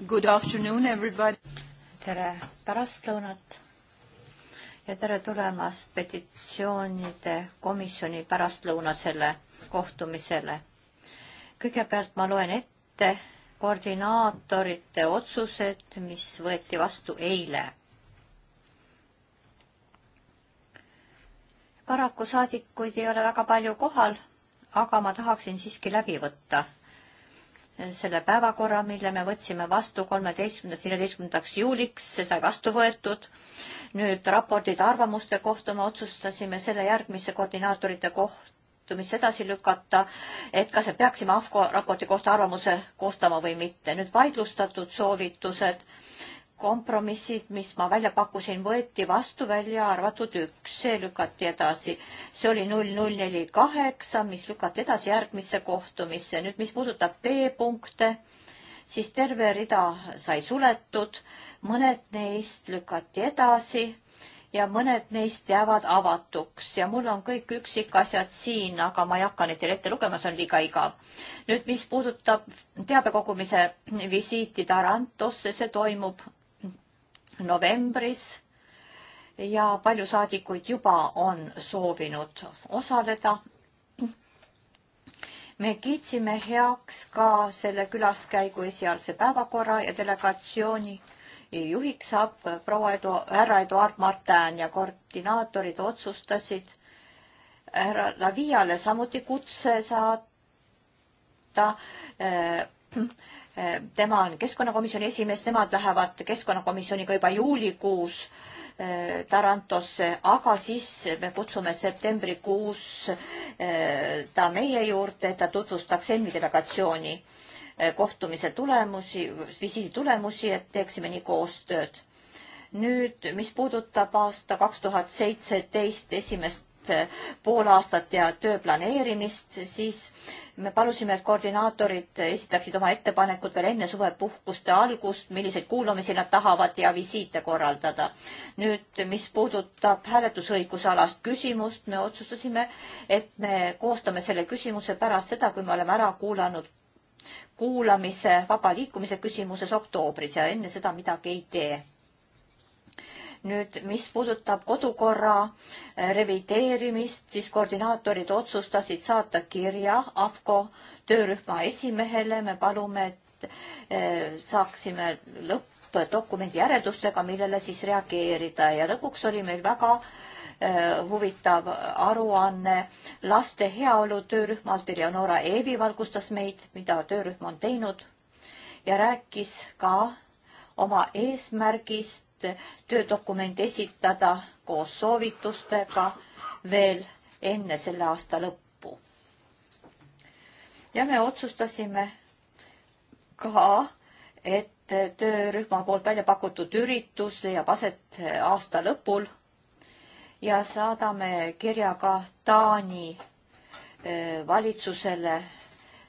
Good afternoon, everybody. tere pärastlõunat ja tere tulemast petitsioonide komisjoni pärastlõunasele kohtumisele. kõigepealt ma loen ette koordinaatorite otsused, mis võeti vastu eile. paraku saadikuid ei ole väga palju kohal, aga ma tahaksin siiski läbi võtta selle päevakorra, mille me võtsime vastu kolmeteistkümnendaks, neljateistkümnendaks juuliks, see sai vastu võetud. nüüd raportid arvamuste kohta me otsustasime selle järgmisse koordinaatorite kohtumisse edasi lükata, et kas me peaksime AFCO raporti kohta arvamuse koostama või mitte. nüüd vaidlustatud soovitused kompromissid, mis ma välja pakkusin, võeti vastu, välja arvatud üks, see lükati edasi. see oli null null neli kaheksa, mis lükati edasi järgmisse kohtumisse. nüüd, mis puudutab B-punkte, siis terve rida sai suletud, mõned neist lükati edasi ja mõned neist jäävad avatuks ja mul on kõik üksikasjad siin, aga ma ei hakka neid teile ette lugema, see on liiga igav. nüüd, mis puudutab teabekogumise visiiti Tarantosse, see toimub novembris ja palju saadikuid juba on soovinud osaleda. me kiitsime heaks ka selle külaskäigu esialgse päevakorra ja delegatsiooni juhiks saab proua Edu, härra Eduard Martin ja koordinaatorid otsustasid härra Laviale samuti kutse saata äh, tema on keskkonnakomisjoni esimees, nemad lähevad keskkonnakomisjoniga juba juulikuus eh, Tarantosse, aga siis me kutsume septembrikuus eh, ta meie juurde, et ta tutvustaks ENMi delegatsiooni eh, kohtumise tulemusi, visiidi tulemusi, et teeksime nii koostööd. nüüd, mis puudutab aasta kaks tuhat seitseteist esimest poolaastat ja töö planeerimist, siis me palusime, et koordinaatorid esitaksid oma ettepanekud veel enne suvepuhkuste algust, milliseid kuulamisi nad tahavad ja visiite korraldada. nüüd, mis puudutab hääletusõiguse alast küsimust, me otsustasime, et me koostame selle küsimuse pärast seda, kui me oleme ära kuulanud kuulamise vaba liikumise küsimuses oktoobris ja enne seda midagi ei tee nüüd, mis puudutab kodukorra eh, revideerimist, siis koordinaatorid otsustasid saata kirja AFCO töörühma esimehele, me palume, et eh, saaksime lõppdokumendi järeldustega, millele siis reageerida ja lõpuks oli meil väga eh, huvitav aruanne laste heaolu töörühmalt. Eleonora Eevi valgustas meid, mida töörühm on teinud ja rääkis ka oma eesmärgist töödokument esitada koos soovitustega veel enne selle aasta lõppu. ja me otsustasime ka, et töörühma poolt välja pakutud üritus leiab aset aasta lõpul ja saadame kirja ka Taani eh, valitsusele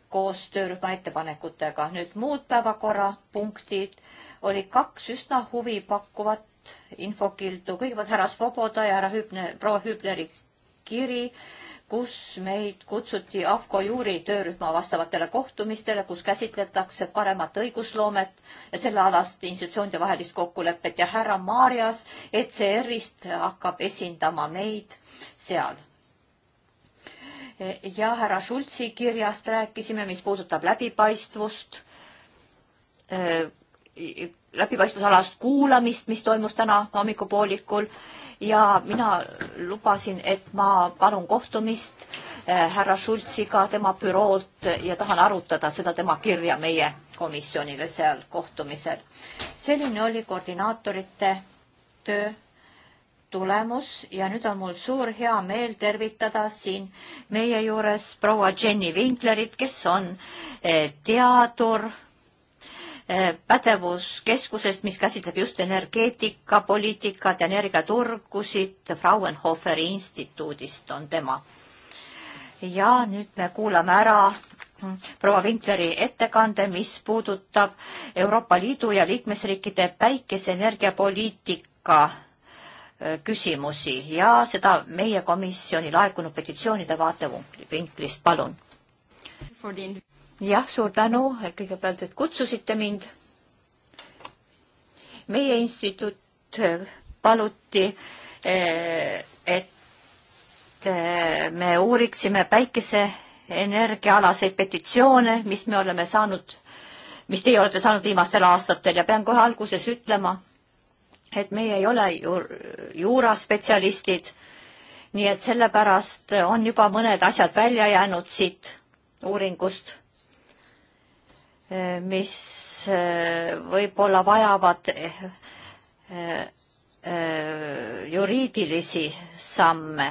koos töörühma ettepanekutega. nüüd muud päevakorrapunktid oli kaks üsna huvipakkuvat infokildu. kõigepealt härra Svoboda ja härra Hübner, proua Hübneri kiri, kus meid kutsuti AFCO juuri töörühma vastavatele kohtumistele, kus käsitletakse paremat õigusloomet ja sellealast institutsioonide vahelist kokkulepet ja härra Maarjas ECR-ist hakkab esindama meid seal. ja härra Schultzi kirjast rääkisime, mis puudutab läbipaistvust läbipaistvusalast kuulamist, mis toimus täna hommikupoolikul ja mina lubasin, et ma palun kohtumist eh, härra Schultziga tema büroolt ja tahan arutada seda tema kirja meie komisjonile seal kohtumisel. selline oli koordinaatorite töö tulemus ja nüüd on mul suur hea meel tervitada siin meie juures proua Jenny Winklerit, kes on eh, teadur Eh, pädevuskeskusest, mis käsitleb just energeetikapoliitikat, energiaturgusid, Fraunhoferi instituudist on tema. ja nüüd me kuulame ära proua Vinkleri ettekande, mis puudutab Euroopa Liidu ja liikmesriikide päikeseenergiapoliitika eh, küsimusi ja seda meie komisjoni laekunud petitsioonide vaatevinklist, palun jah, suur tänu kõigepealt, et kutsusite mind. meie instituut äh, paluti, äh, et äh, me uuriksime päikeseenergiaalaseid petitsioone, mis me oleme saanud, mis teie olete saanud viimastel aastatel ja pean kohe alguses ütlema, et meie ei ole ju juuraspetsialistid nii et sellepärast on juba mõned asjad välja jäänud siit uuringust mis eh, võib-olla vajavad eh, eh, juriidilisi samme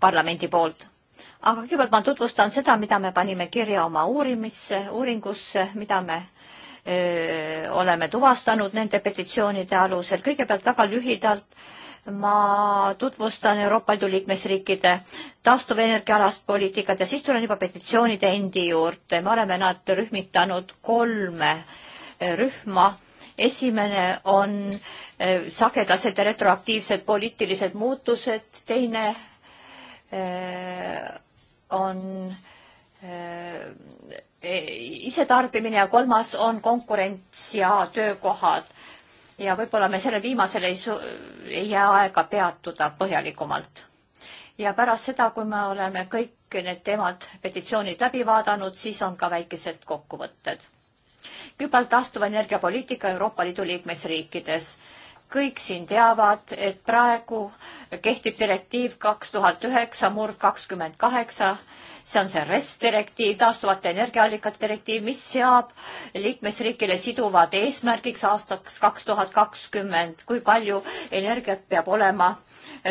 parlamendi poolt. aga kõigepealt ma tutvustan seda, mida me panime kirja oma uurimisse, uuringusse, mida me öö, oleme tuvastanud nende petitsioonide alusel. kõigepealt väga lühidalt ma tutvustan Euroopa Liidu liikmesriikide taastuvenergiaalast poliitikat ja siis tulen juba petitsioonide endi juurde. me oleme nad rühmitanud kolme eh, rühma. esimene on eh, sagedased ja retroaktiivsed poliitilised muutused, teine eh, on isetarbimine ja kolmas on konkurents ja töökohad ja võib-olla me sellel viimasel ei, ei jää aega peatuda põhjalikumalt. ja pärast seda, kui me oleme kõik need teemad, petitsioonid läbi vaadanud, siis on ka väikesed kokkuvõtted. kõigepealt taastuva energiapoliitika Euroopa Liidu liikmesriikides. kõik siin teavad, et praegu kehtib direktiiv kaks tuhat üheksa murd kakskümmend kaheksa see on see RES direktiiv, taastuvate energiaallikate direktiiv, mis seab liikmesriikile siduvad eesmärgiks aastaks kaks tuhat kakskümmend, kui palju energiat peab olema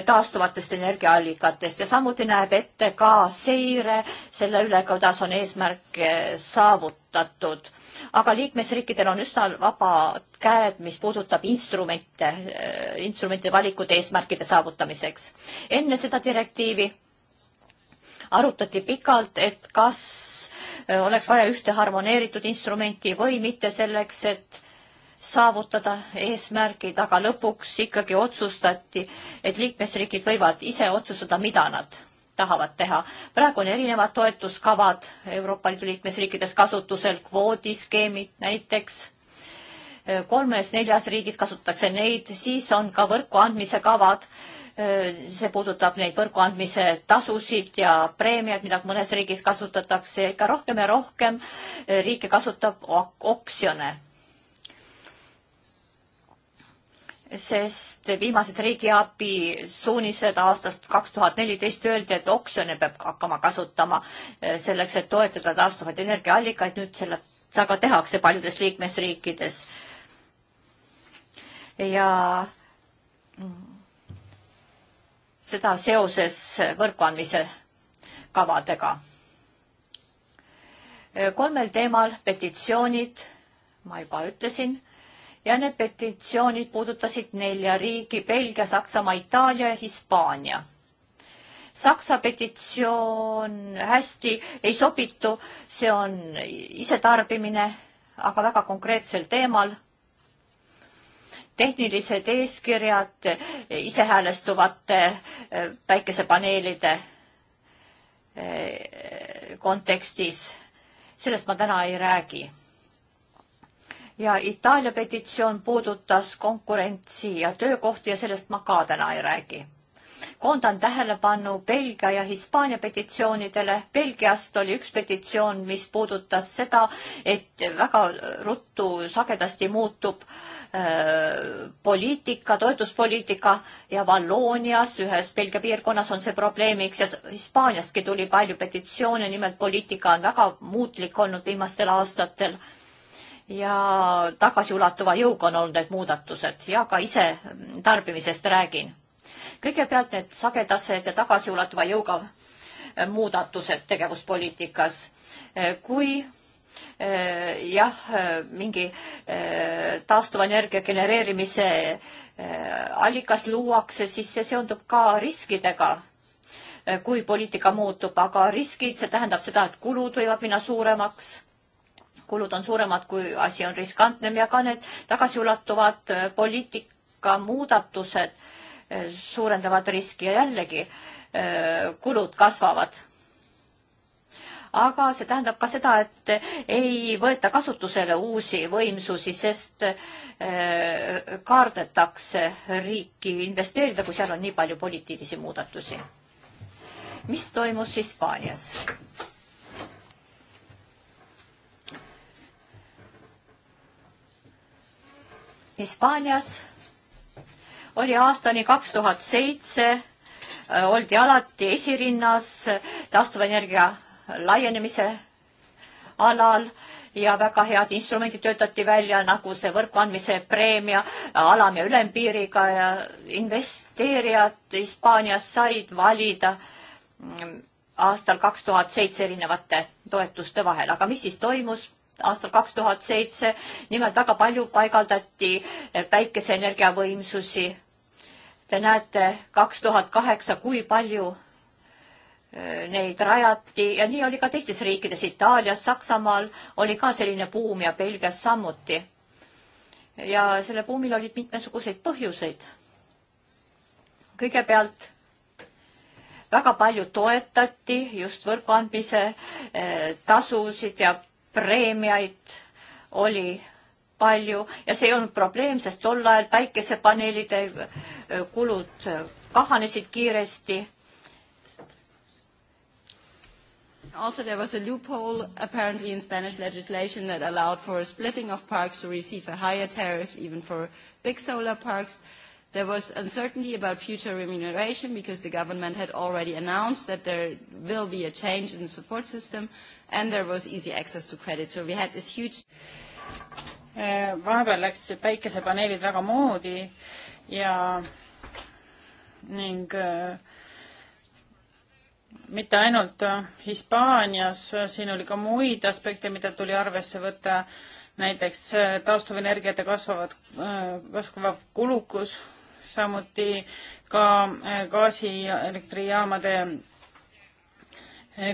taastuvatest energiaallikatest ja samuti näeb ette ka seire selle üle, kuidas on eesmärk saavutatud. aga liikmesriikidel on üsna vabad käed, mis puudutab instrumente, instrumentide valikut eesmärkide saavutamiseks. enne seda direktiivi arutati pikalt, et kas äh, oleks vaja ühte harmoneeritud instrumenti või mitte selleks, et saavutada eesmärgid, aga lõpuks ikkagi otsustati, et liikmesriigid võivad ise otsustada, mida nad tahavad teha. praegu on erinevad toetuskavad Euroopa Liidu liikmesriikides kasutusel, kvoodiskeemid näiteks. kolmes-neljas riigis kasutatakse neid, siis on ka võrku andmise kavad Äh, see puudutab neid võrgu andmise tasusid ja preemiaid, mida mõnes riigis kasutatakse, ikka rohkem ja rohkem äh, riike kasutab oksjone. sest viimased riigiabi suunised aastast kaks tuhat neliteist öeldi, et oksjone peab hakkama kasutama äh, selleks, et toetada taastuvaid energiaallikaid, nüüd selle taga tehakse paljudes liikmesriikides. ja mm, seda seoses võrkuandmise kavadega. kolmel teemal petitsioonid, ma juba ütlesin, ja need petitsioonid puudutasid nelja riigi, Belgia, Saksamaa, Itaalia ja Hispaania. Saksa petitsioon hästi ei sobitu, see on isetarbimine, aga väga konkreetsel teemal tehnilised eeskirjad isehäälestuvate eh, päikesepaneelide eh, kontekstis. sellest ma täna ei räägi. ja Itaalia petitsioon puudutas konkurentsi ja töökohti ja sellest ma ka täna ei räägi koondan tähelepanu Belgia ja Hispaania petitsioonidele. Belgiast oli üks petitsioon, mis puudutas seda, et väga ruttu sagedasti muutub äh, poliitika, toetuspoliitika ja Valloonias, ühes Belgia piirkonnas on see probleemiks ja Hispaaniastki tuli palju petitsioone, nimelt poliitika on väga muutlik olnud viimastel aastatel ja tagasiulatuva jõuga on olnud need muudatused ja ka ise tarbimisest räägin kõigepealt need sagedased ja tagasiulatuva jõuga äh, muudatused tegevuspoliitikas. Äh, kui äh, jah, mingi taastuvenergia genereerimise allikas luuakse, siis see seondub ka riskidega, kui poliitika muutub, aga riskid, see tähendab seda, et kulud võivad minna suuremaks. kulud on suuremad, kui asi on riskantnem ja ka need tagasiulatuvad poliitika muudatused äh, suurendavad riski ja jällegi äh, kulud kasvavad. aga see tähendab ka seda, et ei võeta kasutusele uusi võimsusi, sest äh, kaardetakse riiki investeerida, kui seal on nii palju poliitilisi muudatusi. mis toimus Hispaanias? Hispaanias oli aastani kaks tuhat seitse, äh, oldi alati esirinnas taastuvenergia laienemise alal ja väga head instrumendid töötati välja, nagu see võrku andmise preemia alam- ja ülempiiriga ja investeerijad Hispaanias said valida mm, aastal kaks tuhat seitse erinevate toetuste vahel, aga mis siis toimus? aastal kaks tuhat seitse. nimelt väga palju paigaldati päikeseenergia võimsusi. Te näete kaks tuhat kaheksa, kui palju eh, neid rajati ja nii oli ka teistes riikides, Itaalias, Saksamaal oli ka selline buum ja Belgias samuti. ja selle buumil olid mitmesuguseid põhjuseid. kõigepealt väga palju toetati just võrguandmise eh, tasusid ja preemiaid oli palju ja see ei olnud probleem, sest tol ajal päikesepaneelide äh, kulud äh, kahanesid kiiresti. Also there was a loophole apparently in Spanish legislation that allowed for a splitting of parks to receive a higher tariff even for big solar parks. There was uncertainty about future remuneration because the government had already announced that there will be a change in the support system and there was easy access to credit. So we had this huge eh, vahepeal läks päikesepaneelid väga moodi ja ning äh, mitte ainult eh, Hispaanias, siin oli ka muid aspekte, mida tuli arvesse võtta, näiteks taastuvenergiate kasvavad, kasvav kulukus, samuti ka gaasielektrijaamade äh,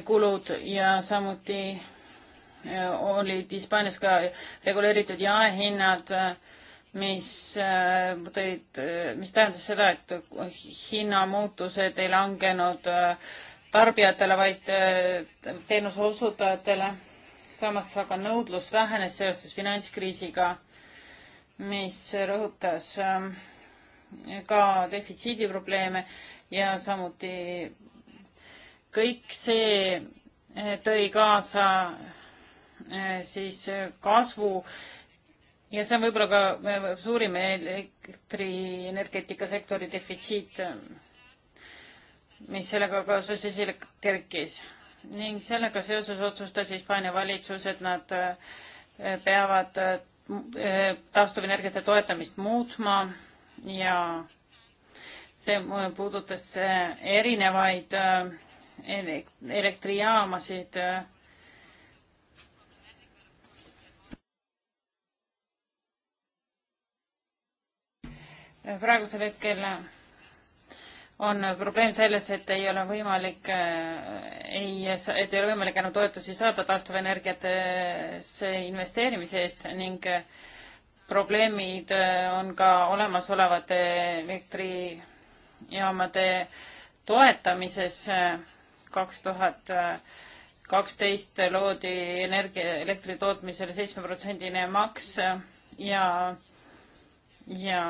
kulud ja samuti äh, olid Hispaanias ka reguleeritud jaehinnad, äh, mis äh, tõid, mis tähendas seda, et hinnamuutused ei langenud tarbijatele, vaid teenuse osutajatele. samas aga nõudlus vähenes seoses finantskriisiga, mis rõhutas ka defitsiidi probleeme ja samuti kõik see eh, tõi kaasa eh, siis eh, kasvu ja see on võib-olla ka suurim elektrienergeetika sektori defitsiit, mis sellega ka seoses esile kerkis. ning sellega seoses otsustas Hispaania valitsus, et nad peavad taastuvenergiate toetamist muutma ja see puudutas erinevaid äh, elektrijaamasid. Äh, praegusel hetkel on probleem selles, et ei ole võimalik, äh, ei, et ei ole võimalik enam toetusi saada taastuvenergiatesse äh, investeerimise eest ning probleemid on ka olemasolevate elektrijaamade toetamises kaks tuhat äh, kaksteist loodi energia, elektri tootmisele seitsmeprotsendine maks ja, ja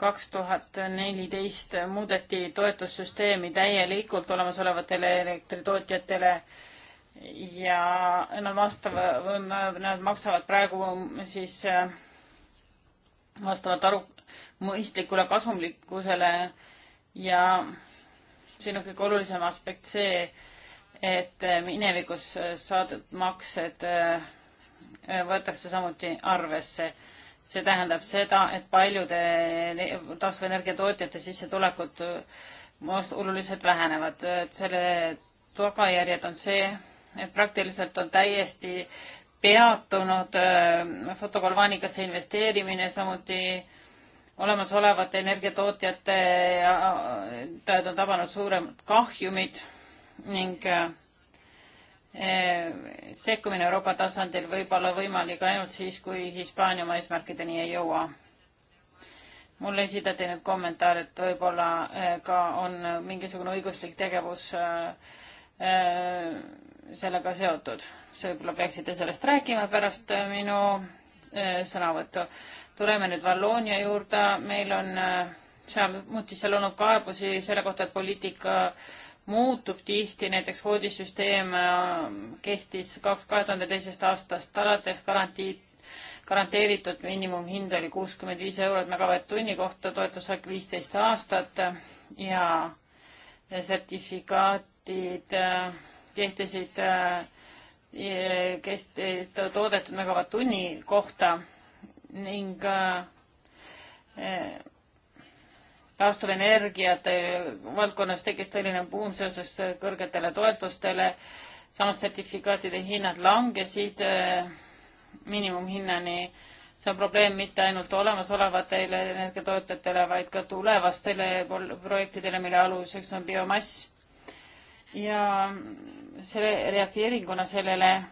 kaks tuhat neliteist muudeti toetussüsteemi täielikult olemasolevatele elektritootjatele ja nad vastava, nad maksavad praegu siis äh, vastavalt aru, mõistlikule kasumlikkusele ja siin on kõige olulisem aspekt see, et äh, minevikus äh, saadud maksed äh, võetakse samuti arvesse. see tähendab seda, et paljude taastuvenergia tootjate sissetulekud oluliselt vähenevad. selle tagajärjed on see, et praktiliselt on täiesti peatunud fotokolvaanikasse investeerimine, samuti olemasolevate energiatootjate äh, tööd on tabanud suuremad kahjumid ning äh, äh, sekkumine Euroopa tasandil võib olla võimalik ainult siis, kui Hispaania oma eesmärkideni ei jõua. mulle esitati nüüd kommentaar, et võib-olla ka on mingisugune õiguslik tegevus sellega seotud. võib-olla peaksite sellest rääkima pärast minu sõnavõttu tuleme nüüd Valloonia juurde, meil on äh, seal muudkui seal olnud kaebusi selle kohta, et poliitika muutub tihti, näiteks kvoodisüsteem äh, kehtis kahe tuhande teisest aastast alates garantii, garanteeritud miinimumhind oli kuuskümmend viis eurot megavatt-tunni kohta, toetusaeg viisteist aastat ja sertifikaatid äh, kehtisid e, kest-, toodetud megavatt-tunni kohta ning äh, äh, taastuvenergiate valdkonnas tekkis tõeline buum seoses äh, kõrgetele toetustele, samas sertifikaatide hinnad langesid miinimumhinnani. see on probleem mitte ainult olemasolevatele energiatootjatele, vaid ka tulevastele projektidele, mille aluseks on biomass. ja selle reageeringuna sellele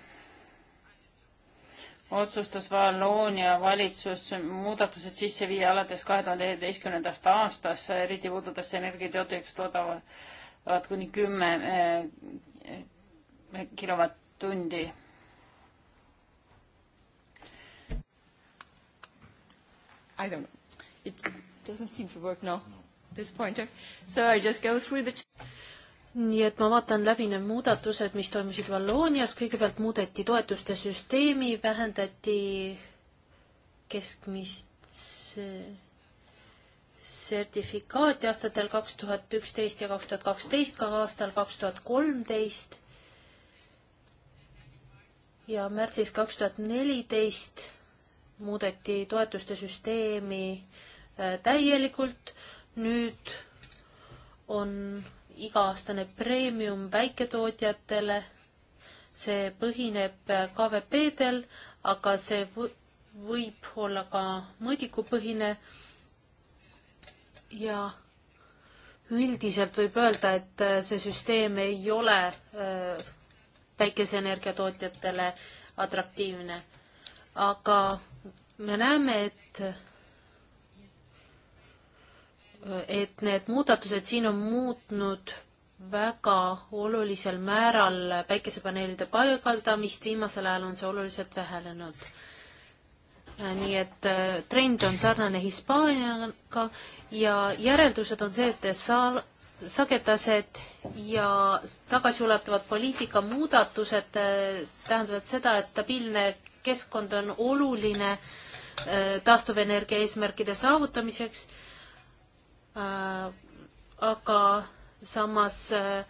otsustas Valloonia valitsus muudatused sisse viia alates kahe tuhande üheteistkümnendast aastast, eriti puudutas energiatootjaks toodavad kuni kümme eh, kilovatt-tundi. I don't know. It doesn't seem to work now, this pointer. So I just go through the nii et ma vaatan läbi need muudatused, mis toimusid Valloonias, kõigepealt muudeti toetuste süsteemi, vähendati keskmist sertifikaati aastatel kaks tuhat üksteist ja kaks tuhat kaksteist, ka aastal kaks tuhat kolmteist ja märtsis kaks tuhat neliteist muudeti toetuste süsteemi äh, täielikult, nüüd on iga-aastane preemium väiketootjatele, see põhineb KVP-del, aga see võib olla ka mõõdikupõhine ja üldiselt võib öelda, et äh, see süsteem ei ole äh, päikeseenergia tootjatele atraktiivne. aga me näeme, et et need muudatused siin on muutnud väga olulisel määral päikesepaneelide paigaldamist, viimasel ajal on see oluliselt vähenenud. Äh, nii et äh, trend on sarnane Hispaaniaga ja järeldused on see, et sa-, sagedased ja tagasiulatuvad poliitika muudatused äh, tähendavad seda, et stabiilne keskkond on oluline taastuvenergia eesmärkide saavutamiseks Äh, aga samas äh,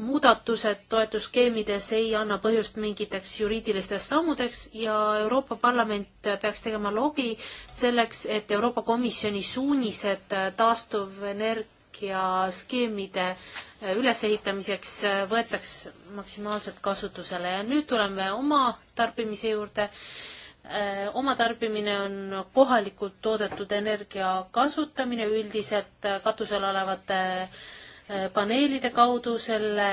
muudatused toetusskeemides ei anna põhjust mingiteks juriidilisteks sammudeks ja Euroopa Parlament peaks tegema lobi selleks, et Euroopa Komisjoni suunised taastuvenergiaskeemide äh, ülesehitamiseks võetaks maksimaalselt kasutusele ja nüüd tuleme oma tarbimise juurde Äh, oma tarbimine on kohalikult toodetud energia kasutamine üldiselt äh, katusel olevate äh, paneelide kaudu, selle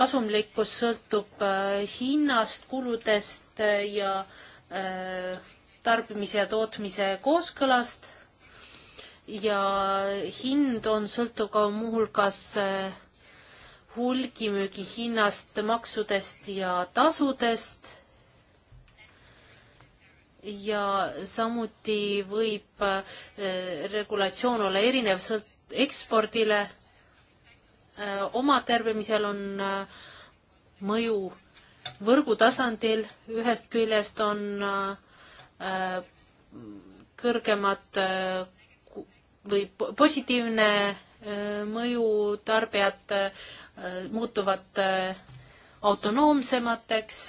kasumlikkus sõltub hinnast, kuludest ja tarbimise ja tootmise kooskõlast ja hind on sõltuv ka muuhulgas hulgimüügi hinnast, maksudest ja tasudest ja samuti võib äh, regulatsioon olla erinev sõlt-, ekspordile, äh, oma tarbimisel on äh, mõju võrgu tasandil, ühest küljest on kõrgemad või positiivne mõju, tarbijad muutuvad autonoomsemateks,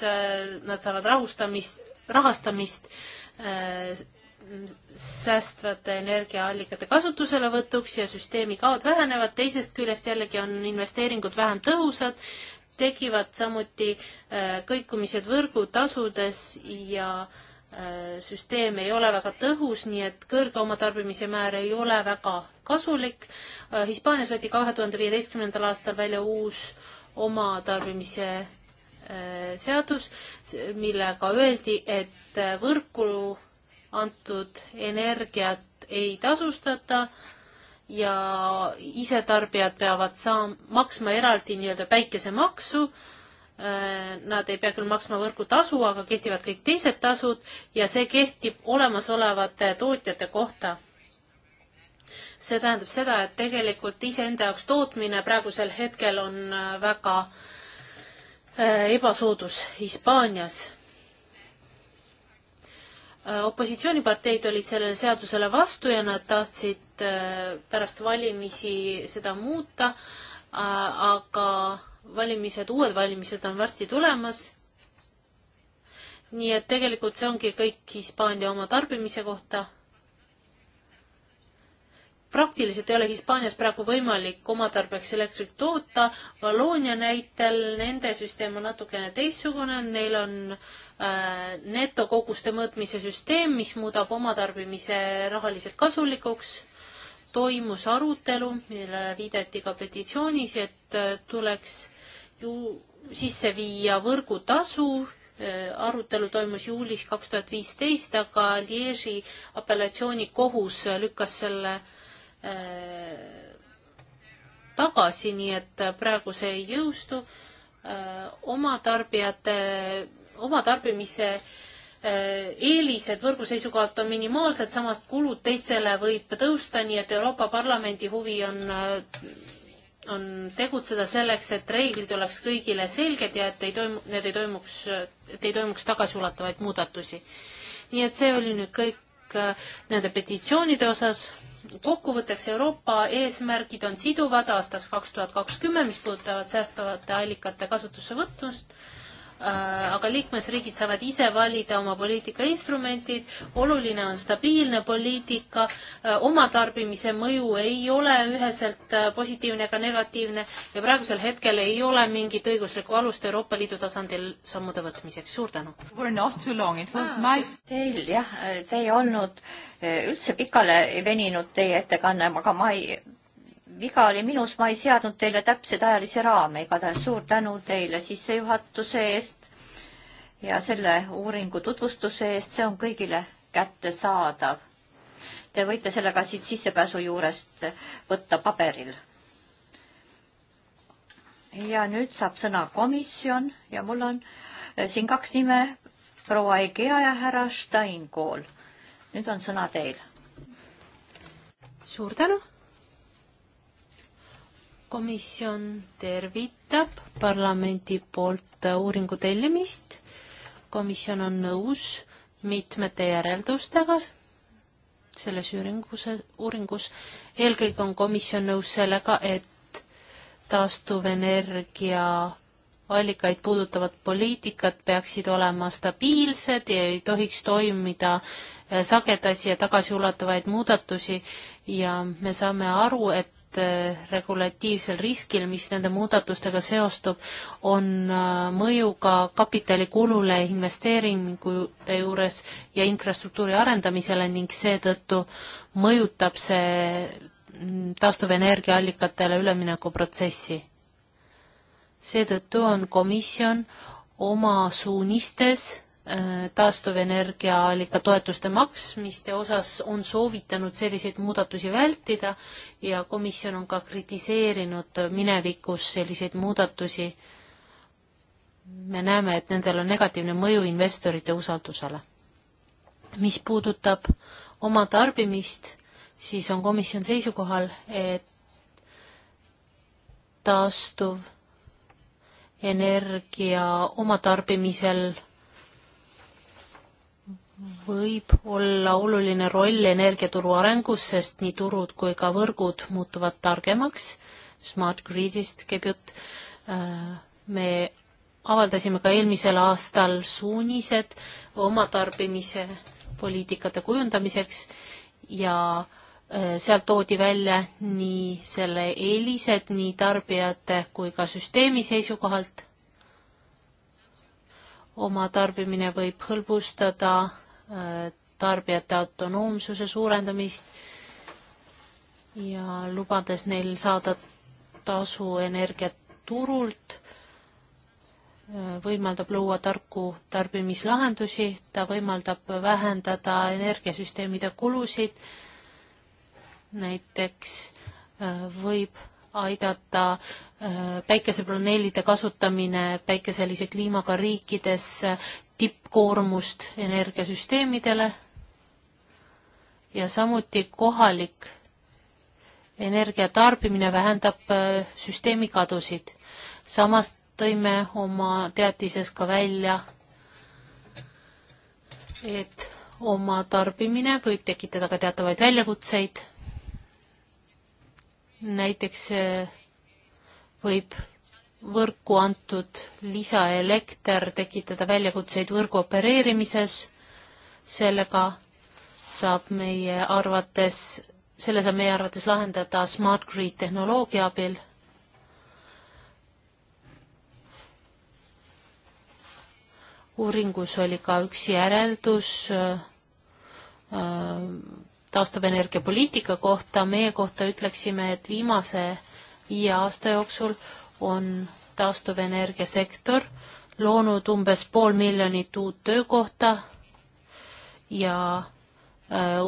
nad saavad rahustamist rahastamist äh, säästvate energiaallikate kasutuselevõtuks ja süsteemi kaod vähenevad, teisest küljest jällegi on investeeringud vähem tõhusad, tekivad samuti äh, kõikumised võrgutasudes ja äh, süsteem ei ole väga tõhus, nii et kõrge omatarbimise määr ei ole väga kasulik. Hispaanias võeti kahe tuhande viieteistkümnendal aastal välja uus omatarbimise Äh, seadus, millega öeldi, et äh, võrku antud energiat ei tasustata ja isetarbijad peavad saam-, maksma eraldi nii-öelda päikesemaksu, äh, nad ei pea küll maksma võrgutasu, aga kehtivad kõik teised tasud ja see kehtib olemasolevate tootjate kohta. see tähendab seda, et tegelikult iseenda jaoks tootmine praegusel hetkel on väga äh, Äh, ebasoodus Hispaanias. Äh, opositsiooniparteid olid sellele seadusele vastu ja nad tahtsid äh, pärast valimisi seda muuta, aga valimised, uued valimised on varsti tulemas. nii et tegelikult see ongi kõik Hispaania oma tarbimise kohta praktiliselt ei ole Hispaanias praegu võimalik oma tarbeks elektrit toota. Valoonia näitel nende süsteem on natukene teistsugune, neil on äh, netokoguste mõõtmise süsteem, mis muudab oma tarbimise rahaliselt kasulikuks. toimus arutelu, millele viidati ka petitsioonis, et äh, tuleks ju sisse viia võrgutasu äh,. arutelu toimus juulis kaks tuhat viisteist, aga Liegi apellatsioonikohus lükkas selle äh, tagasi, nii et praegu see ei jõustu. oma tarbijate, oma tarbimise eelised võrgu seisukohalt on minimaalsed, samas kulud teistele võib tõusta, nii et Euroopa Parlamendi huvi on, on tegutseda selleks, et reeglid oleks kõigile selged ja et ei toimu, need ei toimuks, et ei toimuks tagasiulatuvaid muudatusi. nii et see oli nüüd kõik nende petitsioonide osas kokkuvõtteks Euroopa eesmärgid on siduvad aastaks kaks tuhat kakskümmend, mis puudutavad säästavate allikate kasutusse võtmist Äh, aga liikmesriigid saavad ise valida oma poliitika instrumentid, oluline on stabiilne poliitika, äh, oma tarbimise mõju ei ole üheselt äh, positiivne ega negatiivne ja praegusel hetkel ei ole mingit õiguslikku alust Euroopa Liidu tasandil sammude võtmiseks, suur tänu! Ah, my... Teil jah, te ei olnud üldse pikale veninud teie ettekanne, aga ma ei viga oli minus, ma ei seadnud teile täpseid ajalisi raame, igatahes suur tänu teile sissejuhatuse eest ja selle uuringu tutvustuse eest, see on kõigile kättesaadav. Te võite selle ka siit sissepääsu juurest võtta paberil. ja nüüd saab sõna komisjon ja mul on eh, siin kaks nime, proua Egea ja härra Steinkool. nüüd on sõna teil. suur tänu komisjon tervitab parlamendi poolt uuringu tellimist. komisjon on nõus mitmete järeldustega selles uuringus, uuringus. eelkõige on komisjon nõus sellega, et taastuvenergia allikaid puudutavad poliitikad peaksid olema stabiilsed ja ei tohiks toimida sagedasi ja tagasiulatuvaid muudatusi ja me saame aru, et et eh, regulatiivsel riskil, mis nende muudatustega seostub, on eh, mõju ka kapitalikulule investeeringute juures ja infrastruktuuri arendamisele ning seetõttu mõjutab see mm, taastuvenergiaallikatele ülemineku protsessi. seetõttu on komisjon oma suunistes Äh, taastuvenergiaallika toetuste maksmiste osas on soovitanud selliseid muudatusi vältida ja komisjon on ka kritiseerinud minevikus selliseid muudatusi. me näeme, et nendel on negatiivne mõju investorite usaldusele. mis puudutab oma tarbimist, siis on komisjon seisukohal, et taastuv energia oma tarbimisel võib olla oluline roll energiaturu arengus, sest nii turud kui ka võrgud muutuvad targemaks. Smart grid'ist käib jutt. Äh, me avaldasime ka eelmisel aastal suunised oma tarbimise poliitikate kujundamiseks ja äh, sealt toodi välja nii selle eelised nii tarbijate kui ka süsteemi seisukohalt. oma tarbimine võib hõlbustada tarbijate autonoomsuse suurendamist ja lubades neil saada tasu energiaturult, võimaldab luua tarku tarbimislahendusi, ta võimaldab vähendada energiasüsteemide kulusid, näiteks äh, võib aidata äh, päikesepaneelide kasutamine päikeselise kliimaga riikides tippkoormust energiasüsteemidele ja samuti kohalik energiatarbimine vähendab äh, süsteemi kadusid. samas tõime oma teatises ka välja, et oma tarbimine võib tekitada ka teatavaid väljakutseid. näiteks äh, võib võrku antud lisaelekter tekitada väljakutseid võrgu opereerimises, sellega saab meie arvates, selle saab meie arvates lahendada smart grid tehnoloogia abil. uuringus oli ka üks järeldus äh, äh, taastuvenergia poliitika kohta, meie kohta ütleksime, et viimase viie aasta jooksul on taastuvenergiasektor, loonud umbes pool miljonit uut töökohta ja äh,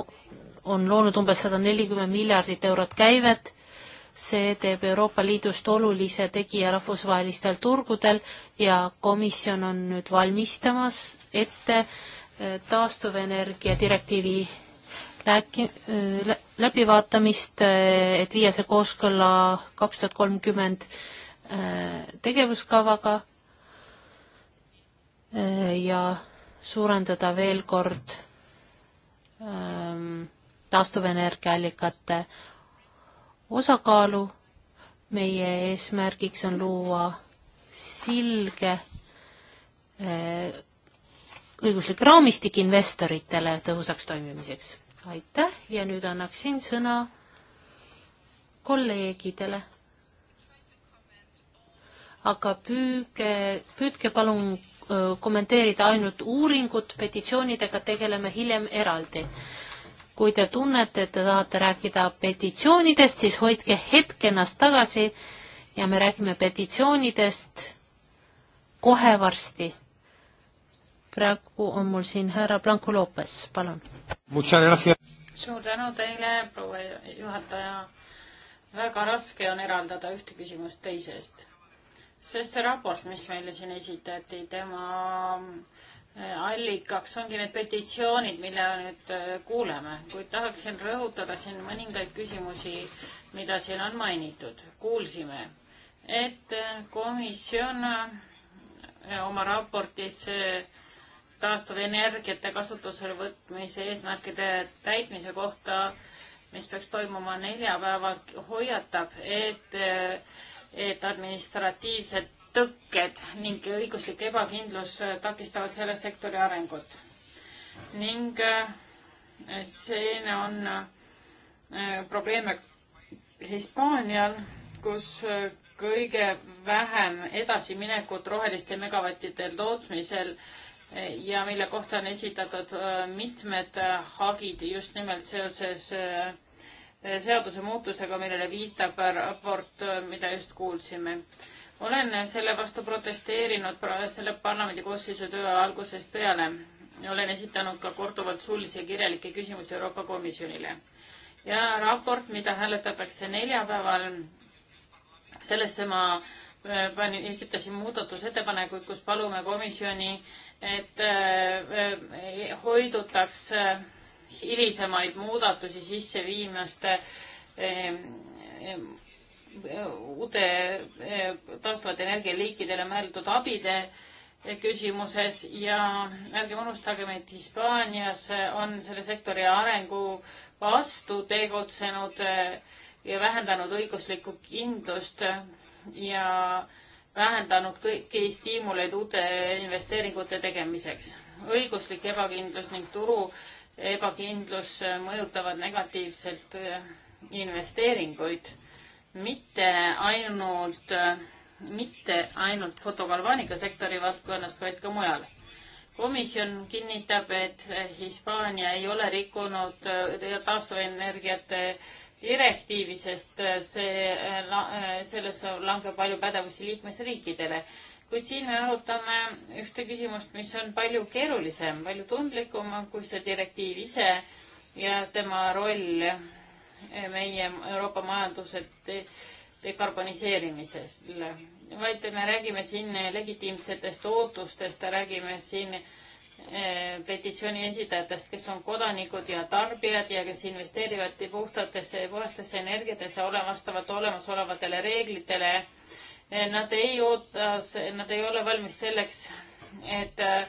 on loonud umbes sada nelikümmend miljardit eurot käivet. see teeb Euroopa Liidust olulise tegija rahvusvahelistel turgudel ja komisjon on nüüd valmistamas ette äh, taastuvenergia direktiivi rääki-, äh, läbivaatamist, et viia see kooskõlla kaks tuhat kolmkümmend Äh, tegevuskavaga äh, ja suurendada veel kord ähm, taastuvenergiaallikate osakaalu. meie eesmärgiks on luua silge äh, õiguslik raamistik investoritele tõhusaks toimimiseks. aitäh ja nüüd annaksin sõna kolleegidele aga püüge, püüdke palun kommenteerida ainult uuringut, petitsioonidega tegeleme hiljem eraldi. kui te tunnete, et te tahate rääkida petitsioonidest, siis hoidke hetk ennast tagasi ja me räägime petitsioonidest kohe varsti. praegu on mul siin härra Blanco Lopes, palun. suur tänu teile, proua juhataja. väga raske on eraldada ühte küsimust teisest sest see raport, mis meile siin esitati, tema äh, allikaks ongi need petitsioonid, mille nüüd äh, kuuleme, kuid tahaksin rõhutada siin mõningaid küsimusi, mida siin on mainitud. kuulsime, et äh, komisjon oma raportis taastuvenergiate kasutusele võtmise eesmärkide täitmise kohta, mis peaks toimuma neljapäeval, hoiatab, et et administratiivsed tõkked ning õiguslik ebakindlus äh, takistavad selle sektori arengut. ning äh, siin on äh, probleeme Hispaanial, kus kõige vähem edasiminekut roheliste megavattide tootmisel ja mille kohta on esitatud mitmed hagid just nimelt seoses äh, seadusemuutusega, millele viitab raport, mida just kuulsime. olen selle vastu protesteerinud selle parlamendi koosseisu töö algusest peale. olen esitanud ka korduvalt suulisi ja kirjalikke küsimusi Euroopa Komisjonile. ja raport, mida hääletatakse neljapäeval, sellesse ma äh, panin, esitasin muudatusettepanekuid, kus palume komisjoni, et äh, äh, hoidutaks hilisemaid muudatusi sisse viimast ehm, ehm, uute ehm, taastuvate energialiikidele mõeldud abide eh, küsimuses ja ärgem unustagem, et Hispaanias eh, on selle sektori arengu vastu tegutsenud eh, ja vähendanud õiguslikku kindlust ja vähendanud kõiki stiimuleid uute investeeringute tegemiseks. õiguslik ebakindlus ning turu ebakindlus äh, mõjutavad negatiivselt äh, investeeringuid, mitte ainult, äh, mitte ainult fotogalvaanika sektori valdkonnas, vaid ka mujal. komisjon kinnitab, et Hispaania ei ole rikkunud taastuvenergiate direktiivi, sest see, selles langeb palju pädevusi liikmesriikidele kuid siin me arutame ühte küsimust, mis on palju keerulisem, palju tundlikum kui see direktiiv ise ja tema roll meie Euroopa majanduse dekarboniseerimises. vaid me räägime siin legitiimsetest ootustest, räägime siin eh, petitsiooni esitajatest, kes on kodanikud ja tarbijad ja kes investeerivad puhtatesse ja puhastesse energiatesse ole vastavalt olemasolevatele reeglitele Eh, nad ei oota, nad ei ole valmis selleks, et eh,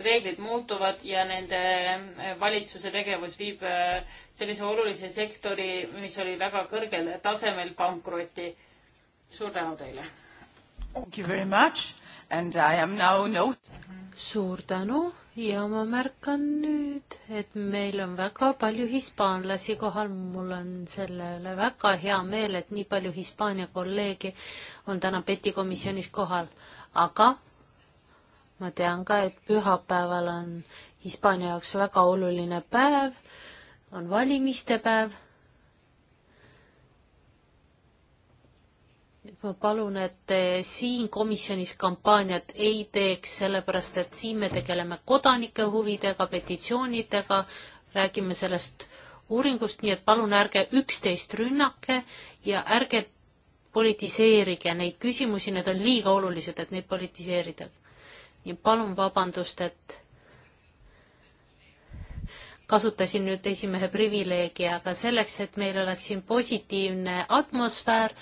reeglid muutuvad ja nende eh, valitsuse tegevus viib sellise olulise sektori, mis oli väga kõrgel tasemel, pankrotti. suur tänu teile! Thank you very much and I am now no- suur tänu! ja ma märkan nüüd, et meil on väga palju hispaanlasi kohal, mul on selle üle väga hea meel, et nii palju Hispaania kolleegi on täna PETi komisjonis kohal, aga ma tean ka, et pühapäeval on Hispaania jaoks väga oluline päev, on valimiste päev ma palun, et te siin komisjonis kampaaniat ei teeks, sellepärast et siin me tegeleme kodanike huvidega, petitsioonidega, räägime sellest uuringust, nii et palun ärge üksteist rünnake ja ärge politiseerige neid küsimusi, need on liiga olulised, et neid politiseerida. nii palun vabandust, et kasutasin nüüd esimehe privileegi, aga selleks, et meil oleks siin positiivne atmosfäär,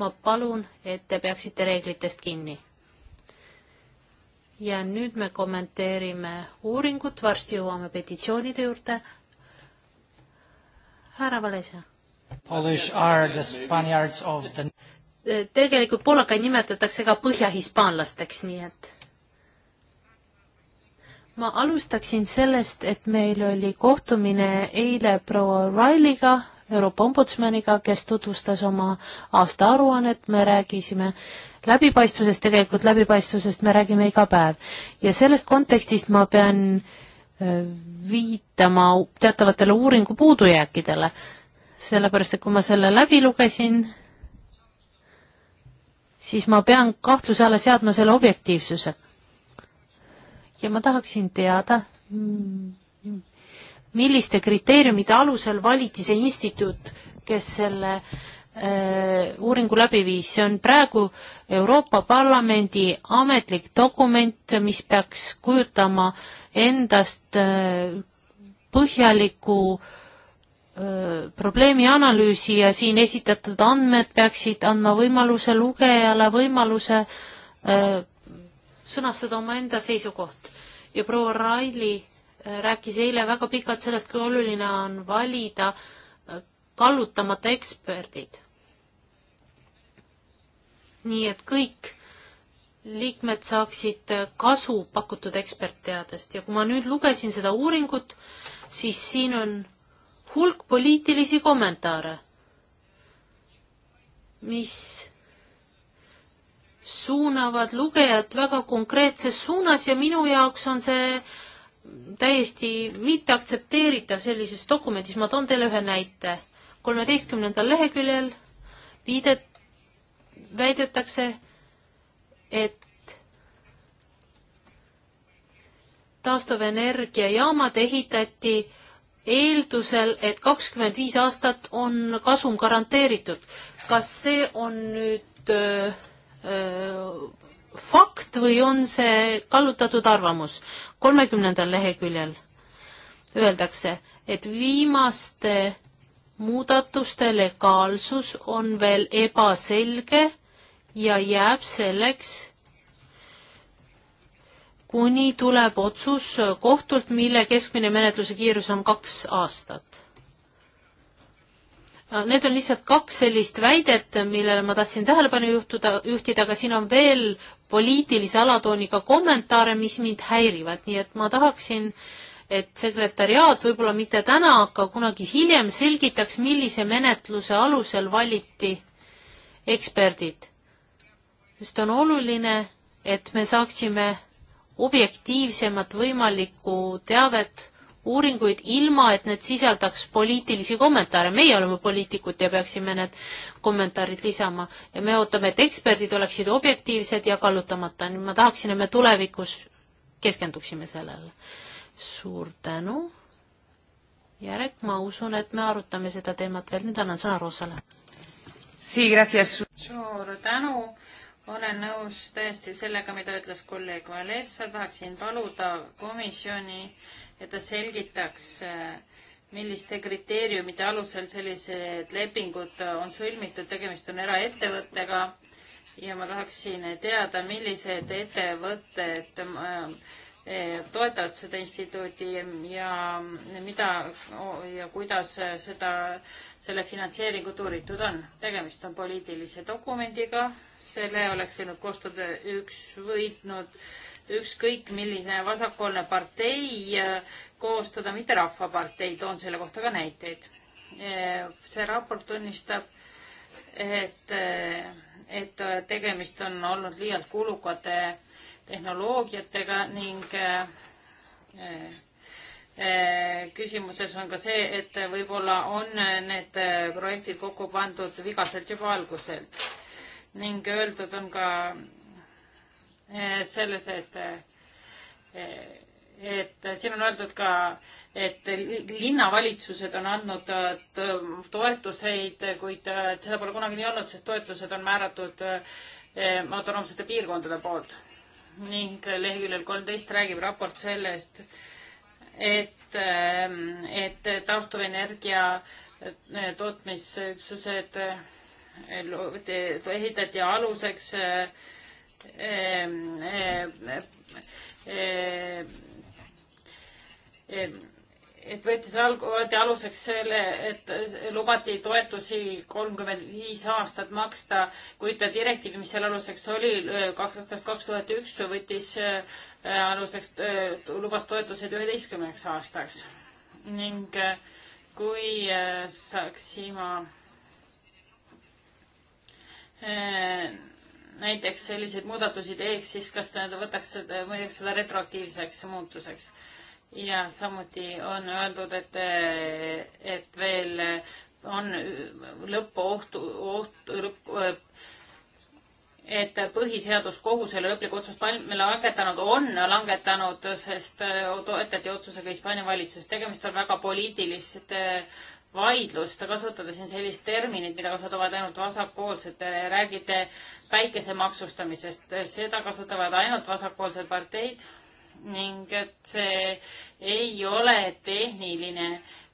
ma palun, et te peaksite reeglitest kinni. ja nüüd me kommenteerime uuringut, varsti jõuame petitsioonide juurde. härra Valesja. Polish are the Spaniards of the tegelikult poolakaid nimetatakse ka põhjahispaanlasteks, nii et ma alustaksin sellest, et meil oli kohtumine eile proua Riley'ga, Euroopa Ombudsmaniga, kes tutvustas oma aastaaruannet, me rääkisime läbipaistvusest, tegelikult läbipaistvusest me räägime iga päev. ja sellest kontekstist ma pean äh, viitama teatavatele uuringu puudujääkidele, sellepärast et kui ma selle läbi lugesin, siis ma pean kahtluse alla seadma selle objektiivsuse. ja ma tahaksin teada, milliste kriteeriumide alusel valiti see instituut, kes selle äh, uuringu läbi viis, see on praegu Euroopa Parlamendi ametlik dokument, mis peaks kujutama endast äh, põhjaliku äh, probleemi analüüsi ja siin esitatud andmed peaksid andma võimaluse lugejale võimaluse äh, sõnastada omaenda seisukoht ja proua Raili rääkis eile väga pikalt sellest, kui oluline on valida äh, kallutamata eksperdid. nii et kõik liikmed saaksid äh, kasu pakutud ekspertteadest ja kui ma nüüd lugesin seda uuringut, siis siin on hulk poliitilisi kommentaare, mis suunavad lugejat väga konkreetses suunas ja minu jaoks on see äh, täiesti mitteaktsepteeritav sellises dokumendis, ma toon teile ühe näite. kolmeteistkümnendal leheküljel viidet-, väidetakse, et taastuvenergiajaamad ehitati eeldusel, et kakskümmend viis aastat on kasum garanteeritud. kas see on nüüd öö, äh, öö, äh, fakt või on see kallutatud arvamus? kolmekümnendal leheküljel öeldakse, et viimaste muudatuste legaalsus on veel ebaselge ja jääb selleks, kuni tuleb otsus kohtult, mille keskmine menetluse kiirus on kaks aastat. Need on lihtsalt kaks sellist väidet, millele ma tahtsin tähelepanu juhtuda, juhtida, aga siin on veel poliitilise alatooniga kommentaare, mis mind häirivad, nii et ma tahaksin, et sekretäriaat võib-olla mitte täna, aga kunagi hiljem selgitaks, millise menetluse alusel valiti eksperdid. sest on oluline, et me saaksime objektiivsemat võimalikku teavet uuringuid, ilma et need sisaldaks poliitilisi kommentaare. meie oleme poliitikud ja peaksime need kommentaarid lisama ja me ootame, et eksperdid oleksid objektiivsed ja kallutamata. nüüd ma tahaksin, et me tulevikus keskenduksime sellele. suur tänu. Jarek, ma usun, et me arutame seda teemat veel. nüüd annan sõna Roosale. suur tänu olen nõus täiesti sellega, mida ütles kolleeg Valessa, tahaksin paluda komisjoni, et ta selgitaks, eh, milliste kriteeriumide alusel sellised lepingud on sõlmitud, tegemist on eraettevõttega ja ma tahaksin teada, millised ettevõtted et, äh, Eh, toetavad seda instituuti ja mida ja kuidas seda, selle finantseeringut uuritud on. tegemist on poliitilise dokumendiga, selle oleks võinud koostada üks võitnud ükskõik milline vasakpoolne partei eh, koostada, mitte Rahvapartei, toon selle kohta ka näiteid. Eh, see raport tunnistab, et, et tegemist on olnud liialt kulukate tehnoloogiatega ning äh, äh, äh, küsimuses on ka see, et võib-olla on need projektid kokku pandud vigaselt juba alguselt ning öeldud on ka selles, et et siin on öeldud ka, et linnavalitsused on andnud toetuseid, kuid seda pole kunagi nii olnud, sest toetused on määratud autonoomsete piirkondade poolt ning leheküljel kolmteist räägib raport sellest, et, ähm, et taastuvenergia äh, tootmisüksused äh, ehitati aluseks äh, et võttis alg-, võeti aluseks selle, et lubati toetusi kolmkümmend viis aastat maksta, kuid direktiiv, mis seal aluseks oli, aastast kaks tuhat üks võttis äh, aluseks, äh, lubas toetused üheteistkümneks aastaks. ning äh, kui saaksime näiteks selliseid muudatusi teeks, siis kas nad võtaks, mõeleks seda retroaktiivseks muutuseks ja samuti on öeldud, et, et veel on lõppohtu, oht, lõpp, et põhiseaduskohus ei ole lõplikku otsust langetanud, on langetanud, sest toetati otsusega Hispaania valitsus. tegemist on väga poliitiliste vaidlust, kasutada siin sellist terminit, mida kasutavad ainult vasakpoolsed, räägite päikese maksustamisest, seda kasutavad ainult vasakpoolsed parteid, ning et see ei ole tehniline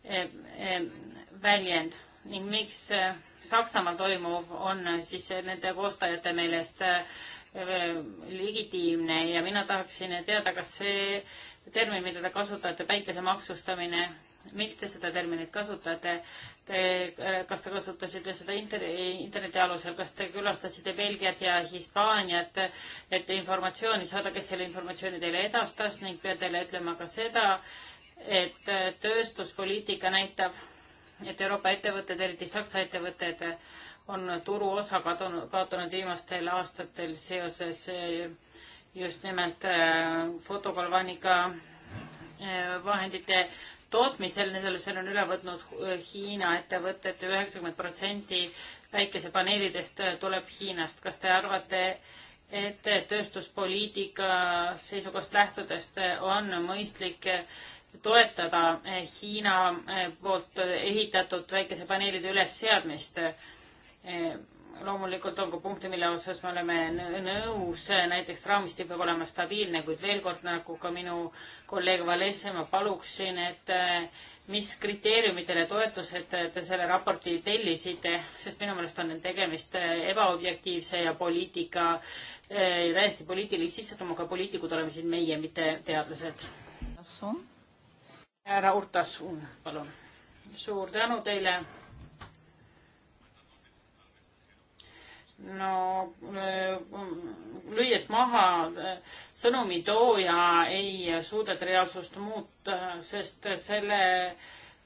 eh, eh, väljend ning miks eh, Saksamaal toimuv on siis nende koostajate meelest legitiimne ja mina tahaksin teada, kas see termin, mida te kasutate, päikese maksustamine, miks te seda terminit kasutate? Te, äh, kas te kasutasite seda inter, interneti alusel, kas te külastasite Belgiat ja Hispaaniat, et informatsiooni saada, kes selle informatsiooni teile edastas ning pean teile ütlema ka seda, et äh, tööstuspoliitika näitab, et Euroopa ettevõtted, eriti Saksa ettevõtted, on turuosa kadunud, kaotanud viimastel aastatel seoses äh, just nimelt fotokolvaniga vahendite tootmisel, sellesse on üle võtnud äh, Hiina ettevõtted, üheksakümmend protsenti päikesepaneelidest äh, tuleb Hiinast. kas te arvate, et äh, tööstuspoliitika seisukohast lähtudest on mõistlik toetada Hiina poolt ehitatud väikesepaneelide ülesseadmist? loomulikult on ka punkte, mille osas me oleme nõus, näiteks raamistik peab olema stabiilne, kuid veel kord, nagu ka minu kolleeg Valesse, ma paluksin, et äh, mis kriteeriumitele toetused te selle raporti tellisite, sest minu meelest on tegemist äh, ebaobjektiivse ja poliitika, äh, täiesti poliitilise sissetoomaga, poliitikud oleme siin meie, mitte teadlased. härra Urtas, palun. suur tänu teile no äh, lüües maha äh, sõnumitooja ei suuda reaalsust muuta, sest selle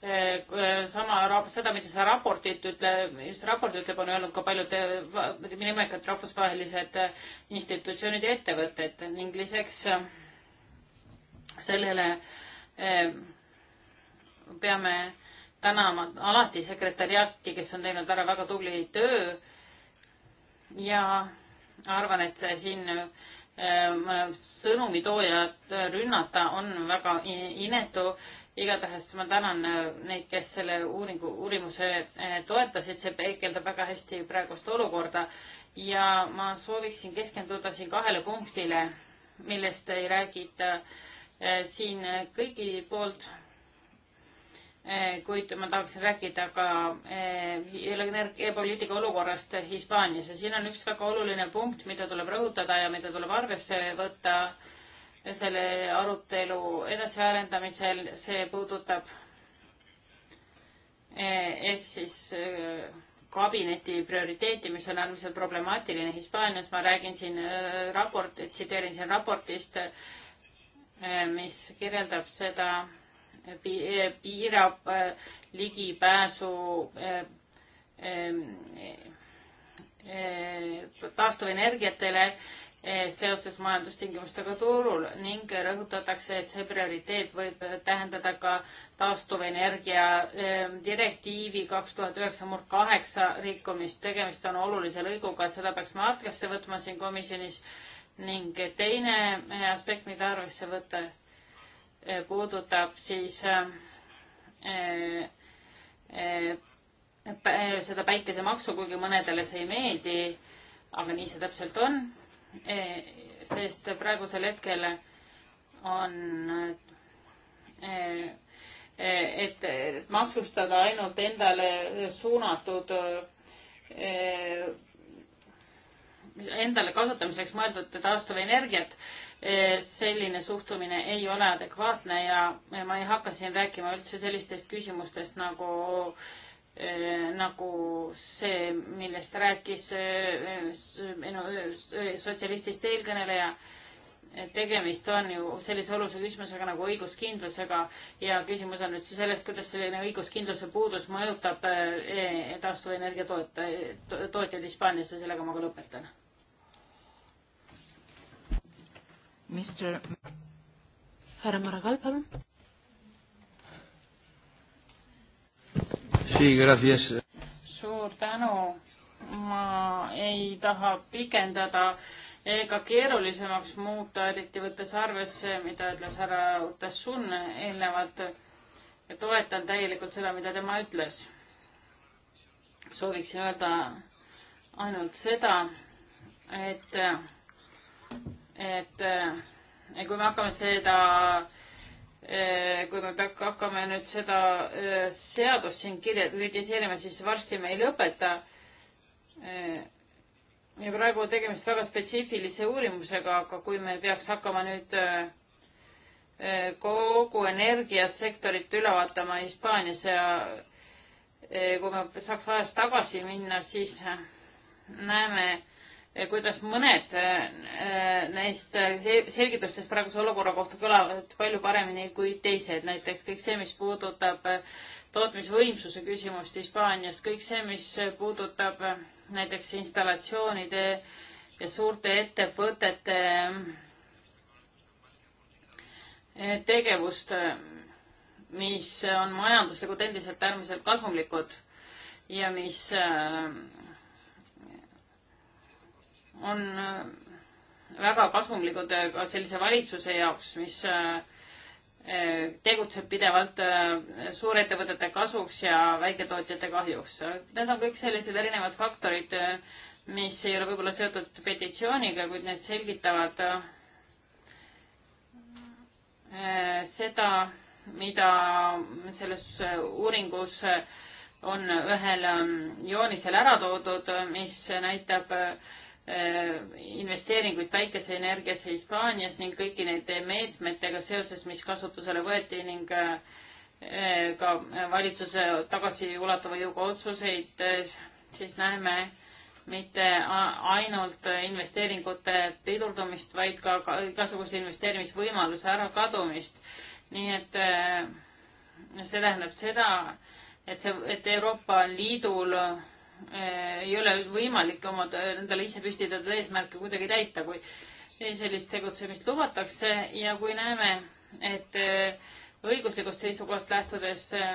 äh, sama, seda, mida see raportit ütleb, mis raport ütleb, on öelnud ka paljud nimekad rahvusvahelised institutsioonid ja ettevõtted ning lisaks sellele peame tänama alati sekretäriaati, kes on teinud ära väga tubli töö ja arvan, et siin äh, sõnumitoojad rünnata on väga inetu. igatahes ma tänan äh, neid, kes selle uuringu, uurimuse äh, toetasid, see peegeldab väga hästi praegust olukorda ja ma sooviksin keskenduda siin kahele punktile, millest ei räägita siin kõigi poolt Eh, kuid ma tahaksin rääkida ka eh, energiapoliitika olukorrast Hispaanias ja siin on üks väga oluline punkt, mida tuleb rõhutada ja mida tuleb arvesse võtta selle arutelu edasiarendamisel, see puudutab eh, ehk siis kabineti prioriteeti, mis on äärmiselt problemaatiline Hispaanias, ma räägin siin raport, tsiteerin siin raportist, mis kirjeldab seda Eh, piirab eh, ligipääsu eh, taastuvenergiatele seoses majandustingimustega turul ning rõhutatakse, et see prioriteet võib tähendada ka taastuvenergia direktiivi kaks tuhat üheksa murd kaheksa rikkumist. tegemist on olulise lõiguga, seda peaks me arvesse võtma siin komisjonis ning teine aspekt, mida arvesse võtta Eh, puudutab siis eh, eh, seda päikesemaksu, kuigi mõnedele see ei meeldi, aga nii see täpselt on. sest praegusel hetkel on, et maksustada ainult endale suunatud, endale kasutamiseks mõeldud taastuvenergiat Eh, selline suhtumine ei ole adekvaatne ja ma ei hakka siin rääkima üldse sellistest küsimustest nagu eh, nagu see, millest rääkis eh, minu sotsialistist eelkõneleja, tegemist on ju sellise olulise küsimusega nagu õiguskindlusega ja küsimus on nüüd siis selles, kuidas selline õiguskindluse puudus mõjutab taastuvenergia toot-, tootjaid Hispaanias ja sellega ma ka lõpetan Mr. härra Maragall, palun. suur tänu. ma ei taha pikendada ega keerulisemaks muuta, eriti võttes arvesse, mida ütles härra Utassun eelnevalt. toetan täielikult seda, mida tema ütles. sooviksin öelda ainult seda, et et kui me hakkame seda, eh, kui me peab, hakkame nüüd seda eh, seadust siin kirja, kritiseerima, siis varsti me ei lõpeta. Eh, ja praegu on tegemist väga spetsiifilise uurimusega, aga kui me peaks hakkama nüüd kogu energiasektorit üle vaatama Hispaanias ja kui me saaks ajas tagasi minna, siis näeme, kuidas mõned äh, äh, neist äh, selgitustest praeguse olukorra kohta kõlavad palju paremini kui teised, näiteks kõik see, mis puudutab tootmisvõimsuse küsimust Hispaanias, kõik see, mis puudutab näiteks installatsioonide ja suurte ettevõtete tegevust, mis on majanduslikult endiselt äärmiselt kasumlikud ja mis on äh, väga kasumlikud äh, ka sellise valitsuse jaoks, mis äh, tegutseb pidevalt suurettevõtete kasuks ja väiketootjate kahjuks. Need on kõik sellised erinevad faktorid, mis ei ole võib-olla seotud petitsiooniga, kuid need selgitavad seda, mida selles uuringus on ühel ähm, joonisel ära toodud, mis näitab äh, investeeringuid päikeseenergiasse Hispaanias ning kõiki neid meetmetega seoses, mis kasutusele võeti ning eh, ka valitsuse tagasiulatuva jõuga otsuseid, eh, siis näeme mitte ainult investeeringute pidurdumist, vaid ka igasuguse investeerimisvõimaluse ärakadumist. nii et eh, see tähendab seda, et see, et Euroopa Liidul Äh, ei ole võimalik oma, endale ise püstitatud eesmärke kuidagi täita, kui sellist tegutsemist lubatakse ja kui näeme, et äh, õiguslikust seisukohast lähtudes äh,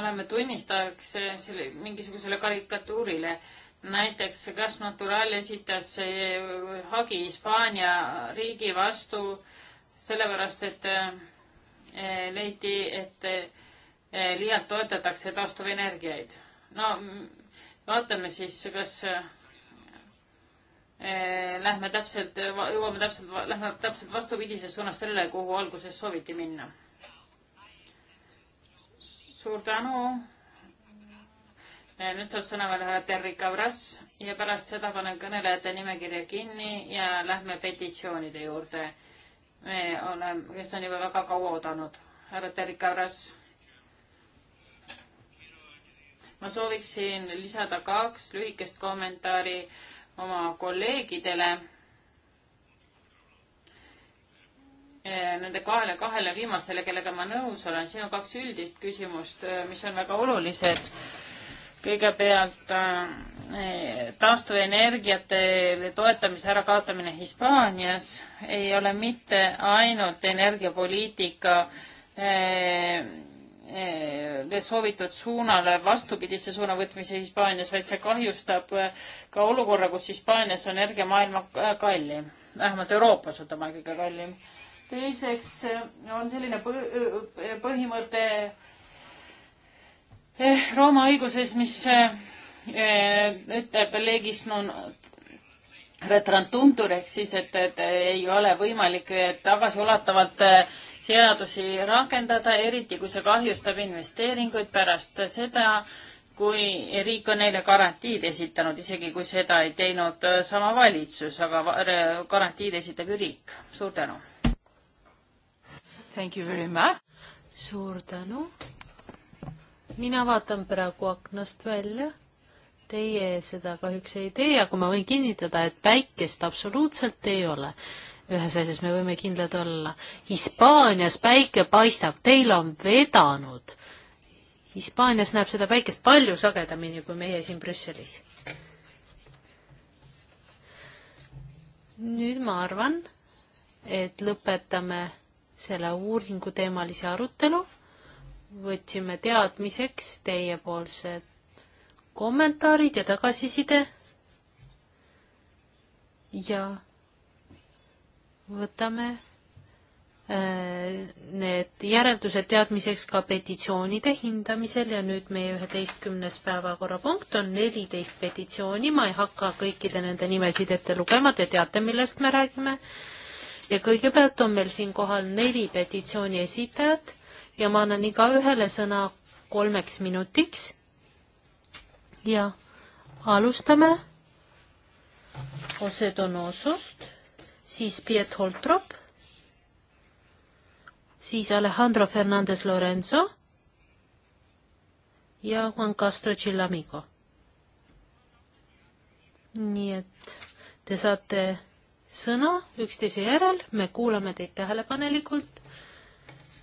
oleme tunnistajaks selle mingisugusele karikatuurile. näiteks Gas Natural esitas hagi Hispaania riigi vastu sellepärast, et leiti, et Eh, liialt toetatakse taastuvenergiaid. no vaatame siis, kas eh, lähme täpselt, jõuame täpselt, lähme täpselt vastupidises suunas sellele, kuhu alguses sooviti minna. suur tänu. Eh, nüüd saab sõna veel härra Terri Kavras ja pärast seda panen kõnelejate nimekirja kinni ja lähme petitsioonide juurde. me oleme, kes on juba väga kaua oodanud. härra Terri Kavras ma sooviksin lisada kaks lühikest kommentaari oma kolleegidele. Nende kahele, kahele viimasele, kellega ma nõus olen, siin on kaks üldist küsimust, äh, mis on väga olulised kõigepealt äh, taastuvenergiate toetamise ärakaotamine Hispaanias ei ole mitte ainult energiapoliitika äh, Eh, soovitud suunale vastupidise suuna võtmise Hispaanias, vaid see kahjustab eh, ka olukorra, kus Hispaanias on energia maailma kallim, vähemalt Euroopas on ta maailma kõige kallim. teiseks eh, on selline põhimõte Rooma õiguses, mis ütleb legis non retrantuntur ehk siis, et, et ei ole võimalik tagasiulatavalt äh, seadusi rakendada, eriti kui see kahjustab investeeringuid pärast seda, kui riik on neile garantiid esitanud, isegi kui seda ei teinud äh, sama valitsus, aga garantiid esitab ju riik. suur tänu! Thank you very much! suur tänu! mina vaatan praegu aknast välja Teie seda kahjuks ei tee, aga ma võin kinnitada, et päikest absoluutselt ei ole. ühes asjas me võime kindlad olla. Hispaanias päike paistab, teil on vedanud. Hispaanias näeb seda päikest palju sagedamini kui meie siin Brüsselis. nüüd ma arvan, et lõpetame selle uuringuteemalise arutelu. võtsime teadmiseks teiepoolsed kommentaarid ja tagasiside ja võtame äh, need järeldused teadmiseks ka petitsioonide hindamisel ja nüüd meie üheteistkümnes päevakorrapunkt on neliteist petitsiooni, ma ei hakka kõikide nende nimesid ette lugema, te teate, millest me räägime. ja kõigepealt on meil siinkohal neli petitsiooni esitajat ja ma annan igaühele sõna kolmeks minutiks ja alustame Osedonosust, siis Piet Holtrop, siis Alejandro Fernandez Lorenzo ja Juan Castro Chillamigo. nii et te saate sõna üksteise järel, me kuulame teid tähelepanelikult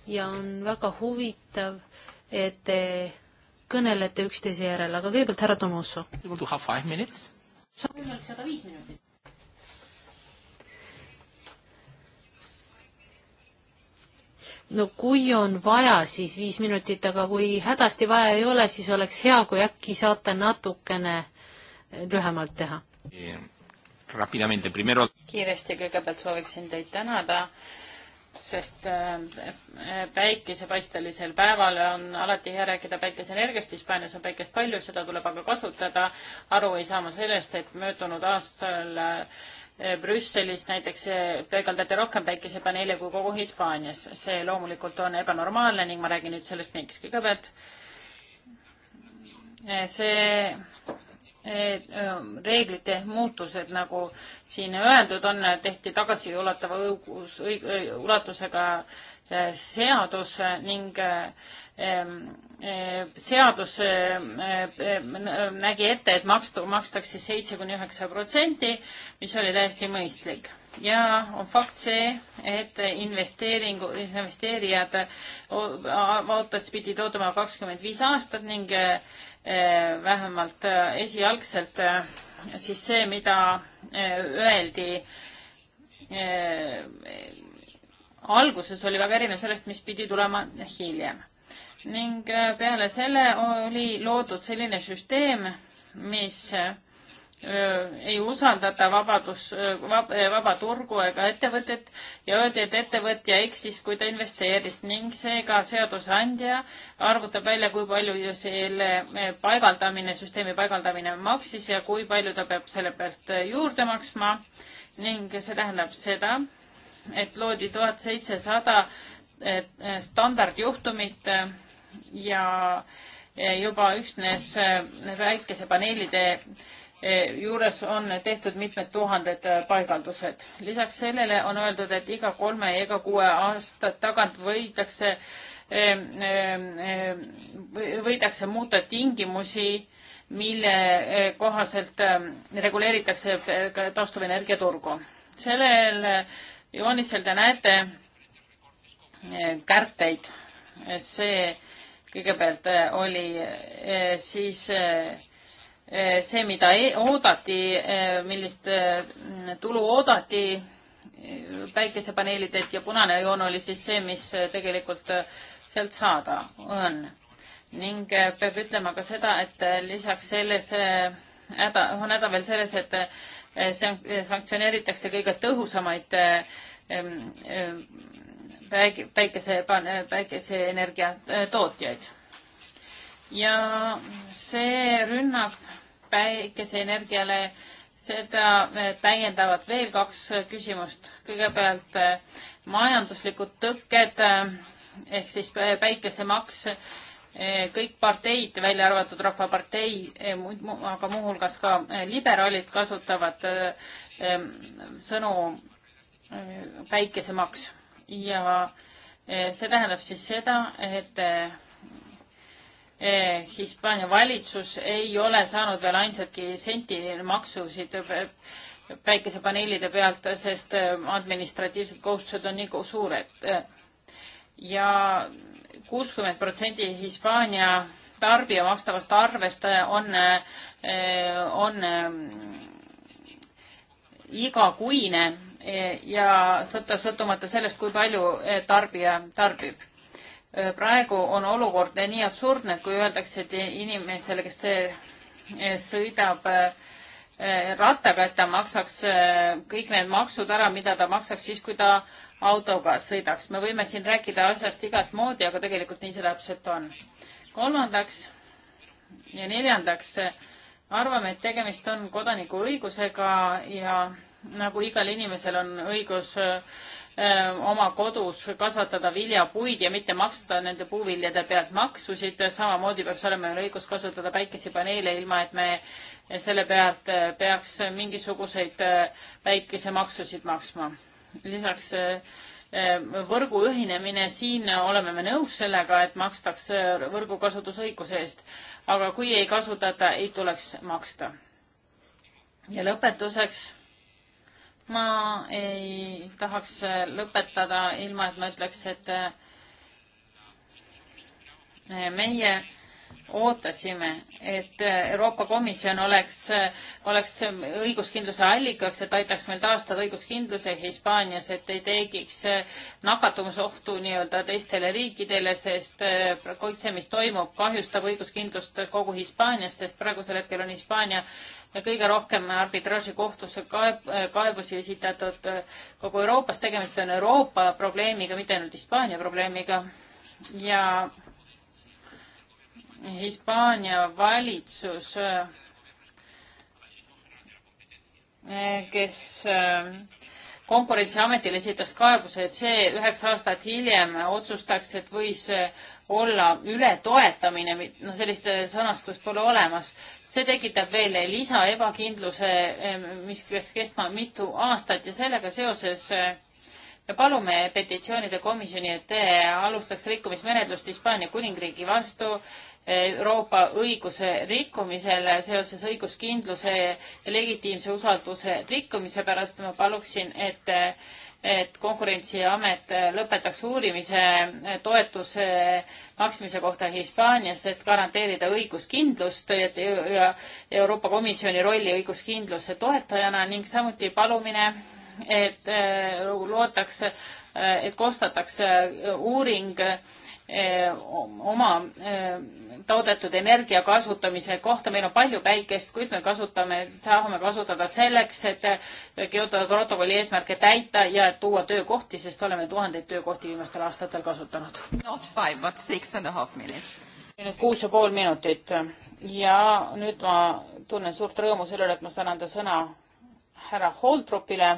ja on väga huvitav, et te kõnelete üksteise järel, aga kõigepealt härra Tomuso. see on võimalik saada viis minutit. no kui on vaja, siis viis minutit, aga kui hädasti vaja ei ole, siis oleks hea, kui äkki saate natukene lühemalt teha. Eh, kiiresti kõigepealt sooviksin teid tänada sest äh, äh, päikesepaistelisel päeval on alati hea rääkida päikeseenergiast, Hispaanias on päikest palju, seda tuleb aga kasutada. aru ei saa ma sellest, et möödunud aastal äh, Brüsselis näiteks peegeldati rohkem päikesepaneele kui kogu Hispaanias. see loomulikult on ebanormaalne ning ma räägin nüüd sellest miks. kõigepealt see Ähm, reeglite muutused, nagu siin öeldud on, tehti tagasiulatava õigus, ulatusega äh, seadus ning äh, ähm, äh, seadus ähm, nägi ette, et makstu, makstakse seitse kuni üheksa protsenti, mis oli täiesti mõistlik. ja on fakt see, et investeeringu, investeerijad ootas, pidid ootama kakskümmend viis aastat ning Eh, vähemalt eh, esialgselt eh, siis see, mida öeldi alguses, oli väga erinev sellest, mis pidi tulema hiljem. ning peale selle oli loodud selline süsteem, mis Äh, ei usaldata vabadus, äh, äh, vaba turgu ega ettevõtet ja öeldi, et ettevõtja eksis, kui ta investeeris ning seega seadusandja arvutab välja, kui palju selle paigaldamine, süsteemi paigaldamine maksis ja kui palju ta peab selle pealt juurde maksma ning see tähendab seda, et loodi tuhat seitsesada standardjuhtumit ja juba üksnes väikesepaneelide Eh, juures on tehtud mitmed tuhanded eh, paigaldused. lisaks sellele on öeldud, et iga kolme ja iga kuue aasta tagant võidakse, eh, võidakse muuta tingimusi, mille kohaselt reguleeritakse taastuvenergia turgu. sellel joonisel te näete kärpeid. see kõigepealt oli siis Eh, see, mida e-, oodati, eh, millist eh, tulu oodati päikesepaneelidelt ja punane joon oli siis see, mis tegelikult sealt saada on. ning peab ütlema ka seda, et lisaks selles häda, on häda veel selles, et sanktsioneeritakse kõige tõhusamaid päike, päikese, päikeseenergia tootjaid. ja see rünnak päikeseenergiale, seda eh, täiendavad veel kaks eh, küsimust. kõigepealt eh, majanduslikud tõkked ehk siis päikesemaks, kõik parteid, välja arvatud Rahvapartei, aga muuhulgas ka liberaalid kasutavad sõnu päikesemaks ja see tähendab siis seda, et Eh, Hispaania valitsus ei ole saanud veel ainsatki senti maksusid päikesepaneelide pealt, sest eh, administratiivsed kohustused on nii suured ja. Eh, ja kuuskümmend protsenti Hispaania tarbija makstavast arvest on, on igakuine ja sõltub, sõltumata sellest, kui palju tarbija tarbib praegu on olukord nii absurdne, et kui öeldakse, et inimesele, kes eh, sõidab eh, rattaga, et ta maksaks eh, kõik need maksud ära, mida ta maksaks siis, kui ta autoga sõidaks. me võime siin rääkida asjast igat moodi, aga tegelikult nii see täpselt on. kolmandaks ja neljandaks arvame, et tegemist on kodanikuõigusega ja nagu igal inimesel on õigus oma kodus kasvatada viljapuid ja mitte maksta nende puuviljade pealt maksusid. samamoodi peaks olema meil õigus kasutada päikesepaneele, ilma et me selle pealt peaks mingisuguseid päikesemaksusid maksma. lisaks võrgu ühinemine, siin oleme me nõus sellega, et makstakse võrgukasutusõiguse eest, aga kui ei kasutata, ei tuleks maksta. ja lõpetuseks ma ei tahaks lõpetada ilma, et ma ütleks, et eh, meie ootasime, et Euroopa Komisjon oleks, oleks õiguskindluse allikaks, et aitaks meil taastada õiguskindluse Hispaanias, et ei tekiks nakatumisohtu nii-öelda teistele riikidele, sest äh, kõik see, mis toimub, kahjustab õiguskindlust kogu Hispaanias, sest praegusel hetkel on Hispaania kõige rohkem arbitraažikohtusse kaeb-, kaebusi esitatud äh, kogu Euroopas, tegemist on Euroopa probleemiga, mitte ainult Hispaania probleemiga ja Hispaania valitsus, eh, kes eh, konkurentsiametile esitas kaebuse, et see üheksa aastat hiljem otsustaks, et võis eh, olla ületoetamine, no sellist sõnastust pole olemas. see tekitab veel lisa ebakindluse, mis peaks kestma mitu aastat ja sellega seoses me palume petitsioonide komisjoni, et te alustaks rikkumismenetlust Hispaania kuningriigi vastu, Euroopa õiguse rikkumisele seoses õiguskindluse ja legitiimse usalduse rikkumise pärast ma paluksin, et et Konkurentsiamet lõpetaks uurimise toetuse maksmise kohta Hispaanias, et garanteerida õiguskindlust ja Euroopa Komisjoni rolli õiguskindluse toetajana ning samuti palumine, et äh, loodaks, äh, et koostataks äh, uuring äh, Eh, oma eh, toodetud energia kasutamise kohta, meil on palju päikest, kuid me kasutame, saame kasutada selleks, et eh, Kyoto protokolli eesmärke täita ja tuua töökohti, sest oleme tuhandeid töökohti viimastel aastatel kasutanud. Not five, but six and a half minutes. nüüd kuus ja pool minutit ja nüüd ma tunnen suurt rõõmu selle üle, et ma saan anda sõna härra Holtropile.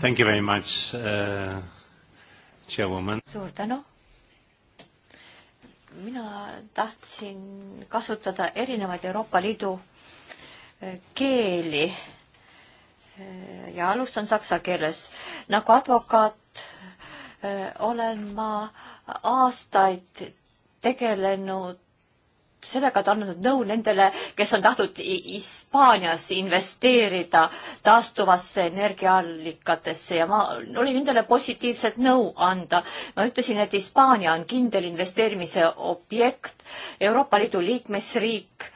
Thank you very much uh Chairwoman. suur tänu. mina tahtsin kasutada erinevaid Euroopa Liidu eh, keeli eh, ja alustan saksa keeles. nagu advokaat eh, olen ma aastaid tegelenud sellega ta on andnud nõu nendele, kes on tahtnud Hispaanias investeerida taastuvasse energiaallikatesse ja ma olin nendele positiivset nõu anda. ma ütlesin, et Hispaania on kindel investeerimise objekt, Euroopa Liidu liikmesriik,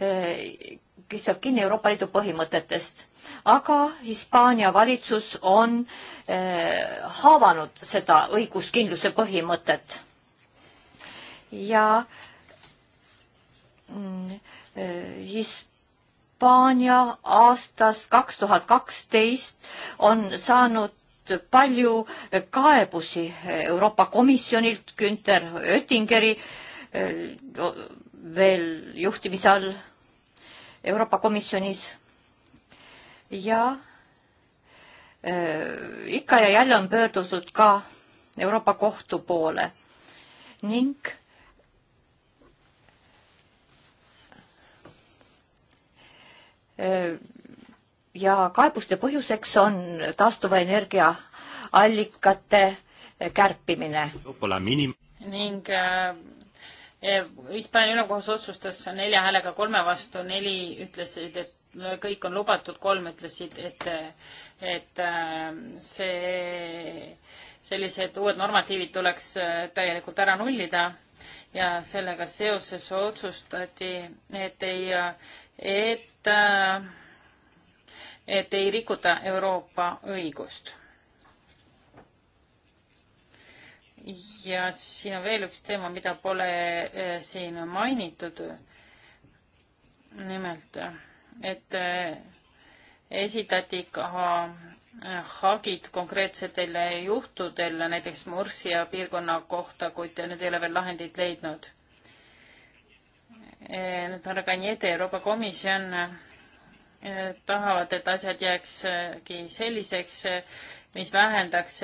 eh, kes peab kinni Euroopa Liidu põhimõtetest. aga Hispaania valitsus on eh, haavanud seda õiguskindluse põhimõtet ja äh, Mm, eh, Hispaania aastast kaks tuhat kaksteist on saanud palju kaebusi Euroopa Komisjonilt Günter Oettingeri eh, veel juhtimise all Euroopa Komisjonis ja äh, ikka ja jälle on pöördutud ka Euroopa Kohtu poole ning ja kaebuste põhjuseks on taastuva energia allikate kärpimine. ning äh, Hispaania ülemkohus otsustas nelja häälega kolme vastu, neli ütlesid, et kõik on lubatud, kolm ütlesid, et, et äh, see, sellised uued normatiivid tuleks äh, täielikult ära nullida ja sellega seoses otsustati, et ei, et et, et ei rikuta Euroopa õigust. ja siin on veel üks teema, mida pole eh, siin mainitud. nimelt, et eh, esitati ka eh, hagid konkreetsetel juhtudel, näiteks Mursia piirkonna kohta, kuid need ei ole veel lahendit leidnud Eh, härra Kanjete, Euroopa Komisjon eh, tahavad, et asjad jääkski selliseks, eh, mis vähendaks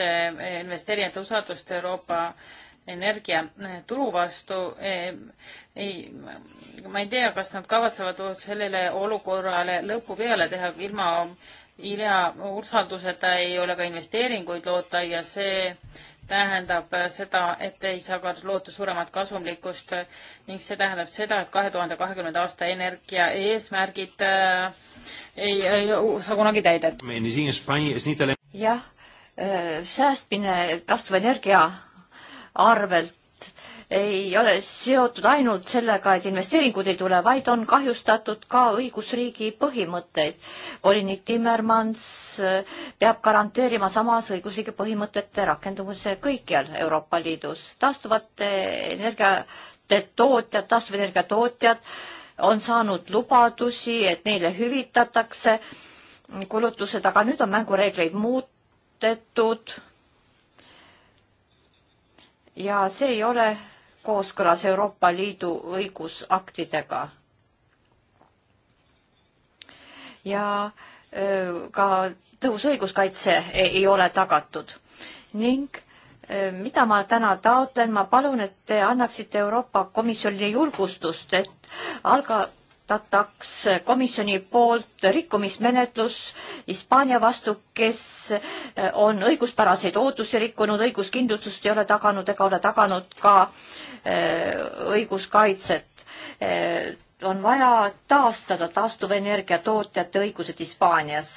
investeerijate usaldust Euroopa energiaturu vastu. ei, ma ei tea, kas nad kavatsevad sellele olukorrale lõpu peale teha, ilma, ilma usalduseta ei ole ka investeeringuid loota ja see tähendab seda, et ei saa ka loota suuremat kasumlikkust ning see tähendab seda, et kahe tuhande kahekümnenda aasta energia eesmärgid äh, ei, ei saa kunagi täidetud. jah, äh, säästmine taastuvenergia arvelt ei ole seotud ainult sellega, et investeeringud ei tule, vaid on kahjustatud ka õigusriigi põhimõtteid. volinik Timmermans äh, peab garanteerima samas õigusriigi põhimõtete rakendumise kõikjal Euroopa Liidus. taastuvate energiate tootjad, taastuvenergia tootjad on saanud lubadusi, et neile hüvitatakse kulutused, aga nüüd on mängureegleid muutetud ja see ei ole kooskõlas Euroopa Liidu õigusaktidega. ja ka tõhus õiguskaitse ei ole tagatud ning mida ma täna taotlen, ma palun, et te annaksite Euroopa Komisjonile julgustust, et alga-, algatataks komisjoni poolt rikkumismenetlus Hispaania vastu, kes eh, on õiguspäraseid ootusi rikkunud, õiguskindlustust ei ole taganud ega ole taganud ka eh, õiguskaitset. Eh, on vaja taastada taastuvenergia tootjate õigused Hispaanias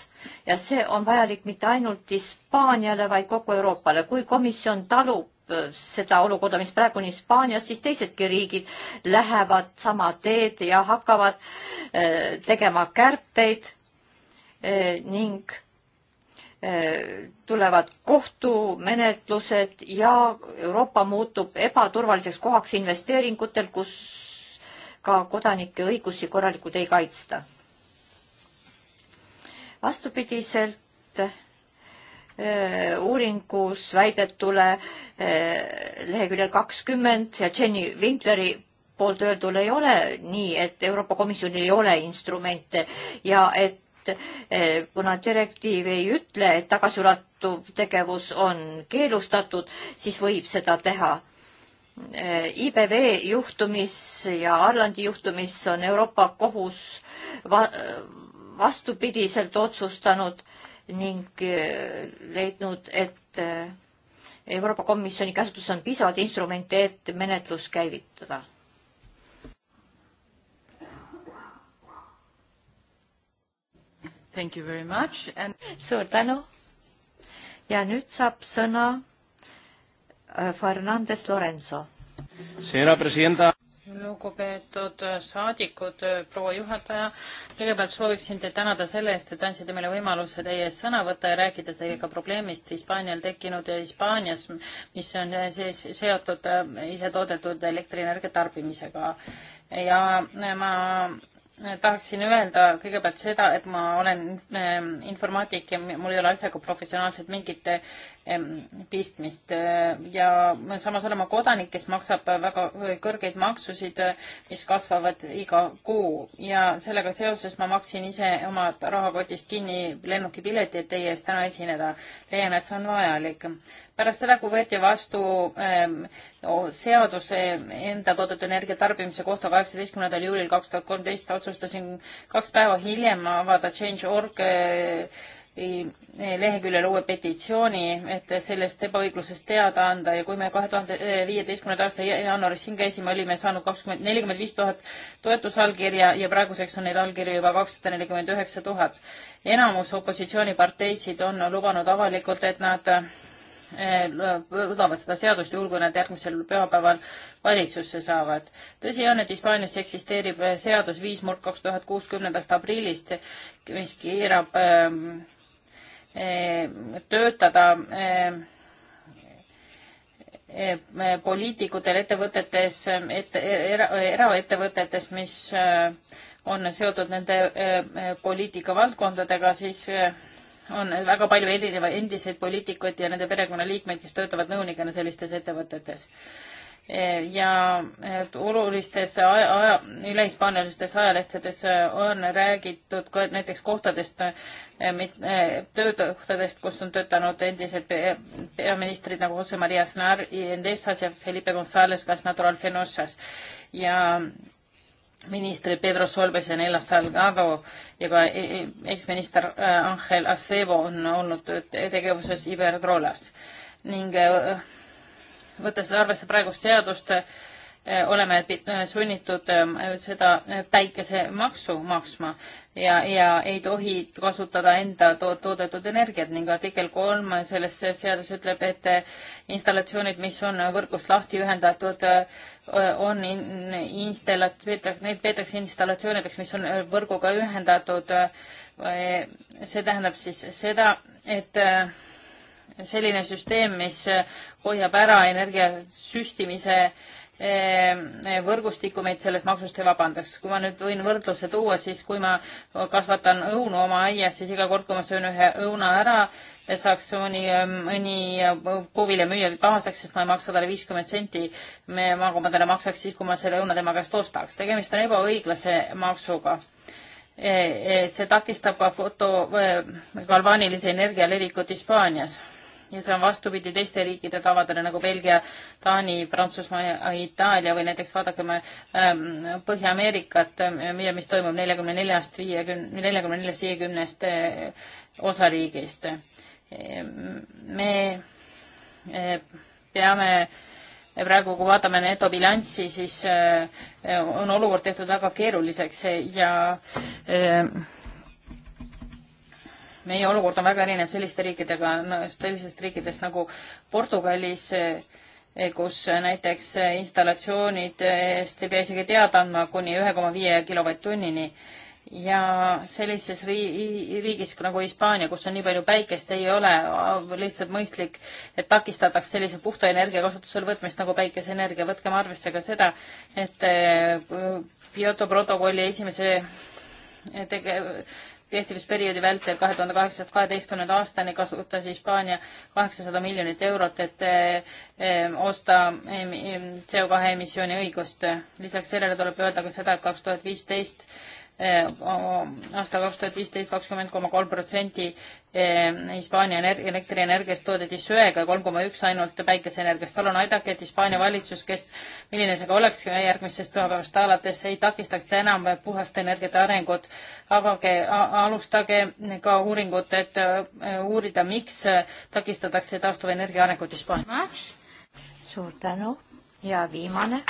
ja see on vajalik mitte ainult Hispaaniale, vaid kogu Euroopale. kui komisjon talub seda olukorda, mis praegu on Hispaanias, siis teisedki riigid lähevad sama teed ja hakkavad eh, tegema kärpeid eh, ning eh, tulevad kohtumenetlused ja Euroopa muutub ebaturvaliseks kohaks investeeringutel, kus ka kodanike õigusi korralikult ei kaitsta. vastupidiselt Äh, uuringus väidetule äh, leheküljel kakskümmend ja Jenny Winkleri poolt öeldul ei ole nii, et Euroopa Komisjonil ei ole instrumente ja et äh, kuna direktiiv ei ütle, et tagasiulatuv tegevus on keelustatud, siis võib seda teha. IBV juhtumis ja Arlandi juhtumis on Euroopa Kohus va vastupidiselt otsustanud äh, ning eh, leidnud, et eh, Euroopa Komisjoni käsutuses on piisavalt instrumente, et menetlus käivitada. Thank you very much and suur tänu. ja nüüd saab sõna eh, Fernandes Lorenzo. Señora presidenta lugupeetud saadikud, proua juhataja, kõigepealt sooviksin teid tänada selle eest, et andsite meile võimaluse teie eest sõna võtta ja rääkida teiega probleemist Hispaanial tekkinud Hispaanias, mis on siis seotud äh, isetoodetud elektrienergia tarbimisega. ja äh, ma äh, tahaksin öelda kõigepealt seda, et ma olen informaatik ja mul ei ole asjaga professionaalselt mingit pistmist ja samas olema kodanik, kes maksab väga kõrgeid maksusid, mis kasvavad iga kuu ja sellega seoses ma maksin ise oma rahakotist kinni lennukipileti, et teie ees täna esineda. leian, et see on vajalik. pärast seda, kui võeti vastu ähm, seaduse enda toodetud energia tarbimise kohta kaheksateistkümnendal juulil kaks tuhat kolmteist, otsustasin kaks päeva hiljem avada Change.org äh, Eh, leheküljel uue petitsiooni, et sellest ebaõiglusest teada anda ja kui me kahe tuhande viieteistkümnenda aasta jaanuaris siin käisime, olime saanud kakskümmend, nelikümmend viis tuhat toetusallkirja ja praeguseks on neid allkirju juba kakssada nelikümmend üheksa tuhat. enamus opositsiooniparteisid on lubanud avalikult, et nad eh, võtavad seda seadust juhul, kui nad järgmisel pühapäeval valitsusse saavad. tõsi on, et Hispaanias eksisteerib eh, seadus viis murd kaks tuhat kuuskümnendast aprillist, mis keerab ähm, Eh, töötada eh, eh, poliitikutel ettevõtetes ette, era, eraettevõtetes, mis on seotud nende poliitikavaldkondadega, siis on väga palju erinevaid endiseid poliitikuid ja nende perekonnaliikmeid, kes töötavad nõunikena sellistes ettevõtetes ja olulistes aja, aja, ülehispaanilistes ajalehtedes äh, on räägitud ka näiteks kohtadest, äh, äh, töökohtadest, kus on töötanud endised peaministrid nagu Jose Maria Aznar Endesas ja Felipe Gonzalez Casnatural Fenossas ja ministrid Pedro Solbes ja Nela Salgado ja ka e-, e-, eksminister Angel Acebo on olnud tegevuses Iberdrolas ning võttes arvesse praegust seadust, eh, oleme eh, sunnitud eh, seda päikesemaksu maksma ja, ja ei tohi kasutada enda to toodetud energiat ning artikkel kolm selles seadus ütleb, et installatsioonid, mis on võrgust lahti ühendatud, on installat-, neid peetakse installatsioonideks, mis on võrguga ühendatud. see tähendab siis seda, et selline süsteem, mis hoiab ära energia süstimise eh, eh, võrgustikku meid sellest maksust ei vabandaks. kui ma nüüd võin võrdluse tuua, siis kui ma kasvatan õunu oma aias, siis iga kord, kui ma söön ühe õuna ära, saaks mõni, mõni puuviljamüüja pahaseks, sest ma ei maksa talle viiskümmend senti, nagu ma talle maksaks siis, kui ma selle õuna tema käest ostaks. tegemist on ebaõiglase maksuga. Eh, see takistab ka foto, galvaanilise energia levikut Hispaanias ja see on vastupidi teiste riikide tavadele nagu Belgia, Taani, Prantsusmaa ja Itaalia või näiteks vaadakem ähm, Põhja-Ameerikat, ähm, mis toimub neljakümne neljast viiekümne, neljakümne neljast viiekümnest äh, osariigist. Ehm, me äh, peame äh, praegu, kui vaatame netobilanssi, siis on olukord tehtud väga keeruliseks ja meie olukord on väga erinev selliste riikidega no,, sellisest riikidest nagu Portugalis, eh, kus näiteks installatsioonid eest eh, ei pea isegi teada andma kuni ühe koma viie kilovatt-tunnini ja sellises rii-, riigis nagu Hispaania, kus on nii palju päikest, ei ole lihtsalt mõistlik, et takistataks sellise puhta energia kasutusele võtmist nagu päikeseenergia. võtkem arvesse ka seda, et eh, Kyoto protokolli esimese tege-, kehtivusperioodi vältel kahe tuhande kaheksast kaheteistkümnenda aastani kasutas Hispaania kaheksasada miljonit eurot, et ehm, osta ehm, ehm, CO2 emissiooni õigust. lisaks sellele tuleb öelda ka seda, et kaks tuhat viisteist Äh, aasta kaks tuhat viisteist kakskümmend koma kolm protsenti äh, Hispaania elektrienergiast toodeti söega ja kolm koma üks ainult päikeseenergiast. palun aidake, et Hispaania valitsus, kes, milline see ka oleks järgmisest pühapäevast alates, ei takistaks enam puhast energiat arengut. avage, alustage ka uuringut, et äh, uurida, miks takistatakse taastuvenergia arengut Hispaanias. suur tänu ja viimane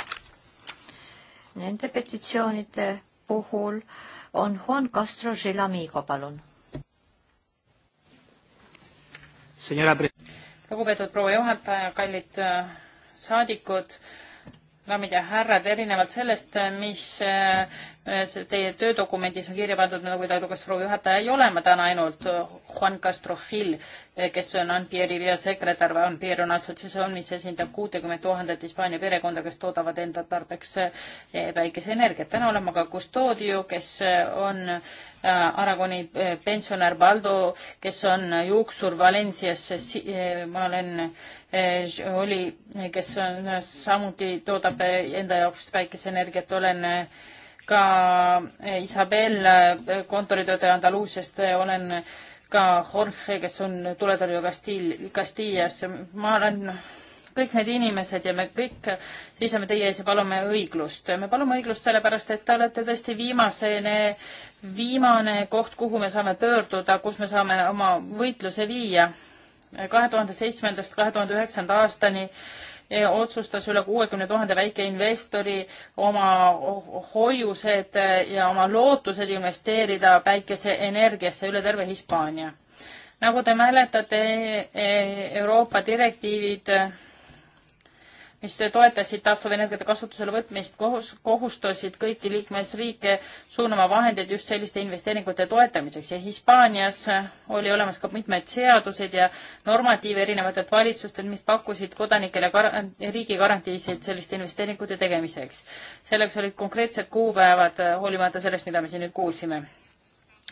nende petitsioonide puhul on Juan Castro Gelamigo, palun. lugupeetud proua juhataja, kallid äh, saadikud, daamid ja härrad, erinevalt sellest, äh, mis äh, Äh, see teie töödokumendis on kirja pandud, nagu ta luges, proua juhataja ei ole ma täna ainult äh, Juan Castro Gil, äh, kes on Anpieri peasekretär või Anpier on assotsiatsioon, mis esindab kuutekümmet tuhandet Hispaania perekonda, kes toodavad enda tarbeks päikeseenergiat. täna olen ma ka Custodio, kes on Aragoni pensionär Valdo, kes on juuksur Valencias, ma olen Oli, kes on samuti, toodab enda jaoks päikeseenergiat, olen ka eh, Isabel, eh, kontoritöötaja Andaluusiast, eh, olen ka Jorge, kes on tuletõrju Kastil-, Kastillas. ma olen kõik need inimesed ja me kõik seisame teie ees ja palume õiglust. me palume õiglust sellepärast, et te olete tõesti viimasene, viimane koht, kuhu me saame pöörduda, kus me saame oma võitluse viia. kahe tuhande seitsmendast kahe tuhande üheksanda aastani äh, Eh, otsustas üle kuuekümne tuhande väikeinvestori oma hoiused eh, ja oma lootused investeerida päikeseenergiasse üle terve Hispaania. nagu te mäletate, eh, Euroopa direktiivid mis toetasid taastuvenergiate kasutusele võtmist, kohus, kohustasid kõiki liikmesriike suunama vahendeid just selliste investeeringute toetamiseks ja Hispaanias oli olemas ka mitmed seadused ja normatiive erinevatelt valitsustelt, mis pakkusid kodanikele gar riigi garantiisid selliste investeeringute tegemiseks. selleks olid konkreetsed kuupäevad, hoolimata sellest, mida me siin nüüd kuulsime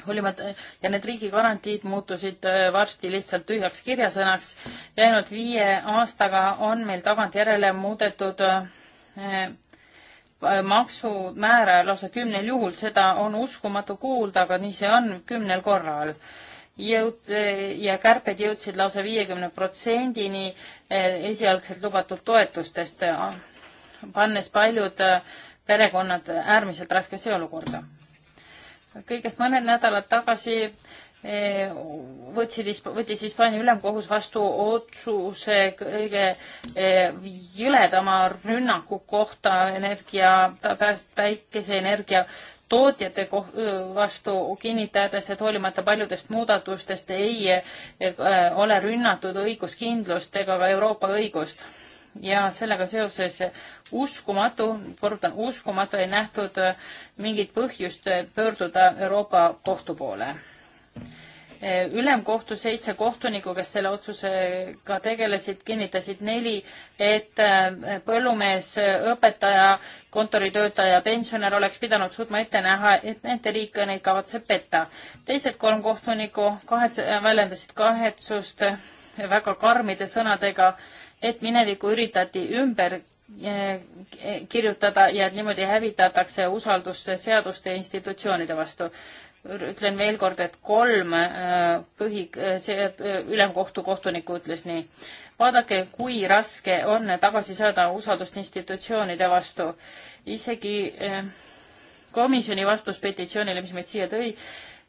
hoolimata ja need riigigarantiid muutusid äh, varsti lihtsalt tühjaks kirjasõnaks ja ainult viie aastaga on meil tagantjärele muudetud äh, äh, maksumäära lausa kümnel juhul, seda on uskumatu kuulda, aga nii see on kümnel korral. jõud ja kärped jõudsid lausa viiekümne protsendini esialgselt lubatud toetustest, pannes paljud perekonnad äärmiselt raskesse olukorda kõigest mõned nädalad tagasi eh, võtsid, võttis Hispaania ülemkohus vastu otsuse kõige eh, jõledama rünnaku kohta energia, päikeseenergia tootjate vastu kinnitades, et hoolimata paljudest muudatustest ei eh, ole rünnatud õiguskindlust ega ka Euroopa õigust ja sellega seoses uskumatu, kordan, uskumatu ei nähtud mingit põhjust pöörduda Euroopa Kohtu poole. Ülemkohtu seitse kohtunikku, kes selle otsusega tegelesid, kinnitasid neli, et äh, põllumees, õpetaja, kontoritöötaja, pensionär oleks pidanud suutma ette näha, et nende riik neid kavatseb petta. teised kolm kohtunikku kahetse-, väljendasid kahetsust väga karmide sõnadega äh, et minevikku üritati ümber eh, kirjutada ja et niimoodi hävitatakse usaldus seaduste ja institutsioonide vastu. ütlen veel kord, et kolm eh, põhi, eh, see ülemkohtu kohtunikku ütles nii. vaadake, kui raske on tagasi saada usaldust institutsioonide vastu. isegi komisjoni vastus petitsioonile, mis meid siia tõi,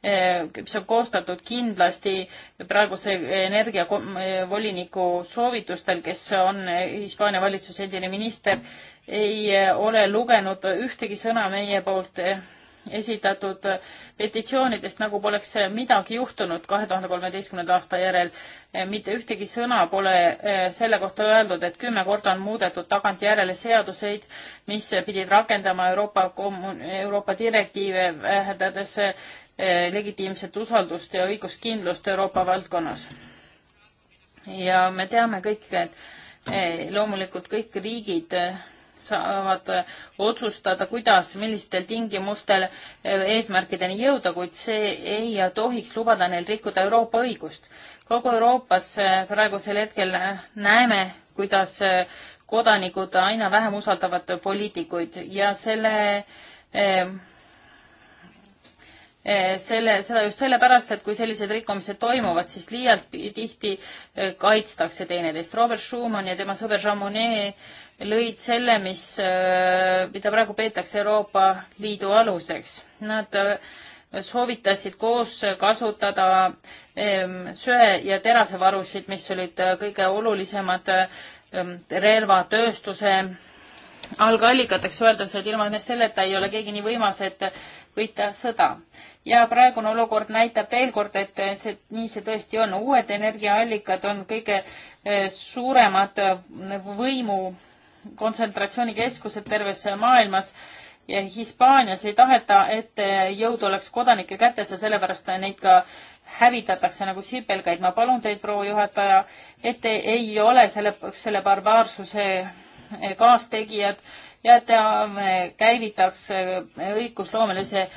mis eh, on koostatud kindlasti praeguse energiavoliniku soovitustel, kes on Hispaania valitsuse endine minister, ei eh, ole lugenud ühtegi sõna meie poolt eh, esitatud petitsioonidest, nagu poleks midagi juhtunud kahe tuhande kolmeteistkümnenda aasta järel. mitte ühtegi sõna pole selle kohta öeldud, et kümme korda on muudetud tagantjärele seaduseid, mis pidid rakendama Euroopa, Euroopa direktiive, vähendades Eh, legitiimset usaldust ja õiguskindlust Euroopa valdkonnas. ja me teame kõik, et eh, loomulikult kõik riigid eh, saavad otsustada, kuidas, millistel tingimustel eesmärkideni jõuda, kuid see ei tohiks lubada neil rikkuda Euroopa õigust. kogu Euroopas praegusel hetkel näeme, kuidas kodanikud aina vähem usaldavad poliitikuid ja selle Eh, selle, seda just sellepärast, et kui sellised rikkumised toimuvad, siis liialt tihti eh, kaitstakse teineteist. Robert Schumann ja tema sõber Jean Monnet lõid selle, mis, eh, mida praegu peetakse Euroopa Liidu aluseks. Nad soovitasid koos kasutada söe- ja terasevarusid, mis olid kõige olulisemad relvatööstuse algallikateks öeldes, et ilma selleta ei ole keegi nii võimas, et võita sõda. ja praegune olukord näitab veel kord, et see, nii see tõesti on, uued energiaallikad on kõige eh, suuremad eh, võimu kontsentratsioonikeskused terves maailmas ja Hispaanias ei taheta, et eh, jõud oleks kodanike kätes ja sellepärast neid ka hävitatakse nagu sipelgaid. ma palun teid, proua juhataja, et te ei ole selle, selle barbaarsuse kaastegijad ja ta käivitaks äh, õigusloomelise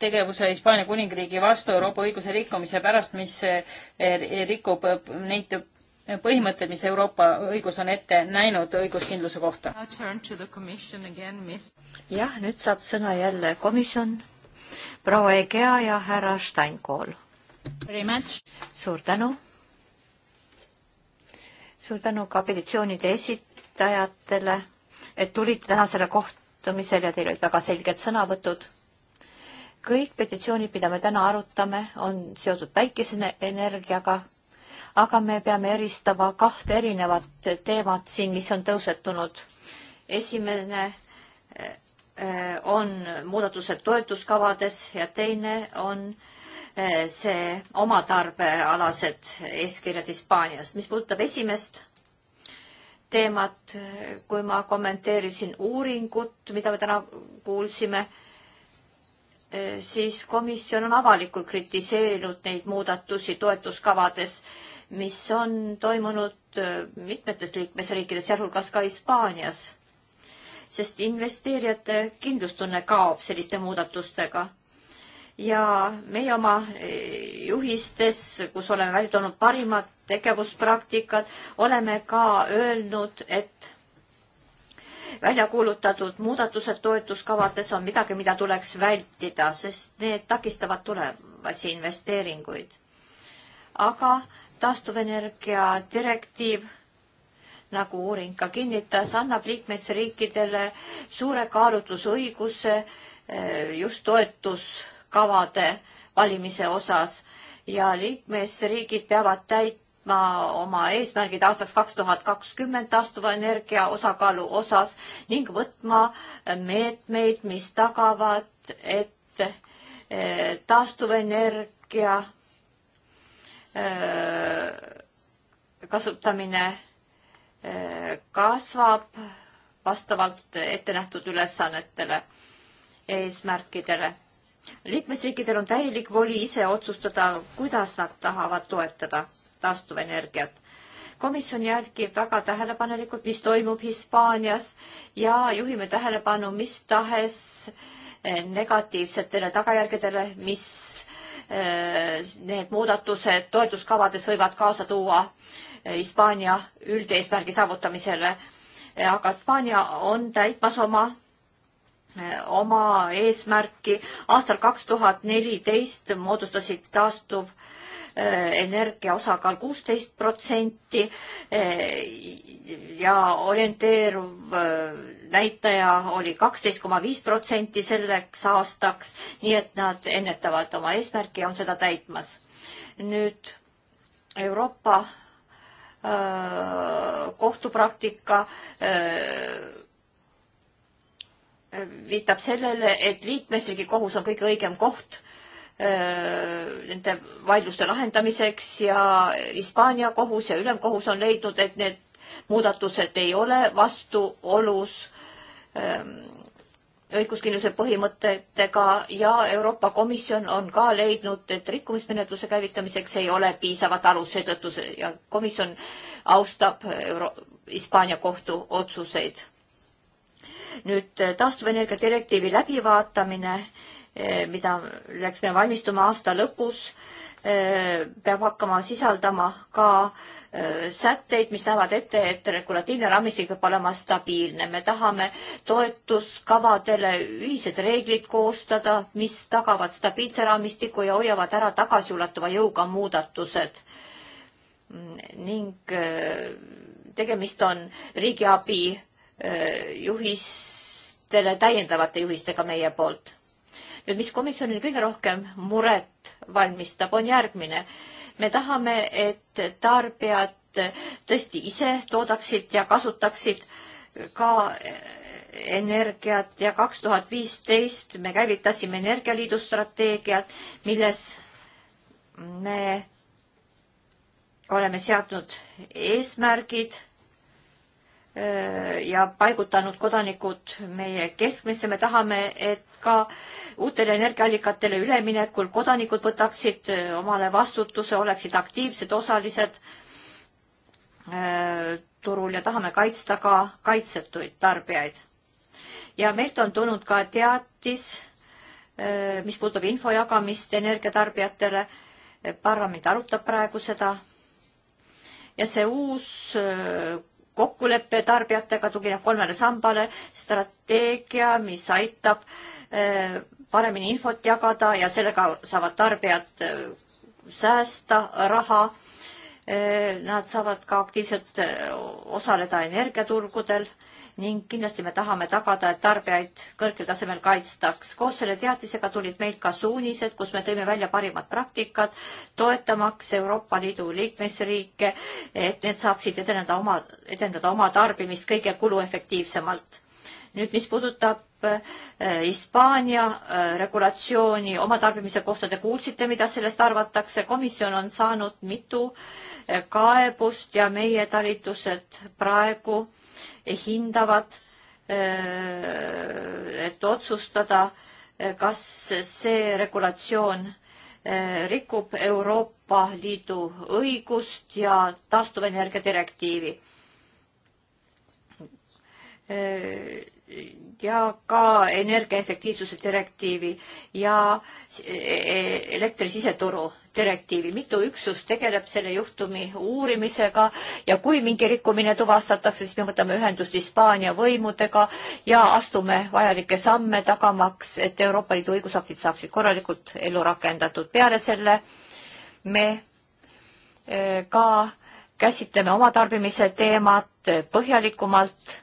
tegevuse Hispaania kuningriigi vastu Euroopa õiguse rikkumise pärast, mis äh, rikub äh, neid põhimõtteid, mis Euroopa õigus on ette näinud õiguskindluse kohta. jah, nüüd saab sõna jälle komisjon, proua Egea ja härra Steinkool. suur tänu. suur tänu ka petitsioonide esitajatele et tulite tänasele kohtumisele ja teil olid väga selged sõnavõtud. kõik petitsioonid, mida me täna arutame, on seotud päikeseenergiaga, aga me peame eristama kahte erinevat teemat siin, mis on tõusetunud. esimene eh, on muudatused toetuskavades ja teine on eh, see omatarbealased eeskirjad Hispaaniast. mis puudutab esimest teemat, kui ma kommenteerisin uuringut, mida me täna kuulsime, siis komisjon on avalikult kritiseerinud neid muudatusi toetuskavades, mis on toimunud mitmetes liikmesriikides, sealhulgas ka Hispaanias. sest investeerijate kindlustunne kaob selliste muudatustega ja meie oma e, juhistes, kus oleme välja toonud parimad tegevuspraktikad, oleme ka öelnud, et välja kuulutatud muudatused toetuskavades on midagi, mida tuleks vältida, sest need takistavad tulevasi investeeringuid. aga taastuvenergia direktiiv, nagu uuring ka kinnitas, annab liikmesriikidele suure kaalutlusõiguse e, just toetus kavade valimise osas ja liikmesriigid peavad täitma oma eesmärgid aastaks kaks tuhat kakskümmend taastuva energia osakaalu osas ning võtma meetmeid, mis tagavad, et eh, taastuvenergia eh, kasutamine eh, kasvab vastavalt ettenähtud ülesannetele ja eesmärkidele liikmesriikidel on täielik voli ise otsustada, kuidas nad tahavad toetada taastuvenergiat. komisjon jälgib väga tähelepanelikult, mis toimub Hispaanias ja juhime tähelepanu mis tahes eh, negatiivsetele tagajärgedele, mis eh, need muudatused toetuskavades võivad kaasa tuua eh, Hispaania üldeesmärgi saavutamisele. aga Hispaania on täitmas oma oma eesmärki. aastal kaks tuhat neliteist moodustasid taastuv äh, energia osakaal kuusteist protsenti äh, ja orienteeruv äh, näitaja oli kaksteist koma viis protsenti selleks aastaks, nii et nad ennetavad oma eesmärki ja on seda täitmas. nüüd Euroopa öö, kohtupraktika öö, viitab sellele, et liikmesriigi kohus on kõige õigem koht äh, nende vaidluste lahendamiseks ja Hispaania kohus ja ülemkohus on leidnud, et need muudatused ei ole vastuolus ähm, õiguskindluse põhimõtetega ja Euroopa Komisjon on ka leidnud, et rikkumismenetluse käivitamiseks ei ole piisavat alust, seetõttu ja komisjon austab Euro-, Hispaania kohtu otsuseid nüüd eh, taastuvenergia direktiivi läbivaatamine, eh, mida läks me valmistuma aasta lõpus, eh, peab hakkama sisaldama ka sätteid, mis näevad ette, et regulatiivne raamistik peab olema stabiilne. me tahame toetuskavadele ühised reeglid koostada, mis tagavad stabiilse raamistiku ja hoiavad ära tagasiulatuva jõuga muudatused. Mm, ning tegemist on riigiabi Äh, juhistele, täiendavate juhistega meie poolt. nüüd, mis komisjonil kõige rohkem muret valmistab, on järgmine. me tahame, et tarbijad tõesti ise toodaksid ja kasutaksid ka äh, energiat ja kaks tuhat viisteist me käivitasime Energialiidu strateegiat, milles me oleme seadnud eesmärgid Äh, ja paigutanud kodanikud meie keskmesse. me tahame, et ka uutele energiaallikatele üleminekul kodanikud võtaksid äh, omale vastutuse, oleksid aktiivsed osalised äh, turul ja tahame kaitsta ka kaitsetuid tarbijaid. ja meilt on tulnud ka teatis, mis puudutab info jagamist energiatarbijatele. parlament arutab praegu seda. ja see uus kokkulepe tarbijatega tugineb kolmele sambale, strateegia, mis aitab eh, paremini infot jagada ja sellega saavad tarbijad eh, säästa raha. Eh, nad saavad ka aktiivselt osaleda energiaturgudel ning kindlasti me tahame tagada, et tarbijaid kõrgel tasemel kaitstaks. koos selle teatisega tulid meilt ka suunised, kus me tõime välja parimad praktikad, toetamaks Euroopa Liidu liikmesriike, et need saaksid edeneda oma, edendada oma tarbimist kõige kuluefektiivsemalt. nüüd, mis puudutab äh, Hispaania äh, regulatsiooni oma tarbimise kohta, te kuulsite, mida sellest arvatakse, komisjon on saanud mitu äh, kaebust ja meie talitused praegu äh, hindavad, eh, et otsustada, eh, kas see regulatsioon eh, rikub Euroopa Liidu õigust ja taastuvenergia direktiivi ja ka energiaefektiivsuse direktiivi ja e, e, elektrisiseturu direktiivi. mitu üksust tegeleb selle juhtumi uurimisega ja kui mingi rikkumine tuvastatakse, siis me võtame ühendust Hispaania võimudega ja astume vajalikke samme tagamaks, et Euroopa Liidu õigusaktid saaksid korralikult ellu rakendatud. peale selle me e, ka käsitleme oma tarbimise teemat põhjalikumalt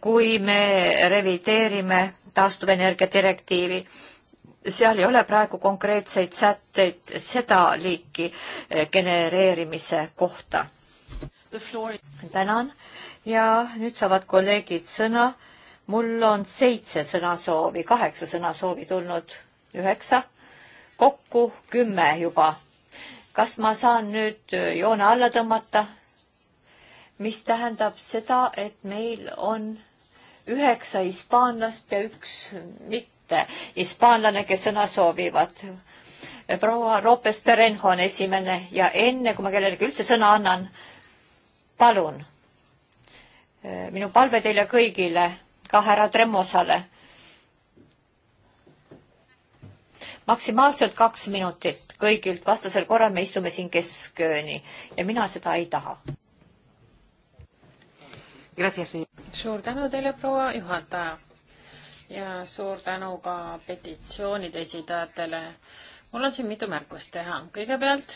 kui me revideerime taastuvenergia direktiivi. seal ei ole praegu konkreetseid sätteid seda liiki eh, genereerimise kohta. tänan ja nüüd saavad kolleegid sõna. mul on seitse sõnasoovi, kaheksa sõnasoovi tulnud, üheksa, kokku kümme juba kas ma saan nüüd joone alla tõmmata mis tähendab seda, et meil on üheksa hispaanlast ja üks mitte hispaanlane, kes sõna soovivad. proua Ropes Perenho on esimene ja enne, kui ma kellelegi üldse sõna annan, palun, minu palve teile kõigile, ka härra Tremosale, maksimaalselt kaks minutit kõigilt, vastasel korral me istume siin keskööni ja mina seda ei taha suur tänu teile, proua juhataja ja suur tänu ka petitsioonide esitajatele. mul on siin mitu märkust teha. kõigepealt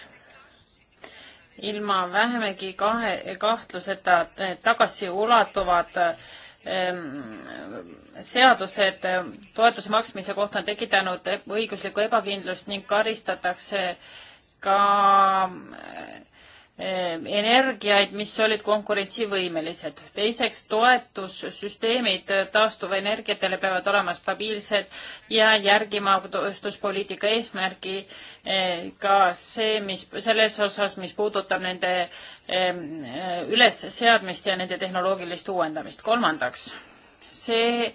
ilma vähemegi kahe, kahtluseta eh, tagasiulatuvad ähm, seadused eh, toetuse maksmise kohta on tekitanud õiguslikku ebakindlust ning karistatakse ka äh, Ehm, energiaid, mis olid konkurentsivõimelised. teiseks, toetussüsteemid taastuvenergiatele peavad olema stabiilsed ja järgima tööstuspoliitika eesmärgi eh, ka see, mis selles osas, mis puudutab nende ehm, eh, ülesseadmist ja nende tehnoloogilist uuendamist. kolmandaks, see eh,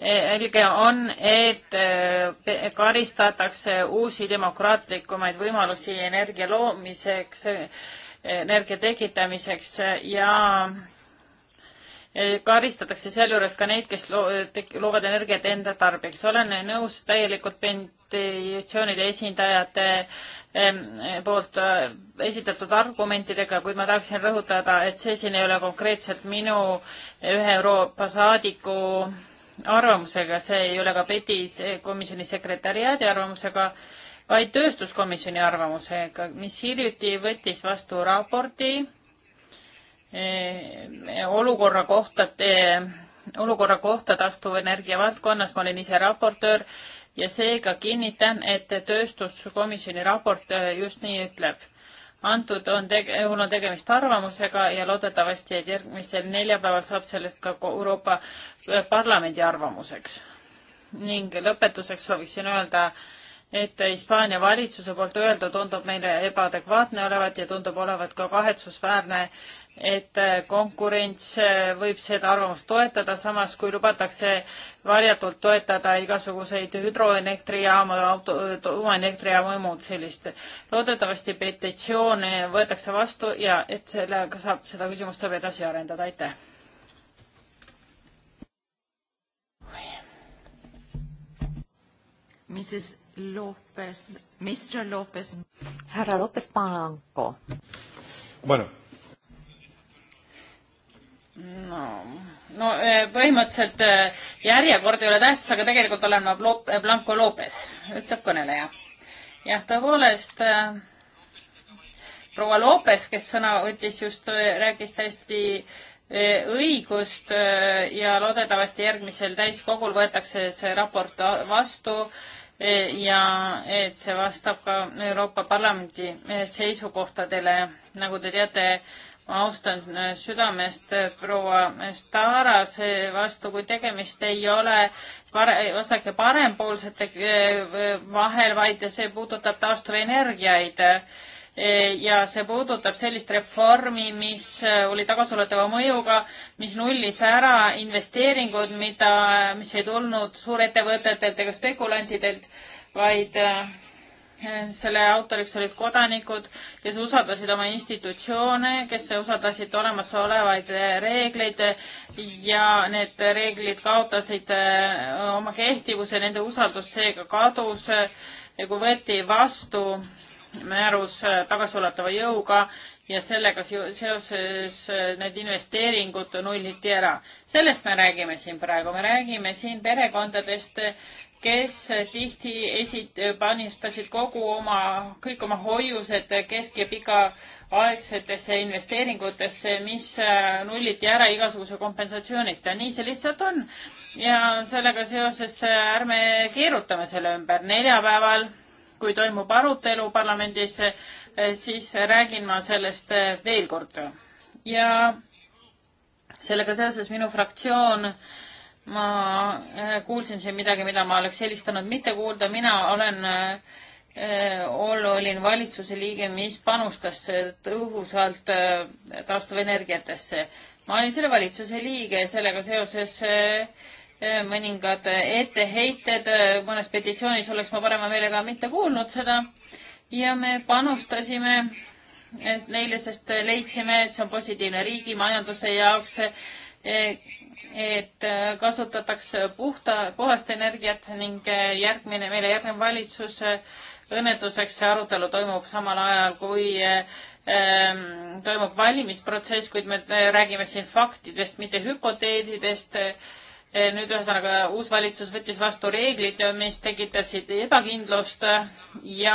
selge on, et karistatakse uusi demokraatlikumaid võimalusi energia loomiseks energia tekitamiseks ja eh, karistatakse sealjuures ka neid, kes loovad energiat enda tarbeks. olen nõus täielikult petitsioonide esindajate poolt eh, esitatud argumentidega, kuid ma tahaksin rõhutada, et see siin ei ole konkreetselt minu ühe Euroopa saadiku arvamusega, see ei ole ka petis eh, komisjoni sekretäriaadi arvamusega vaid tööstuskomisjoni arvamusega, mis hiljuti võttis vastu raporti eh, olukorra kohta, eh, olukorra kohta taastuvenergia valdkonnas, ma olin ise raportöör ja seega kinnitan, et tööstuskomisjoni raport eh, just nii ütleb. antud on tege-, mul on tegemist arvamusega ja loodetavasti, et järgmisel neljapäeval saab sellest ka Euroopa Parlamendi arvamuseks. ning lõpetuseks sooviksin öelda äh, et Hispaania valitsuse poolt öeldu tundub meile ebaadekvaatne olevat ja tundub olevat ka kahetsusväärne, et konkurents võib seda arvamust toetada, samas kui lubatakse varjatult toetada igasuguseid hüdroelektrijaama, auto, tuumaelektrijaama ja muud sellist. loodetavasti petitsioon võetakse vastu ja et sellega saab, seda küsimust saab edasi arendada, aitäh! Mrs Lopez, Mr Lopez. härra Lopez Palanco. Bueno. no, no eh, põhimõtteliselt eh, järjekord ei ole tähtis, aga tegelikult olen ma eh, Blanco Lopez, ütleb kõneleja. jah, tõepoolest proua Lopez, kes sõna võttis just, rääkis täiesti õigust ja loodetavasti järgmisel täiskogul võetakse see raport vastu E, ja et see vastab ka Euroopa Parlamendi e, seisukohtadele. nagu te teate, ma austan e, südamest proua Starase vastu, kui tegemist ei ole pare-, osake parempoolsete vahel, vaid see puudutab taastuvenergiaid Eh, ja see puudutab sellist reformi, mis eh, oli tagasiulatava mõjuga, mis nullis ära investeeringud, mida, eh, mis ei tulnud suurettevõtetelt ega spekulantidelt, vaid selle autoriks olid kodanikud, kes usaldasid oma institutsioone, kes usaldasid olemasolevaid reegleid ja need reeglid kaotasid oma kehtivuse, nende usaldus seega kadus ja kui võeti vastu määrus äh, tagasiulatuva jõuga ja sellega seoses äh, need investeeringud nulliti ära. sellest me räägime siin praegu, me räägime siin perekondadest, kes tihti esit-, panistasid kogu oma, kõik oma hoiused kesk- ja pikaaegsetesse investeeringutesse, mis äh, nulliti ära igasuguse kompensatsioonita, nii see lihtsalt on. ja sellega seoses ärme keerutame selle ümber, neljapäeval kui toimub arutelu parlamendis, eh, siis räägin ma sellest eh, veel kord. ja sellega seoses minu fraktsioon ma eh, kuulsin siin midagi, mida ma oleks helistanud mitte kuulda, mina olen Ollo olin valitsuse liige, mis panustas tõhusalt taastuvenergiatesse. ma olin selle valitsuse liige, sellega seoses äh, mõningad etteheited, mõnes petitsioonis oleks ma parema meelega mitte kuulnud seda ja me panustasime neile, sest leidsime, et see on positiivne riigi majanduse jaoks, et kasutatakse puhta, puhast energiat ning järgmine, meile järgnev valitsus, õnnetuseks see arutelu toimub samal ajal, kui ähm, toimub valimisprotsess, kuid me räägime siin faktidest, mitte hüpoteedidest Eh, nüüd ühesõnaga uus valitsus võttis vastu reeglid, mis tekitasid ebakindlust ja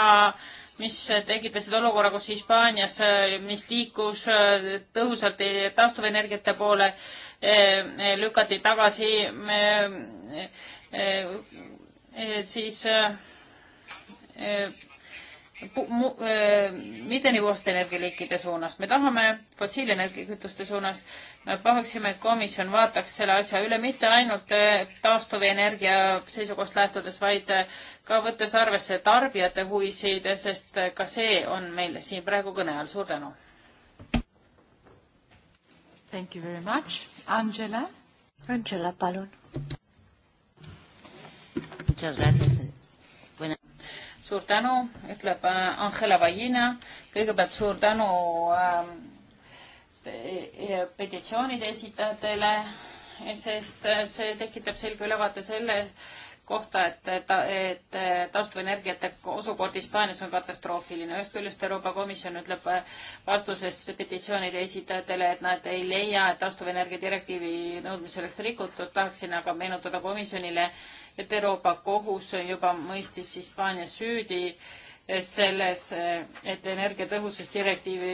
mis tekitasid olukorra, kus Hispaanias, eh, mis liikus eh, tõhusalt taastuvenergiate poole, lükati tagasi siis mittenivooste energialiikide suunas. me tahame fossiilenergiakütuste suunas, me tahaksime, et komisjon vaataks selle asja üle mitte ainult taastuvenergia seisukohast lähtudes, vaid ka võttes arvesse tarbijate huvisid, sest ka see on meil siin praegu kõne all. suur tänu! Thank you very much. Angela? Angela, palun. Muchas gracias suur tänu, ütleb äh, Angela Vallina. kõigepealt suur tänu äh, petitsioonide esitajatele, sest äh, see tekitab selge ülevaate selle kohta, et, et, et taastuvenergiate osukord Hispaanias on katastroofiline. ühest küljest Euroopa Komisjon ütleb äh, vastuses petitsioonide esitajatele, et nad ei leia, et taastuvenergia direktiivi nõudmisi oleks rikutud. tahaksin aga meenutada komisjonile, et Euroopa Kohus juba mõistis Hispaania süüdi selles, et energiatõhususdirektiivi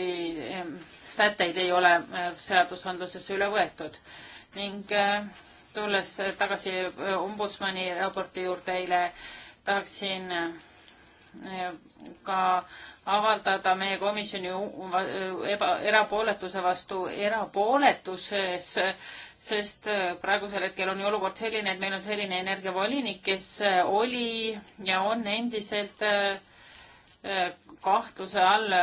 äh, sätteid ei ole äh, seadusandlusesse üle võetud ning äh, tulles tagasi äh, ombudsmani raporti juurde eile, tahaksin äh, ka avaldada meie komisjoni äh, eba, erapooletuse vastu erapooletuses, sest praegusel hetkel on ju olukord selline, et meil on selline energiavolinik, kes oli ja on endiselt kahtluse all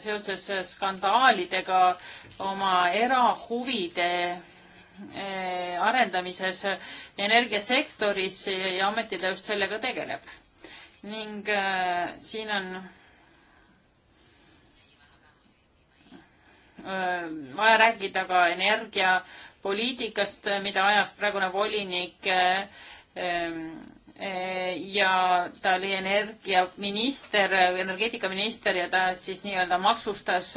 seoses skandaalidega oma erahuvide Eh, arendamises energiasektoris ja ametita just sellega tegeleb. ning eh, siin on eh, vaja rääkida ka energiapoliitikast, mida ajas praegune volinik ja ta oli energiaminister, energeetikaminister ja ta siis nii-öelda maksustas,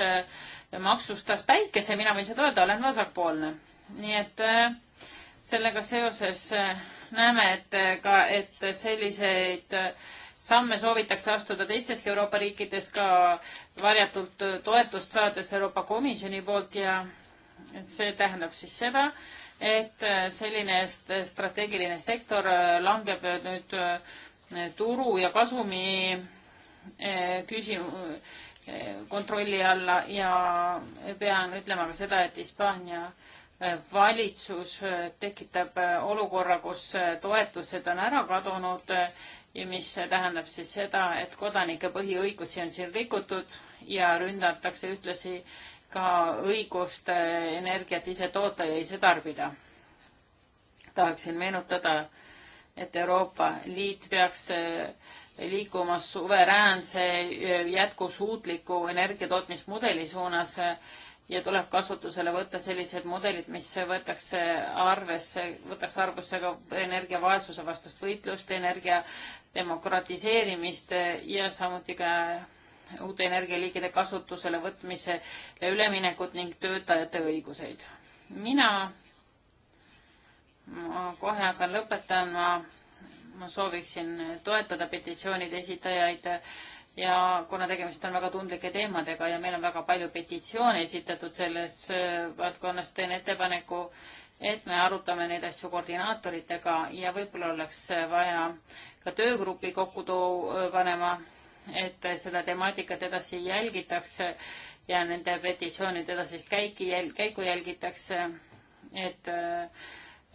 maksustas päikese, mina võin seda öelda, olen vasakpoolne nii et äh, sellega seoses äh, näeme, et äh, ka, et selliseid samme soovitakse astuda teisteski Euroopa riikides ka varjatult toetust saades Euroopa Komisjoni poolt ja see tähendab siis seda, et selline strateegiline sektor langeb nüüd turu ja kasumi küsim-, kontrolli alla ja pean ütlema ka seda, et Hispaania äh, valitsus äh, tekitab äh, olukorra, kus äh, toetused on ära kadunud ja mis tähendab siis seda, et kodanike põhiõigusi on siin rikutud ja ründatakse ühtlasi ka õigust energiat ise toota ja ise tarbida. tahaksin meenutada, et Euroopa Liit peaks liikuma suveräänse jätkusuutliku energiatootmismudeli suunas ja tuleb kasutusele võtta sellised mudelid, mis võetakse arvesse, võtaks arvesse ka energiavaesuse vastast võitlust, energia demokratiseerimist ja samuti ka uute energialiigide kasutusele võtmisele üleminekut ning töötajate õiguseid. mina, ma kohe hakkan lõpetama, ma sooviksin toetada petitsioonide esitajaid äh, ja kuna tegemist on väga tundlike teemadega ja meil on väga palju petitsioone esitatud selles äh, valdkonnas, teen ettepaneku, et me arutame neid asju koordinaatoritega ja võib-olla oleks äh, vaja ka töögrupi kokku too äh, panema, et seda temaatikat edasi jälgitakse ja nende petitsioonide edasist käiki, käiku jälgitakse. et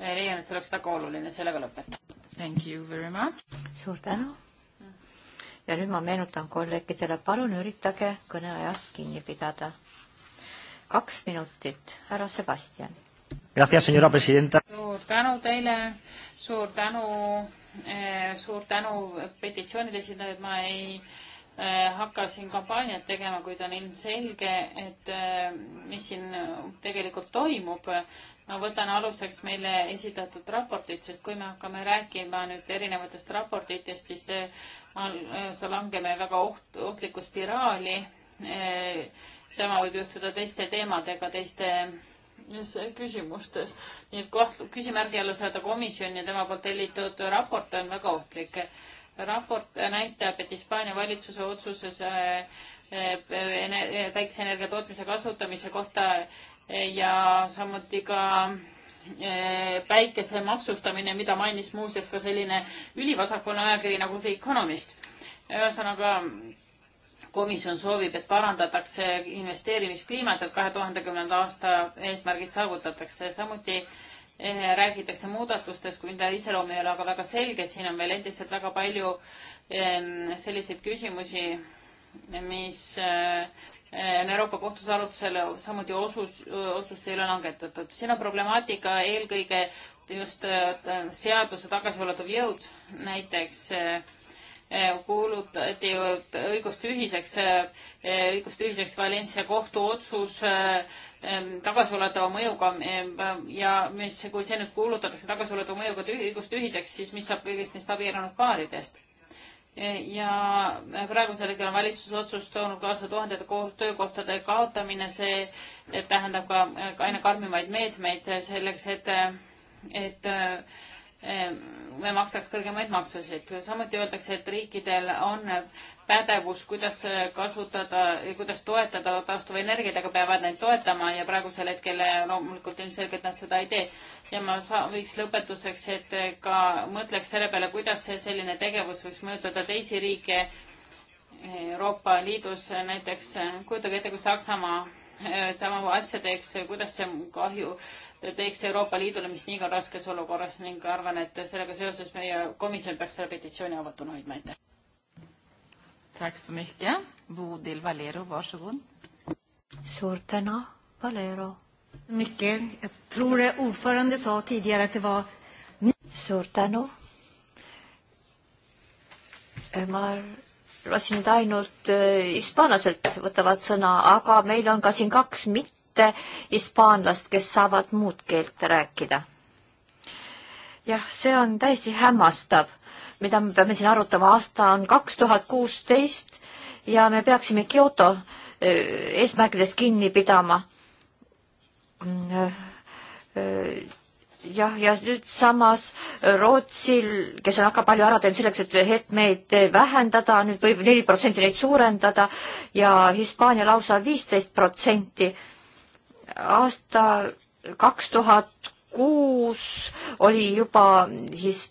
leian, et see oleks väga oluline, sellega lõpetan. Thank you very much. suur tänu ja nüüd ma meenutan kolleegidele, palun üritage kõneajast kinni pidada. kaks minutit, härra Sebastian. suur tänu teile, suur tänu, eh, suur tänu petitsioonide esindajad, ma ei eh, hakka siin kampaaniat tegema, kuid on ilmselge, et eh, mis siin tegelikult toimub. ma võtan aluseks meile esitatud raportit, sest kui me hakkame rääkima nüüd erinevatest raportitest, siis on, äh, sa langeme väga oht, ohtlikku spiraali. Äh, sama võib juhtuda teiste teemadega, teiste äh, küsimustes. nii et koht-, küsimärgi alla saada komisjon ja tema poolt tellitud raport on väga ohtlik. raport näitab, et Hispaania valitsuse otsuses päikeseenergia tootmise kasutamise kohta ja samuti ka Äh, päikese maksustamine, mida mainis muuseas ka selline ülivasakune ajakiri nagu The Economist. ühesõnaga komisjon soovib, et parandatakse investeerimiskliimat, et kahe tuhande kümnenda aasta eesmärgid saavutatakse. samuti äh, räägitakse muudatustest, kui nende iseloom ei ole aga väga selge, siin on veel endiselt väga palju ähm, selliseid küsimusi, mis äh, Eh, on Euroopa Kohtus arutlusel, samuti osus, otsust ei ole langetatud. siin on problemaatika eelkõige just seaduse tagasiulatuv jõud, näiteks kuulutati õigustühiseks, õigustühiseks Valencia kohtu otsus tagasiulatuva mõjuga ja mis, kui see nüüd kuulutatakse tagasiulatuva mõjuga õigustühiseks, siis mis saab kõigist neist abielunud paaridest? ja praegusel hetkel on valitsuse otsus toonud kaasa tuhandete töökohtade kaotamine, see tähendab ka aina karmimaid meetmeid selleks, et, et me maksaks kõrgemaid maksusid. samuti öeldakse, et riikidel on pädevus, kuidas kasutada ja kuidas toetada taastuvenergiat, aga peavad neid toetama ja praegusel hetkel loomulikult ilmselgelt nad seda ei tee ja ma saa-, võiks lõpetuseks, et ka mõtleks selle peale, kuidas see selline tegevus võiks mõjutada teisi riike Euroopa Liidus, näiteks kujutage ette, kui Saksamaa äh, sama asja teeks, kuidas see kahju teeks Euroopa Liidule, mis niigi on raskes olukorras ning arvan, et sellega seoses meie komisjon peaks selle petitsiooni avatuna hoidma, aitäh. Tack så mycket. Bodil Valero, varsågod. Suur tänu, Valero suur tänu. ma arvasin, et ainult eh, hispaanlased võtavad sõna, aga meil on ka siin kaks mitte hispaanlast, kes saavad muud keelt rääkida. jah, see on täiesti hämmastav, mida me peame siin arutama. aasta on kaks tuhat kuusteist ja me peaksime Kyoto eh, eesmärkidest kinni pidama Mm, äh, äh, jah, ja nüüd samas Rootsil, kes on väga palju ära teinud selleks, et heitmeid vähendada, nüüd võib neli protsenti neid suurendada ja Hispaania lausa viisteist protsenti. aasta kaks tuhat kuus oli juba His-,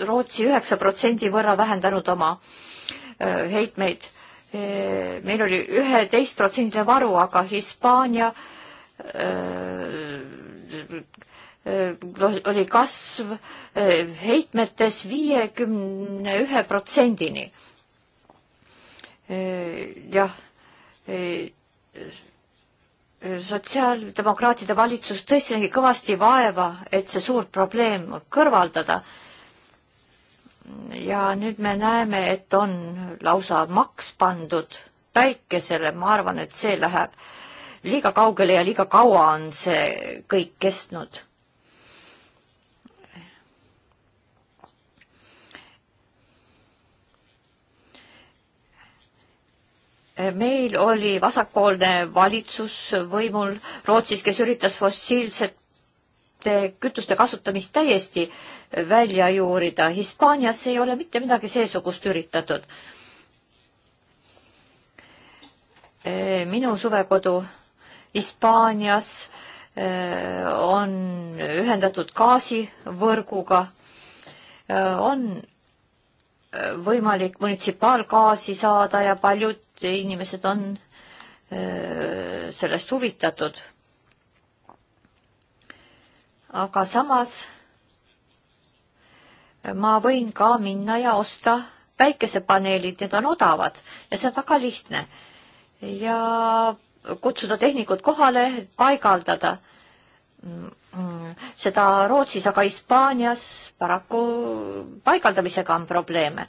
Rootsi üheksa protsendi võrra vähendanud oma äh, heitmeid. meil oli üheteistprotsendine varu, aga Hispaania äh, Äh, äh, oli kasv äh, heitmetes viiekümne ühe protsendini. jah, sotsiaaldemokraatide valitsus tõesti nägi kõvasti vaeva, et see suur probleem kõrvaldada. ja nüüd me näeme, et on lausa maks pandud päikesele, ma arvan, et see läheb äh, liiga kaugele ja liiga kaua on see kõik kestnud. meil oli vasakpoolne valitsus võimul Rootsis, kes üritas fossiilsete kütuste kasutamist täiesti välja juurida. Hispaanias ei ole mitte midagi seesugust üritatud minu suvekodu Hispaanias äh, on ühendatud gaasivõrguga, äh, on äh, võimalik munitsipaalgaasi saada ja paljud inimesed on sellest huvitatud. aga samas ma võin ka minna ja osta päikesepaneelid, need on odavad ja see on väga lihtne. ja kutsuda tehnikud kohale, paigaldada seda Rootsis, aga Hispaanias paraku paigaldamisega on probleeme.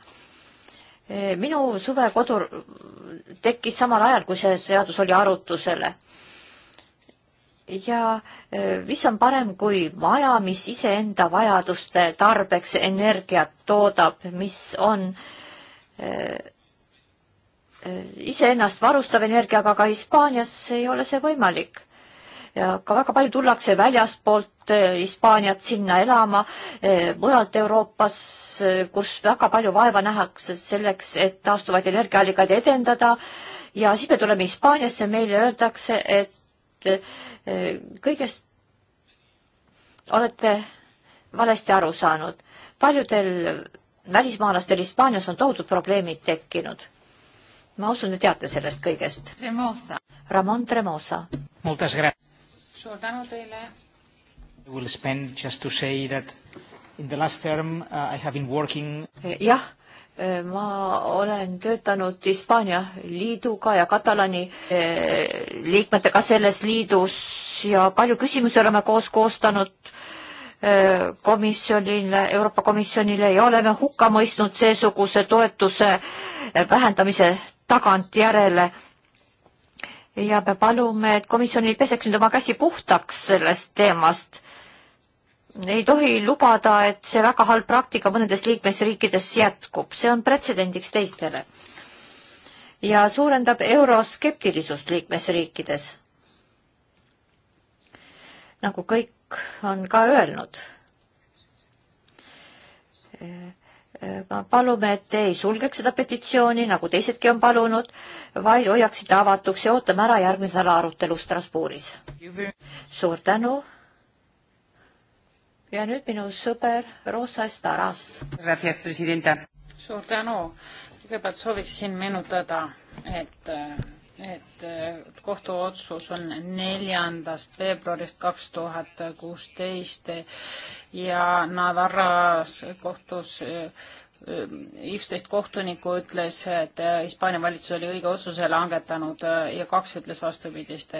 minu suvekodu tekkis samal ajal, kui see seadus oli arutusele. ja e, mis on parem kui maja, mis iseenda vajaduste tarbeks energiat toodab, mis on äh, Äh, iseennast varustav energiaga, aga Hispaanias ei ole see võimalik. ja ka väga palju tullakse väljaspoolt äh, Hispaaniat sinna elama, äh, mujalt Euroopas, kus väga palju vaeva nähakse selleks, et taastuvaid energiaallikaid edendada ja siis me tuleme Hispaaniasse, meile öeldakse, et kõigest olete valesti aru saanud. paljudel välismaalastel Hispaanias on tohutud probleemid tekkinud ma usun, te teate sellest kõigest. Ramon Tremosa. suur tänu teile. I will spend just to say that in the last term uh, I have been working. jah, eh, ma olen töötanud Hispaania liiduga ja Katalani eh, liikmetega selles liidus ja palju küsimusi oleme koos koostanud eh, komisjonile, Euroopa Komisjonile ja oleme hukka mõistnud seesuguse toetuse vähendamise tagantjärele ja me palume, et komisjonil peseks nüüd oma käsi puhtaks sellest teemast. ei tohi lubada, et see väga halb praktika mõnedes liikmesriikides jätkub, see on pretsedendiks teistele. ja suurendab euroskeptilisust liikmesriikides. nagu kõik on ka öelnud ma palume, et te ei sulgeks seda petitsiooni, nagu teisedki on palunud, vaid hoiaksite avatuks ja ootame ära järgmise nädala arutelu Strasbourgis. suur tänu. ja nüüd minu sõber Rosa Staras. suur tänu. kõigepealt sooviksin meenutada, et äh, et kohtuotsus on neljandast veebruarist kaks tuhat kuusteist ja Navarras kohtus üksteist ehm, kohtunikku ütles, et äh, Hispaania valitsus oli õige otsuse langetanud äh, ja kaks ütles vastupidist.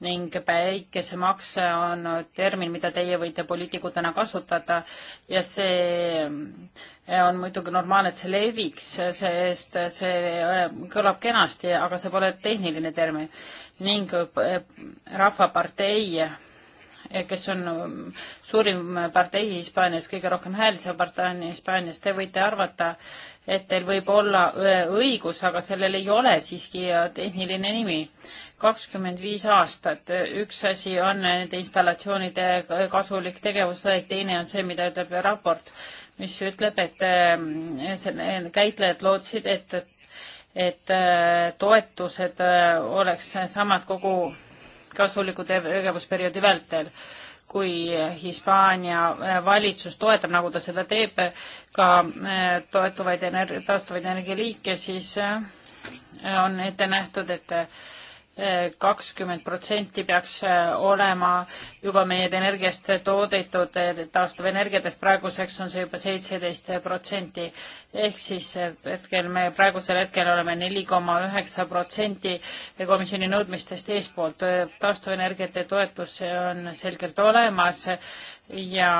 ning päikesemaks on termin, mida teie võite poliitikutena kasutada ja see äh, on muidugi normaalne, et see leviks, sest see kõlab kenasti, aga see pole tehniline termin. ning Rahvapartei Eh, kes on mm, suurim partei Hispaanias, kõige rohkem hääli saab partei Hispaanias, te võite arvata, et teil võib olla eh, õigus, aga sellel ei ole siiski eh, tehniline nimi. kakskümmend viis aastat, üks asi on nende installatsioonide kasulik tegevus, teine on see, mida ütleb raport, mis ütleb, et käitlejad lootsid, et et toetused oleks samad kogu kasuliku tegevusperioodi vältel. kui Hispaania äh, valitsus toetab, nagu ta seda teeb, ka äh, toetuvaid ener-, taastuvaid energialiike, siis äh, on ette nähtud, et kakskümmend protsenti peaks äh, olema juba meie energiast toodetud taastuvenergiatest, praeguseks on see juba seitseteist protsenti. ehk siis hetkel me praegusel hetkel oleme neli koma üheksa protsenti komisjoni nõudmistest eespoolt. taastuvenergiate toetus on selgelt olemas ja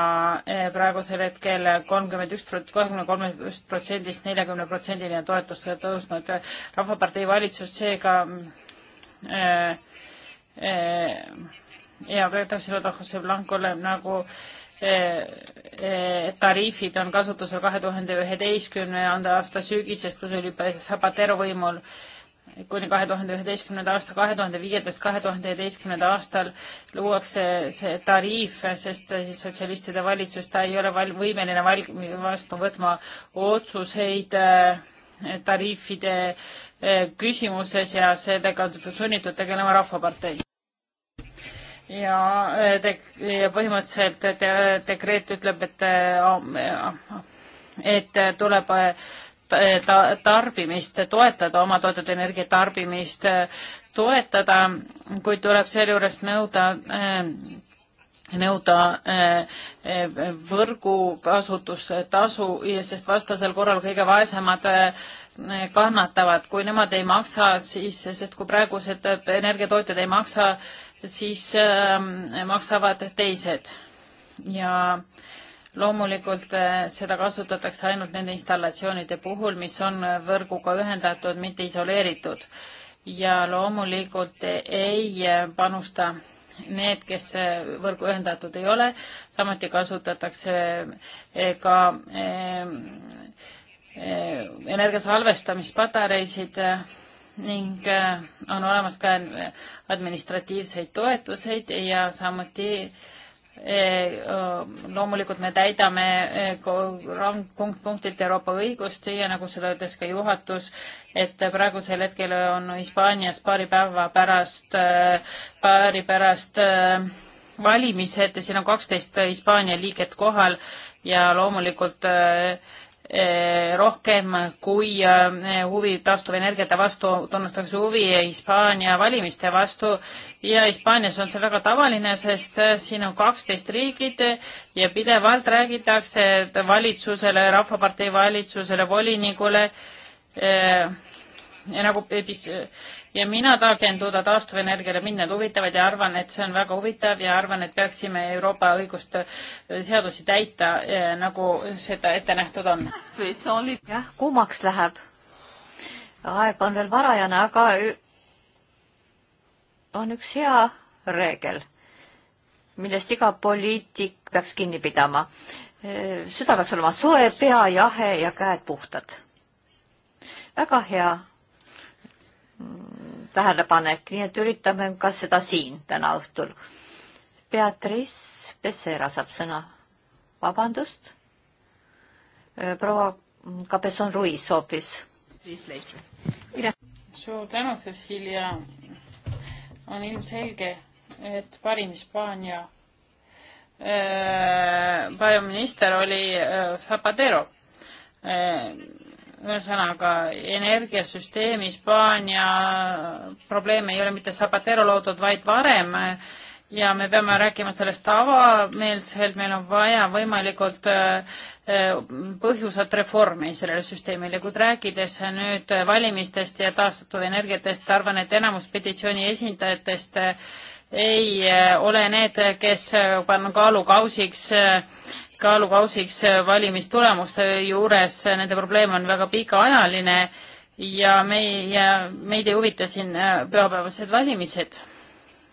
äh, praegusel hetkel kolmkümmend üks prot-, kolmekümne kolmest protsendist neljakümne protsendini on toetus tõusnud. rahvapartei valitsus seega Eh, eh, eh, ja ka edasi öelda Jose Blancole nagu tariifid on kasutusel kahe tuhande üheteistkümnenda aasta sügisest, kus oli Zapatero võimul kuni kahe tuhande üheteistkümnenda aasta, kahe tuhande viiendast kahe tuhande üheteistkümnenda aastal luuakse see tariif, sest siis sotsialistide valitsus, ta ei ole val-, võimeline val-, vastu võtma otsuseid tariifide Eh, küsimuses ja sellega on sunnitud tegelema Rahvapartei. ja eh, te, põhimõtteliselt te, dekreet ütleb, et eh, et tuleb ta, tarbimist toetada, oma toodetud energia tarbimist toetada, kuid tuleb sealjuures nõuda nõuda võrgukasutustasu, sest vastasel korral kõige vaesemad kannatavad, kui nemad ei maksa, siis, sest kui praegused energiatootjad ei maksa, siis ähm, maksavad teised. ja loomulikult äh, seda kasutatakse ainult nende installatsioonide puhul, mis on võrguga ühendatud, mitte isoleeritud. ja loomulikult ei äh, panusta need, kes äh, võrgu ühendatud ei ole, samuti kasutatakse ka ähm, Eh, energia salvestamispatareisid eh, ning eh, on olemas ka administratiivseid toetuseid ja samuti oh, loomulikult me täidame punkt punktilt Euroopa õigust ja nagu seda ütles ka juhatus, et praegusel hetkel on Hispaanias paari päeva pärast, paari pärast valimised ja siin on kaksteist Hispaania liiget kohal ja loomulikult äh, Eh, rohkem kui eh, huvi taastuvenergiate vastu tunnustatakse huvi Hispaania valimiste vastu ja Hispaanias on see väga tavaline, sest eh, siin on kaksteist riigid ja pidevalt räägitakse valitsusele, Rahvapartei valitsusele, volinikule ja nagu ja mina takenduda taastuvenergiale mind need huvitavad ja arvan, et see on väga huvitav ja arvan, et peaksime Euroopa õigust, äh, seadusi täita äh, nagu seda ette nähtud on. jah, kuumaks läheb. aeg on veel varajane, aga on üks hea reegel, millest iga poliitik peaks kinni pidama. Äh, süda peaks olema soe, pea jahe ja käed puhtad. väga hea tähelepanek, nii et üritame ka seda siin täna õhtul. Beatrice Becerra saab sõna. vabandust. Äh, proua Capeson Ruiz hoopis. suur tänu, Cecilia. on ilmselge, et parim Hispaania äh, parim minister oli äh, Zapatero ühesõnaga energiasüsteem Hispaania probleem ei ole mitte Zapatero loodud, vaid varem ja me peame rääkima sellest avameelselt, meil on vaja võimalikult äh, äh, põhjusat reformi sellele süsteemile, kuid rääkides nüüd valimistest ja taastatud energiatest, arvan, et enamus petitsiooni esindajatest äh, ei äh, ole need, kes äh, on kaalukausiks, äh, kaalukausiks valimistulemuste juures, nende probleem on väga pikaajaline ja meie, meid ei huvita siin pühapäevased valimised.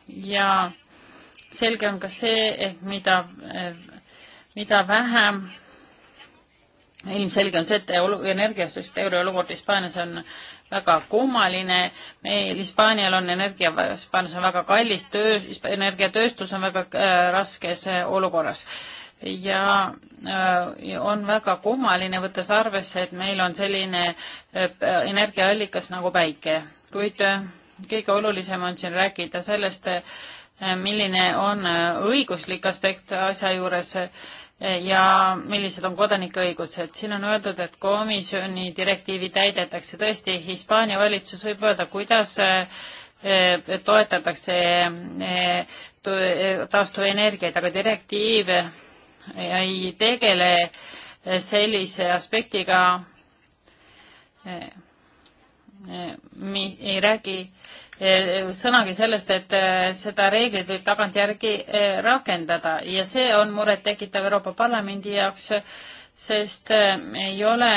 ja selge on ka see, et mida, mida vähem ilmselge on see, et energiasüsteemi olukord Hispaanias on väga kummaline. meil Hispaanial on energia, Hispaanias on väga kallis töö, energiatööstus on väga äh, raskes äh, olukorras ja äh, on väga kummaline, võttes arvesse, et meil on selline äh, äh, energiaallikas nagu päike, kuid äh, kõige olulisem on siin rääkida sellest, äh, milline on õiguslik aspekt asja juures ja millised on kodanikuõigused. siin on öeldud, et komisjoni direktiivi täidetakse. tõesti, Hispaania valitsus võib öelda, kuidas eh, eh, toetatakse eh, taastuvenergiaid, aga direktiiv ei tegele sellise aspektiga, ei räägi Eh, sõnagi sellest, et eh, seda reeglit võib tagantjärgi eh, rakendada ja see on murettekitav Euroopa Parlamendi jaoks, sest ei ole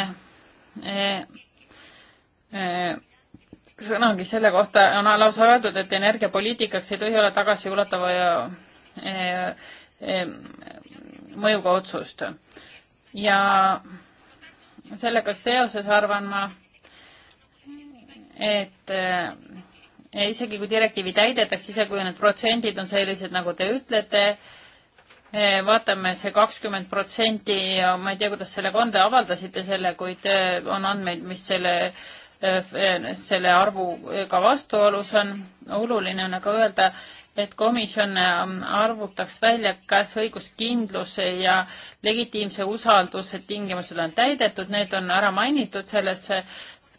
sõnagi selle kohta, on lausa öeldud, et energiapoliitikaks ei tohi olla tagasiulatava mõjuga otsust. ja sellega seoses arvan ma, et ja isegi kui direktiivi täidetakse, isegi kui need protsendid on sellised, nagu te ütlete, e, vaatame see kakskümmend protsenti ja ma ei tea, kuidas sellega on, te avaldasite selle, kuid e, on andmeid, mis selle, e, selle arvuga vastuolus on. oluline on aga öelda, et komisjon arvutaks välja, kas õiguskindluse ja legitiimse usalduse tingimused on täidetud, need on ära mainitud selles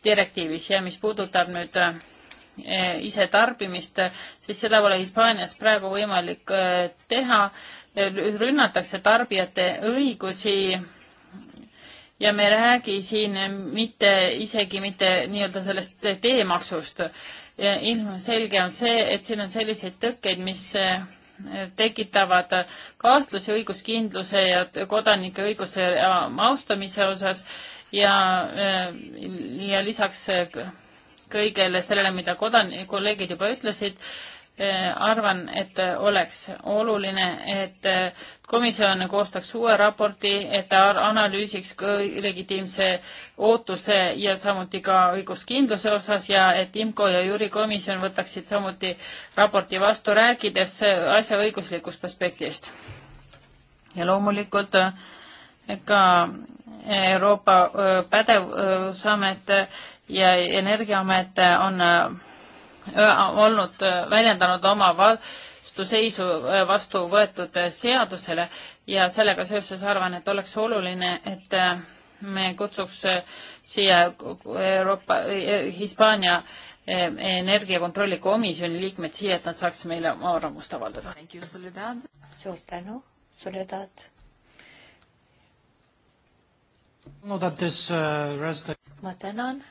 direktiivis ja mis puudutab nüüd Eh, ise tarbimist, siis seda pole Hispaanias praegu võimalik eh, teha. rünnatakse tarbijate õigusi ja me ei räägi siin mitte isegi mitte nii-öelda sellest teemaksust. ilmselge on see, et siin on selliseid tõkkeid, mis eh, tekitavad kahtlusi õiguskindluse ja kodanike õiguse austamise osas ja, ja lisaks kõigele sellele, mida kodan-, kolleegid juba ütlesid, eh, arvan, et oleks oluline, et eh, komisjon koostaks uue raporti, et ta analüüsiks legitiimse ootuse ja samuti ka õiguskindluse osas ja et IMCO ja Jüri komisjon võtaksid samuti raporti vastu, rääkides asja õiguslikust aspektist. ja loomulikult eh, ka Euroopa pädevusamet ja Energiaamet on äh, olnud, äh, väljendanud oma vastuseisu äh, vastu võetud seadusele ja sellega seoses arvan, et oleks oluline, et me kutsuks siia Euroopa, Hispaania energiakontrolli komisjoni liikmed siia, et nad saaks meile oma arvamust avaldada. suur tänu, Soledad. Uh, ma tänan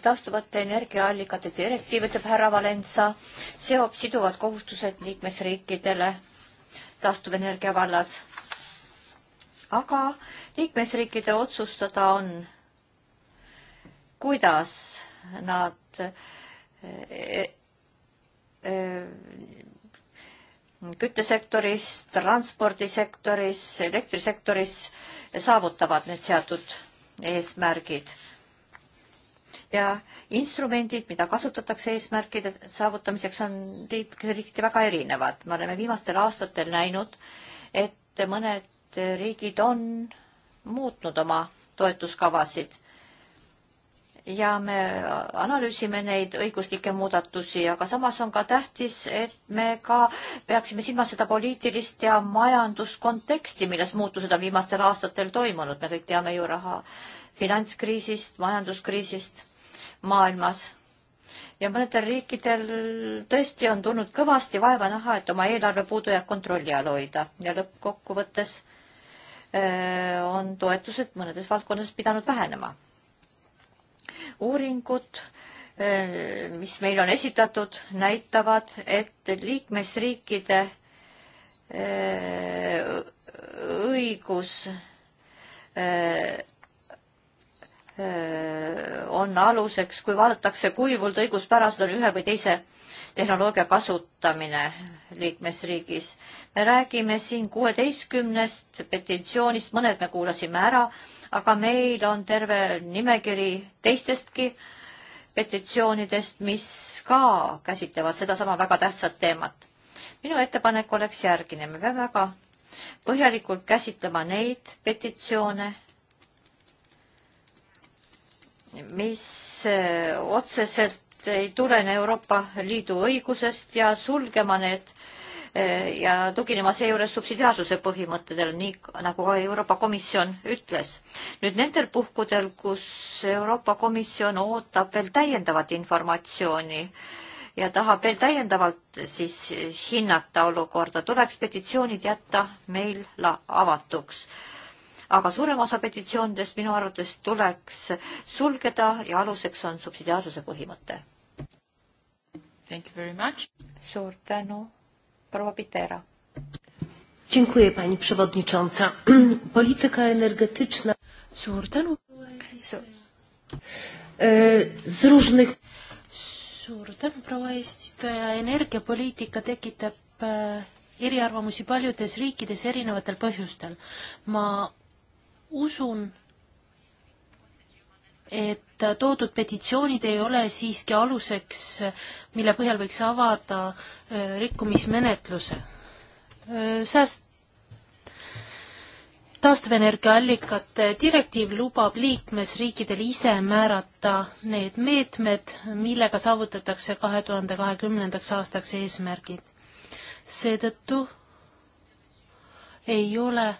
taastuvate energiaallikate direktiiv, ütleb härra Valensa, seob siduvad kohustused liikmesriikidele taastuvenergia vallas. aga liikmesriikide otsustada on, kuidas nad e e küttesektoris, transpordisektoris, elektrisektoris saavutavad need seatud eesmärgid ja instrumendid, mida kasutatakse eesmärkide saavutamiseks, on riikide väga erinevad. me oleme viimastel aastatel näinud, et mõned riigid on muutnud oma toetuskavasid ja me analüüsime neid õiguslikke muudatusi, aga samas on ka tähtis, et me ka peaksime silmas seda poliitilist ja majanduskonteksti, milles muutused on viimastel aastatel toimunud, me kõik teame ju raha finantskriisist, majanduskriisist maailmas ja mõnedel riikidel tõesti on tulnud kõvasti vaeva näha, et oma eelarve puudujääk kontrolli all hoida ja lõppkokkuvõttes äh, on toetused mõnedes valdkondades pidanud vähenema. uuringud, äh, mis meil on esitatud, näitavad, et liikmesriikide äh, õigus Äh, on aluseks, kui vaadatakse, kuivõrd õiguspärased on ühe või teise tehnoloogia kasutamine liikmesriigis. me räägime siin kuueteistkümnest petitsioonist, mõned me kuulasime ära, aga meil on terve nimekiri teistestki petitsioonidest, mis ka käsitlevad sedasama väga tähtsat teemat. minu ettepanek oleks järgmine, me peame väga põhjalikult käsitlema neid petitsioone, mis äh, otseselt ei tulene Euroopa Liidu õigusest ja sulgema need äh, ja tuginema seejuures subsidiaarsuse põhimõttedele, nii nagu ka Euroopa Komisjon ütles. nüüd nendel puhkudel, kus Euroopa Komisjon ootab veel täiendavat informatsiooni ja tahab veel täiendavalt siis hinnata olukorda, tuleks petitsioonid jätta meil avatuks aga suurem osa petitsioonidest minu arvates tuleks sulgeda ja aluseks on subsidiaarsuse põhimõte. suur tänu, proua Pitera. Dziękuję pani przewodnicząca. Polityka energetyczna. Suur tänu. E, z różnych. Suur tänu, proua eesistuja. Energiapoliitika tekitab e, eriarvamusi paljudes riikides erinevatel põhjustel. ma usun, et toodud petitsioonid ei ole siiski aluseks, mille põhjal võiks avada äh, rikkumismenetluse. Äh, sääst-, taastuvenergiaallikate direktiiv lubab liikmesriikidel ise määrata need meetmed, millega saavutatakse kahe tuhande kahekümnendaks aastaks eesmärgid. seetõttu ei ole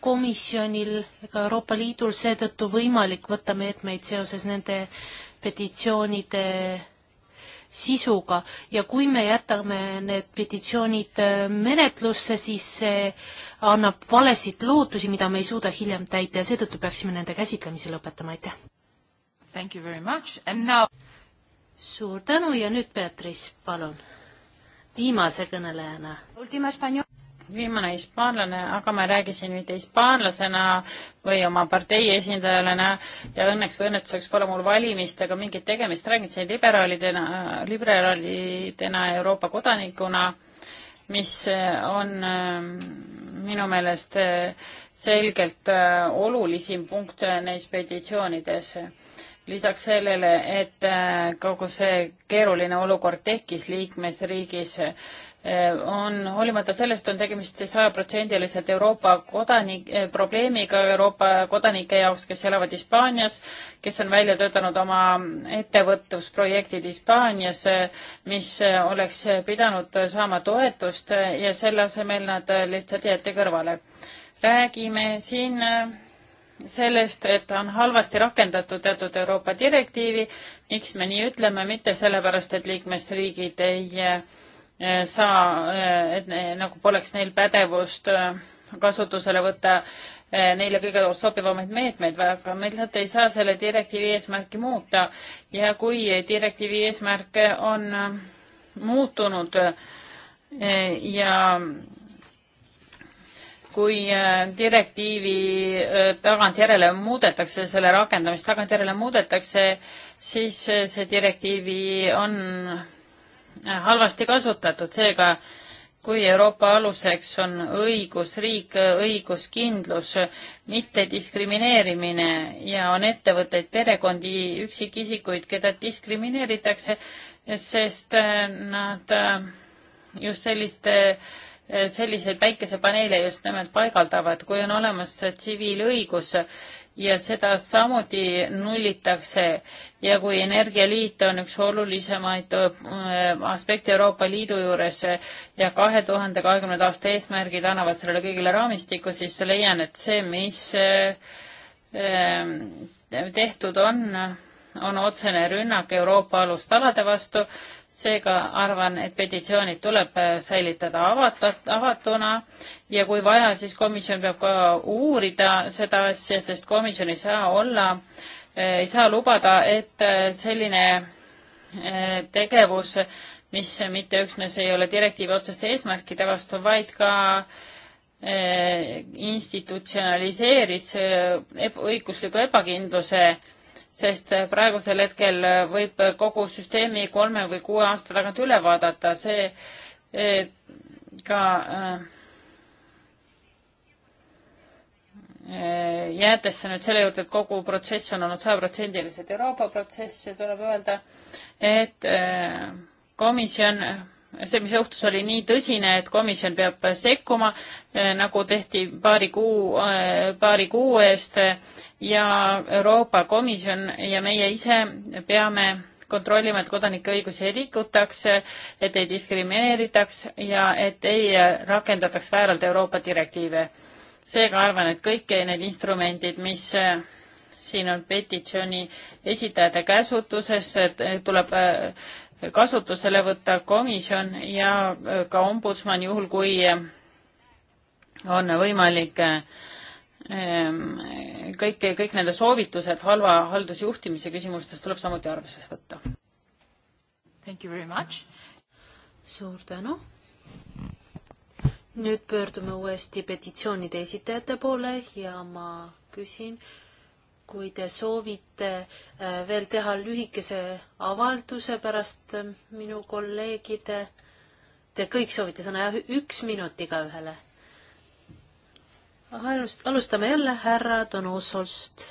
komisjonil ega Euroopa Liidul seetõttu võimalik võtta meetmeid seoses nende petitsioonide sisuga ja kui me jätame need petitsioonid äh, menetlusse, siis see annab valesid lootusi, mida me ei suuda hiljem täita ja seetõttu peaksime nende käsitlemise lõpetama, aitäh! Thank you very much and now suur tänu ja nüüd Beatrice, palun, viimase kõnelejana viimane hispaanlane, aga ma ei räägi siin mitte hispaanlasena või oma partei esindajana ja õnneks või õnnetuseks pole mul valimistega mingit tegemist, räägin siin liberaalidena, liberaalidena Euroopa kodanikuna, mis on äh, minu meelest äh, selgelt äh, olulisim punkt neis petitsioonides lisaks sellele, et kogu see keeruline olukord tekkis liikmesriigis, Äh, on, hoolimata sellest on tegemist sajaprotsendiliselt Euroopa kodanik, äh, probleemiga Euroopa kodanike jaoks, kes elavad Hispaanias, kes on välja töötanud oma ettevõtlusprojektid Hispaanias, äh, mis oleks pidanud saama toetust ja selle asemel nad lihtsalt jäeti kõrvale. räägime siin sellest, et on halvasti rakendatud teatud Euroopa direktiivi, miks me nii ütleme, mitte sellepärast, et liikmesriigid ei Eh, saa, eh, et ne, nagu poleks neil pädevust eh, kasutusele võtta neile kõige sobivamaid meetmeid, aga me lihtsalt ei saa selle direktiivi eesmärki muuta ja kui direktiivi eesmärk on muutunud ja kui direktiivi tagantjärele muudetakse, selle rakendamist tagantjärele muudetakse, siis see direktiivi on Äh, halvasti kasutatud, seega kui Euroopa aluseks on õigusriik, õiguskindlus, mittediskrimineerimine ja on ettevõtteid, perekondi, üksikisikuid, keda diskrimineeritakse, sest äh, nad äh, just selliste, selliseid päikesepaneele just nimelt paigaldavad, kui on olemas tsiviilõigus ja seda samuti nullitakse ja kui Energialiit on üks olulisemaid äh, aspekte Euroopa Liidu juures ja kahe tuhande kahekümnenda aasta eesmärgid annavad sellele kõigile raamistiku, siis leian, et see, mis äh, äh, tehtud on, on otsene rünnak Euroopa alustalade vastu, seega arvan, et petitsioonid tuleb säilitada avatud, avatuna ja kui vaja, siis komisjon peab ka uurida seda asja, sest komisjon ei saa olla äh, ei saa lubada, et äh, selline äh, tegevus, mis mitte üksnes ei ole direktiivi otseste eesmärkide vastu, vaid ka äh, institutsionaliseeris õigusliku ebakindluse, sest praegusel hetkel võib kogu süsteemi kolme või kuue aasta tagant üle vaadata, see ka äh, Äh, jäädesse nüüd selle juurde, et kogu protsess on olnud sajaprotsendiliselt Euroopa protsess ja tuleb öelda, et äh, komisjon, see, mis juhtus, oli nii tõsine, et komisjon peab sekkuma, äh, nagu tehti paari kuu, paari kuu eest ja Euroopa Komisjon ja meie ise peame kontrollima, et kodanike õigusi ei rikutaks, et ei diskrimineeritaks ja et ei rakendataks vääralt Euroopa direktiive seega arvan, et kõik need instrumendid, mis äh, siin on petitsiooni esitajate käsutuses, tuleb äh, kasutusele võtta komisjon ja äh, ka ombudsman, juhul kui on võimalik ähm, kõike, kõik nende soovitused halva haldusjuhtimise küsimustes tuleb samuti arvesse võtta. suur tänu nüüd pöördume uuesti petitsioonide esitajate poole ja ma küsin, kui te soovite äh, veel teha lühikese avalduse pärast äh, minu kolleegide, te kõik soovite sõna, jah, üks minut igaühele. alustame jälle härra Donusolst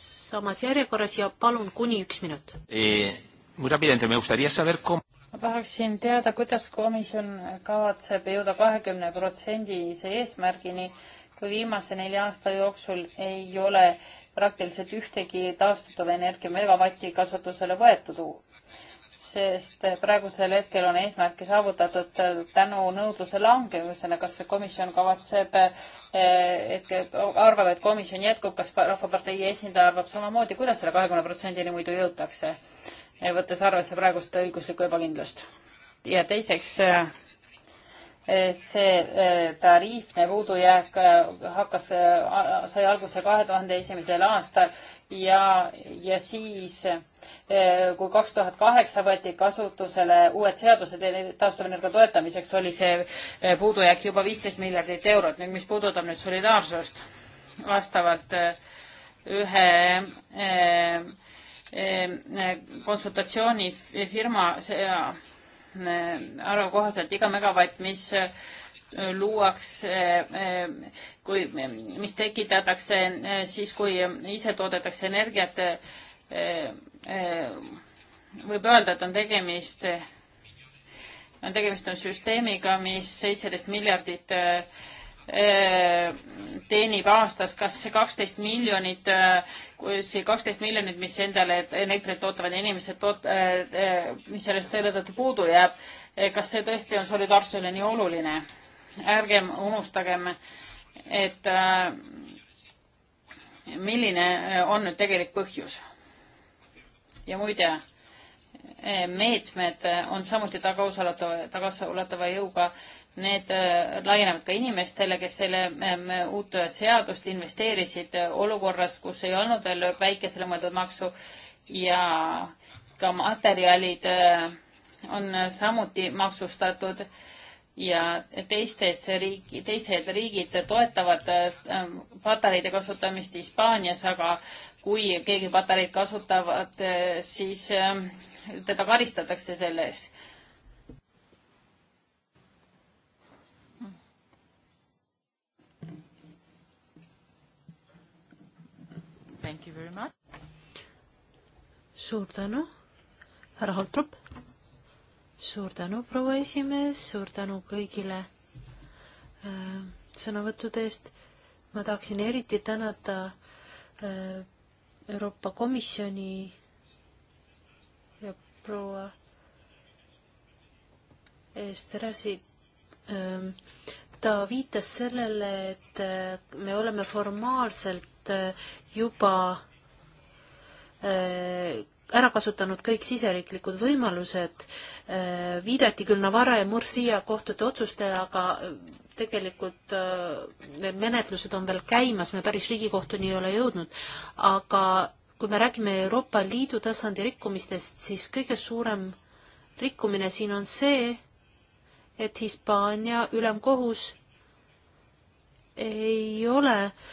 samas järjekorras ja palun kuni üks minut e, ma tahaksin teada, kuidas komisjon kavatseb jõuda kahekümne protsendise eesmärgini, kui viimase nelja aasta jooksul ei ole praktiliselt ühtegi taastuva energia megavatti kasutusele võetud, sest praegusel hetkel on eesmärki saavutatud tänu nõudluse langemusele. kas komisjon kavatseb, et arvab, et komisjon jätkub, kas Rahvapartei esindaja arvab samamoodi, kuidas selle kahekümne protsendini muidu jõutakse? võttes arvesse praegust õiguslikku ebakindlust. ja teiseks, äh, see äh, tariifne puudujääk äh, hakkas, sai alguse kahe tuhande esimesel aastal ja, ja siis, kui kaks tuhat kaheksa võeti kasutusele uued seadused e, taastuvenergia toetamiseks, oli see puudujääk juba viisteist miljardit eurot. nüüd, mis puudutab nüüd solidaarsust, vastavalt ühe Eh, eh, konsultatsioonifirma eh, arvu kohaselt iga megavatt, mis luuakse, kui, mis tekitatakse siis, kui ise toodetakse energiat, võib öelda, et on tegemist, on tegemist on süsteemiga, mis seitseteist miljardit Äh, teenib aastas kas kaksteist miljonit, äh, see kaksteist miljonit, mis endale elektrit ootavad inimesed toot-, äh, mis sellest selle tõttu puudu jääb, kas see tõesti on solidaarsusele nii oluline? ärgem unustagem, et milline on nüüd tegelik põhjus. ja muide, meetmed on samuti tagausalatu, tagasiulatuva jõuga Need äh, laienevad ka inimestele, kes selle ähm, uut seadust investeerisid äh, olukorras, kus ei olnud veel päikesele mõeldud maksu ja ka materjalid äh, on samuti maksustatud ja teistes riik, teised riigid toetavad ähm, patareide kasutamist Hispaanias, aga kui keegi patareid kasutavad, siis ähm, teda karistatakse selle eest. very much. suur tänu, härra Holtrup. suur tänu, proua esimees, suur tänu kõigile äh, sõnavõttude eest. ma tahaksin eriti tänada äh, Euroopa Komisjoni ja proua Esterasi äh, ta viitas sellele, et äh, me oleme formaalselt äh, juba Äh, ära kasutanud kõik siseriiklikud võimalused. Äh, viidati küll Navarra ja Murcia kohtute otsustele, aga äh, tegelikult need menetlused on veel käimas, me päris Riigikohtuni ei ole jõudnud, aga kui me räägime Euroopa Liidu tasandi rikkumistest, siis kõige suurem rikkumine siin on see, et Hispaania ülemkohus ei ole äh,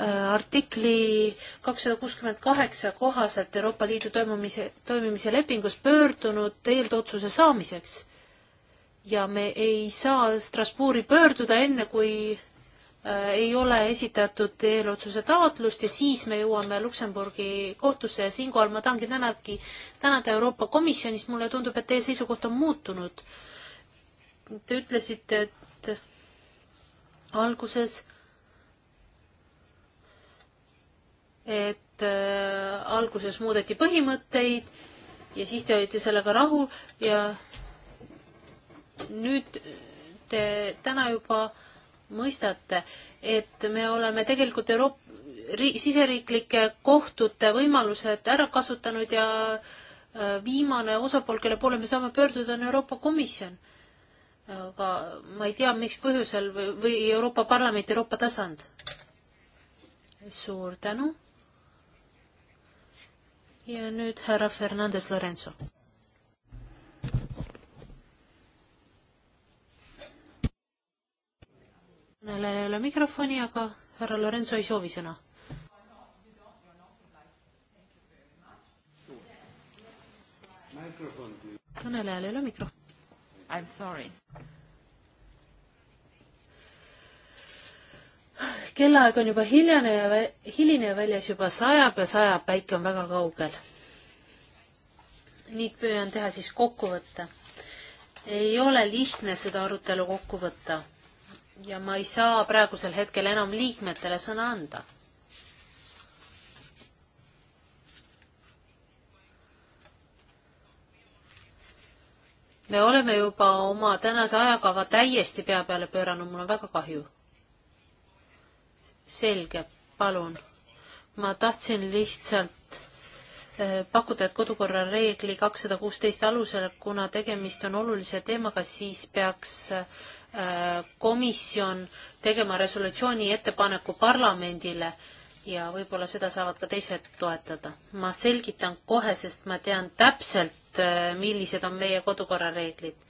Äh, artikli kakssada kuuskümmend kaheksa kohaselt Euroopa Liidu toimumise, toimimise lepingus pöördunud eeltootuse saamiseks. ja me ei saa Strasbourgi pöörduda enne, kui äh, ei ole esitatud eelotsuse taotlust ja siis me jõuame Luksemburgi kohtusse ja siinkohal ma tahangi tänadki, tänada Euroopa Komisjonist, mulle tundub, et teie seisukoht on muutunud. Te ütlesite, et alguses et äh, alguses muudeti põhimõtteid ja siis te olite sellega rahul ja nüüd te täna juba mõistate, et me oleme tegelikult Euroopa siseriiklike kohtute võimalused ära kasutanud ja äh, viimane osapool, kelle poole me saame pöörduda, on Euroopa Komisjon. aga ma ei tea, miks põhjusel või, või Euroopa Parlament, Euroopa tasand. suur tänu ja nüüd härra Fernandes Lorenzo. kõnelejal ei ole mikrofoni, aga härra Lorenzo ei soovi sõna. kõnelejal ei ole mikrofoni. I m sorry. kellaaeg on juba hiljane ja hiline ja väljas juba sajab ja sajab, päike on väga kaugel. nüüd püüan teha siis kokkuvõtte. ei ole lihtne seda arutelu kokku võtta ja ma ei saa praegusel hetkel enam liikmetele sõna anda me oleme juba oma tänase ajakava täiesti pea peale pööranud, mul on väga kahju selge, palun. ma tahtsin lihtsalt äh, pakkuda, et kodukorra reegli kakssada kuusteist alusel, kuna tegemist on olulise teemaga, siis peaks äh, komisjon tegema resolutsiooni ettepaneku parlamendile ja võib-olla seda saavad ka teised toetada. ma selgitan kohe, sest ma tean täpselt, äh, millised on meie kodukorra reeglid.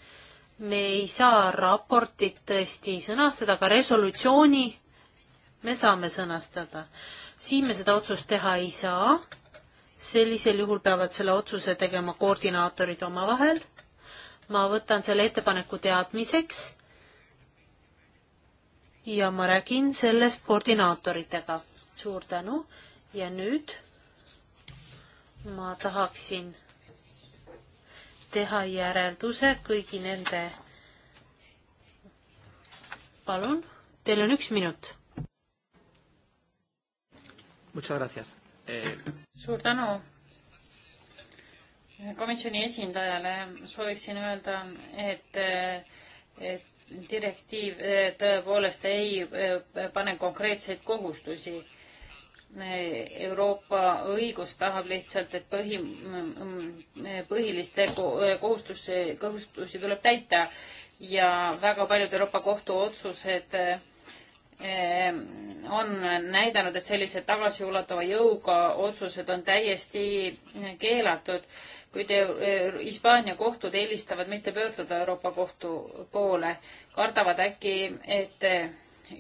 me ei saa raportit tõesti sõnastada, aga resolutsiooni me saame sõnastada. siin me seda otsust teha ei saa. sellisel juhul peavad selle otsuse tegema koordinaatorid omavahel. ma võtan selle ettepaneku teadmiseks. ja ma räägin sellest koordinaatoritega. suur tänu ja nüüd ma tahaksin teha järelduse kõigi nende palun, teil on üks minut Muchas gracias eh.... suur tänu komisjoni esindajale sooviksin öelda, et, et direktiiv eh, tõepoolest ei eh, pane konkreetseid kohustusi. Euroopa õigus tahab lihtsalt, et põhi, mm, põhiliste kohustusi, kohustusi tuleb täita ja väga paljud Euroopa Kohtu otsused eh, Ehm, on näidanud, et sellised tagasiulatuva jõuga otsused on täiesti eh, keelatud, kuid eh, Hispaania kohtud eelistavad mitte pöörduda Euroopa Kohtu poole, kardavad äkki, et eh,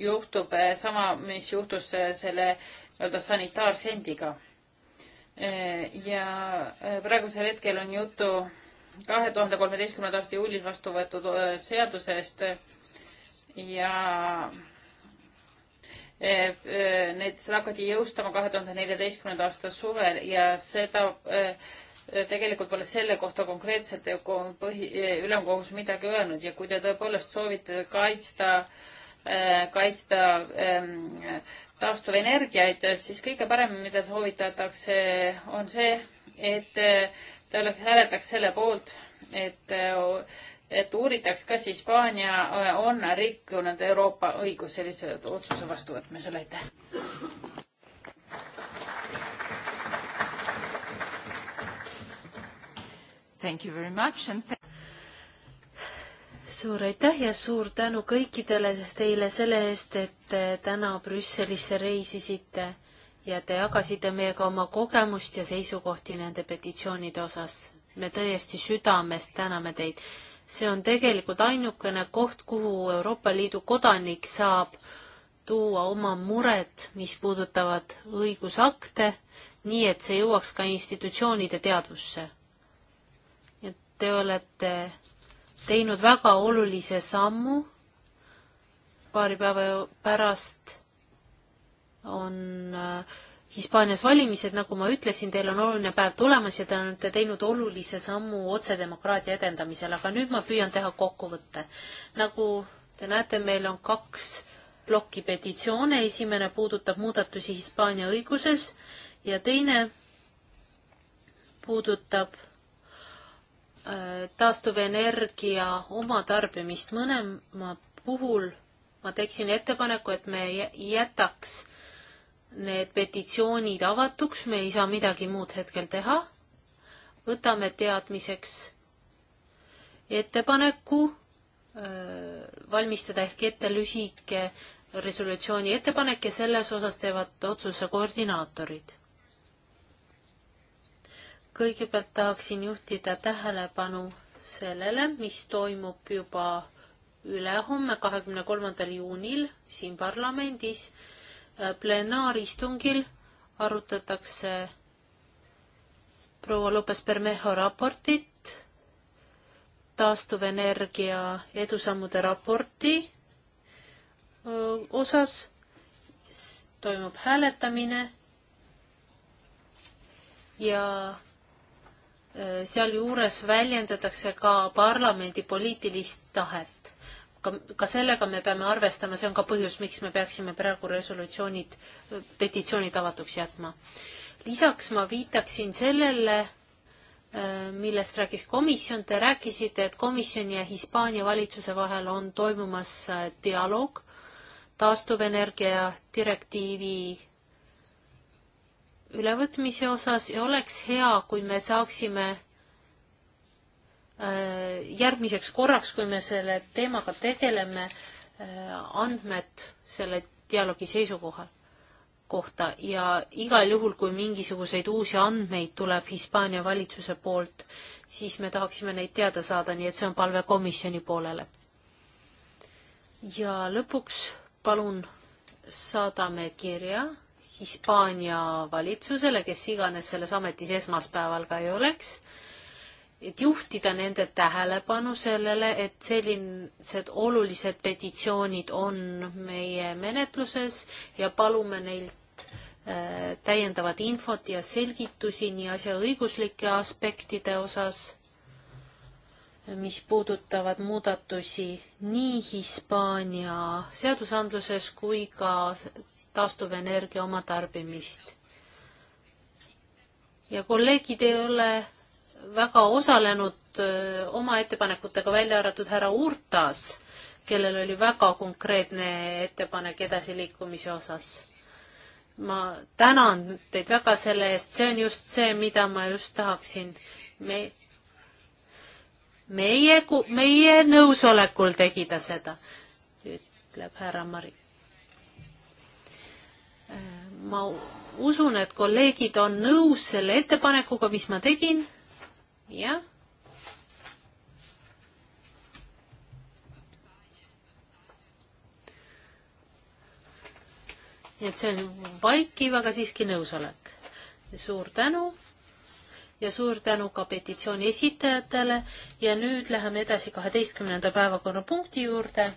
juhtub sama, mis juhtus selle nii-öelda sanitaarsendiga. ja praegusel hetkel on juttu kahe tuhande kolmeteistkümnenda aasta juulis vastu võetud seadusest ja Eh, eh, need, seda hakati jõustama kahe tuhande neljateistkümnenda aasta suvel ja seda eh, tegelikult pole selle kohta konkreetselt põhi, ülemkohus midagi öelnud ja kui te tõepoolest soovite kaitsta, kaitsta ehm, taastuvenergiaid, siis kõige parem, mida soovitatakse, on see, et ta hääletaks selle poolt, et et uuritaks, kas Hispaania äh, on rikkunud Euroopa õigus sellise otsuse vastuvõtmisel, aitäh. Thank you very much and suur aitäh ja suur tänu kõikidele teile selle eest, et täna Brüsselisse reisisite ja te jagasite meiega oma kogemust ja seisukohti nende petitsioonide osas. me tõesti südamest täname teid see on tegelikult ainukene koht, kuhu Euroopa Liidu kodanik saab tuua oma mured, mis puudutavad õigusakte, nii et see jõuaks ka institutsioonide teadvusse. et te olete teinud väga olulise sammu, paari päeva pärast on äh, Hispaanias valimised, nagu ma ütlesin, teil on oluline päev tulemas ja te olete teinud olulise sammu otsedemokraatia edendamisel, aga nüüd ma püüan teha kokkuvõtte. nagu te näete, meil on kaks plokki petitsioone, esimene puudutab muudatusi Hispaania õiguses ja teine puudutab äh, taastuvenergia omatarbimist. mõlema puhul ma teeksin ettepaneku, et me jätaks need petitsioonid avatuks, me ei saa midagi muud hetkel teha. võtame teadmiseks ettepaneku äh, valmistada ehk ette lühike resolutsiooni ettepanek ja selles osas teevad otsuse koordinaatorid. kõigepealt tahaksin juhtida tähelepanu sellele, mis toimub juba ülehomme, kahekümne kolmandal juunil siin parlamendis plenaaristungil arutatakse proua Lopes Bermejo raportit, taastuvenergia edusammude raporti osas toimub hääletamine ja sealjuures väljendatakse ka parlamendi poliitilist tahet ka, ka sellega me peame arvestama, see on ka põhjus, miks me peaksime praegu resolutsioonid, petitsioonid avatuks jätma. lisaks ma viitaksin sellele, äh, millest rääkis komisjon, te rääkisite, et komisjoni ja Hispaania valitsuse vahel on toimumas äh, dialoog taastuvenergia direktiivi ülevõtmise osas ja oleks hea, kui me saaksime Äh, järgmiseks korraks, kui me selle teemaga tegeleme, äh, andmed selle dialoogi seisukoha, kohta ja igal juhul, kui mingisuguseid uusi andmeid tuleb Hispaania valitsuse poolt, siis me tahaksime neid teada saada, nii et see on palve komisjoni poolele. ja lõpuks palun saadame kirja Hispaania valitsusele, kes iganes selles ametis esmaspäeval ka ei oleks et juhtida nende tähelepanu sellele, et sellised olulised petitsioonid on meie menetluses ja palume neilt äh, täiendavat infot ja selgitusi nii asja õiguslike aspektide osas, mis puudutavad muudatusi nii Hispaania seadusandluses kui ka taastuvenergia oma tarbimist. ja kolleegid ei ole väga osalenud oma ettepanekutega, välja arvatud härra Urtas, kellel oli väga konkreetne ettepanek edasiliikumise osas. ma tänan teid väga selle eest, see on just see, mida ma just tahaksin. me, meie, meie nõusolekul tegi ta seda, ütleb härra Mari. ma usun, et kolleegid on nõus selle ettepanekuga, mis ma tegin jah. nii et see on vaikiv, aga siiski nõusolek. suur tänu ja suur tänu ka petitsiooni esitajatele ja nüüd läheme edasi kaheteistkümnenda päevakorrapunkti juurde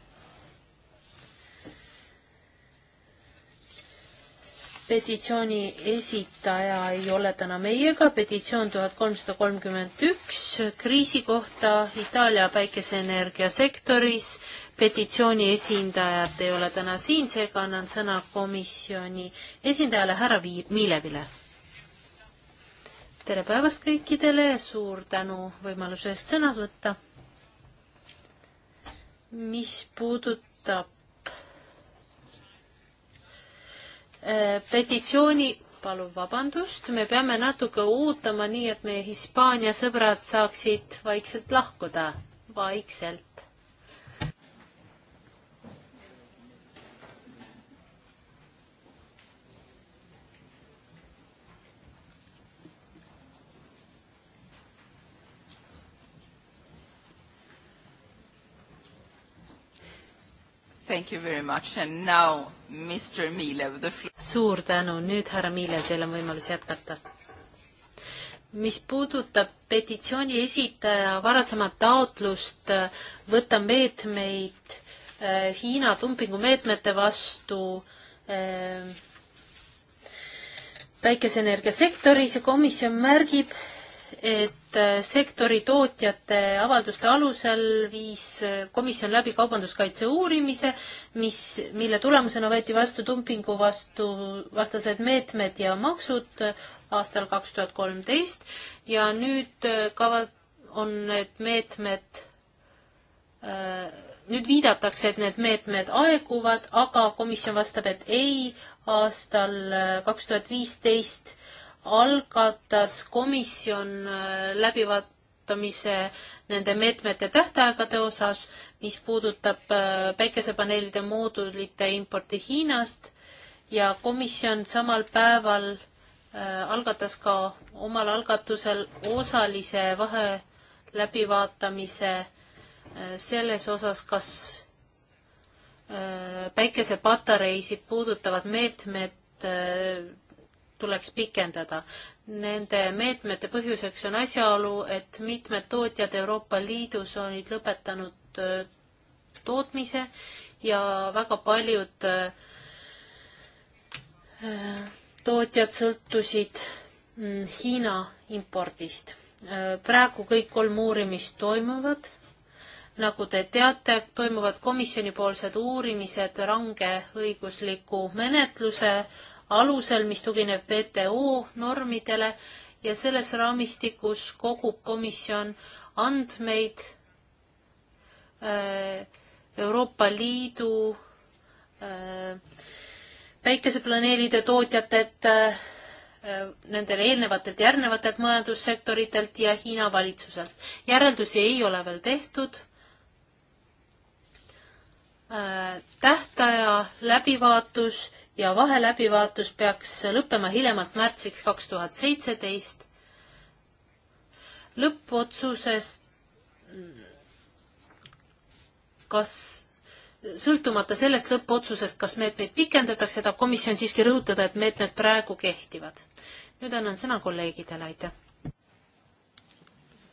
petitsiooni esitaja ei ole täna meiega, petitsioon tuhat kolmsada kolmkümmend üks kriisi kohta Itaalia päikeseenergiasektoris. petitsiooni esindajad ei ole täna siin, seega annan sõna komisjoni esindajale härra Miilevile. tere päevast kõikidele, suur tänu võimaluse eest sõna võtta. mis puudutab Äh, petitsiooni, palun vabandust, me peame natuke ootama, nii et meie Hispaania sõbrad saaksid vaikselt lahkuda, vaikselt. Thank you very much and now Mr Milev the floor. suur tänu, nüüd härra Milev, teil on võimalus jätkata. mis puudutab petitsiooni esitaja varasemat taotlust võtta meetmeid eh, Hiina dumpingumeetmete vastu eh, päikeseenergia sektoris ja komisjon märgib, et äh, sektori tootjate avalduste alusel viis äh, komisjon läbi kaubanduskaitse uurimise, mis, mille tulemusena võeti vastu dumpingu vastu, vastased meetmed ja maksud äh, aastal kaks tuhat kolmteist ja nüüd kava-, on need meetmed nüüd viidatakse, et need meetmed aeguvad, aga komisjon vastab, et ei, aastal kaks tuhat viisteist algatas komisjon äh, läbivaatamise nende meetmete tähtaegade osas, mis puudutab äh, päikesepaneelide moodulite importi Hiinast ja komisjon samal päeval äh, algatas ka omal algatusel osalise vahe läbivaatamise selles osas, kas päikesepatareisid puudutavad meetmed tuleks pikendada. Nende meetmete põhjuseks on asjaolu, et mitmed tootjad Euroopa Liidus olid lõpetanud tootmise ja väga paljud tootjad sõltusid mm, Hiina impordist. praegu kõik kolm uurimist toimuvad nagu te teate, toimuvad komisjonipoolsed uurimised range õigusliku menetluse alusel, mis tugineb WTO normidele ja selles raamistikus kogub komisjon andmeid äh, Euroopa Liidu äh, päikeseplaneelide tootjatelt, äh, nendele eelnevatelt, järgnevatelt majandussektoritelt ja Hiina valitsuselt. järeldusi ei ole veel tehtud. tähtaja läbivaatus ja vaheläbivaatus peaks lõppema hiljemalt märtsiks kaks tuhat seitseteist. lõppotsusest, kas sõltumata sellest lõppotsusest, kas meetmeid pikendatakse, tahab komisjon siiski rõhutada, et meetmed praegu kehtivad. nüüd annan sõna kolleegidele, aitäh.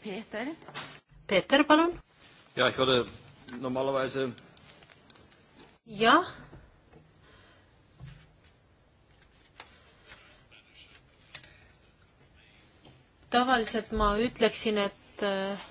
Peeter. Peeter, palun. jah, normalerweise. jah tavaliselt ma ütleksin, et äh,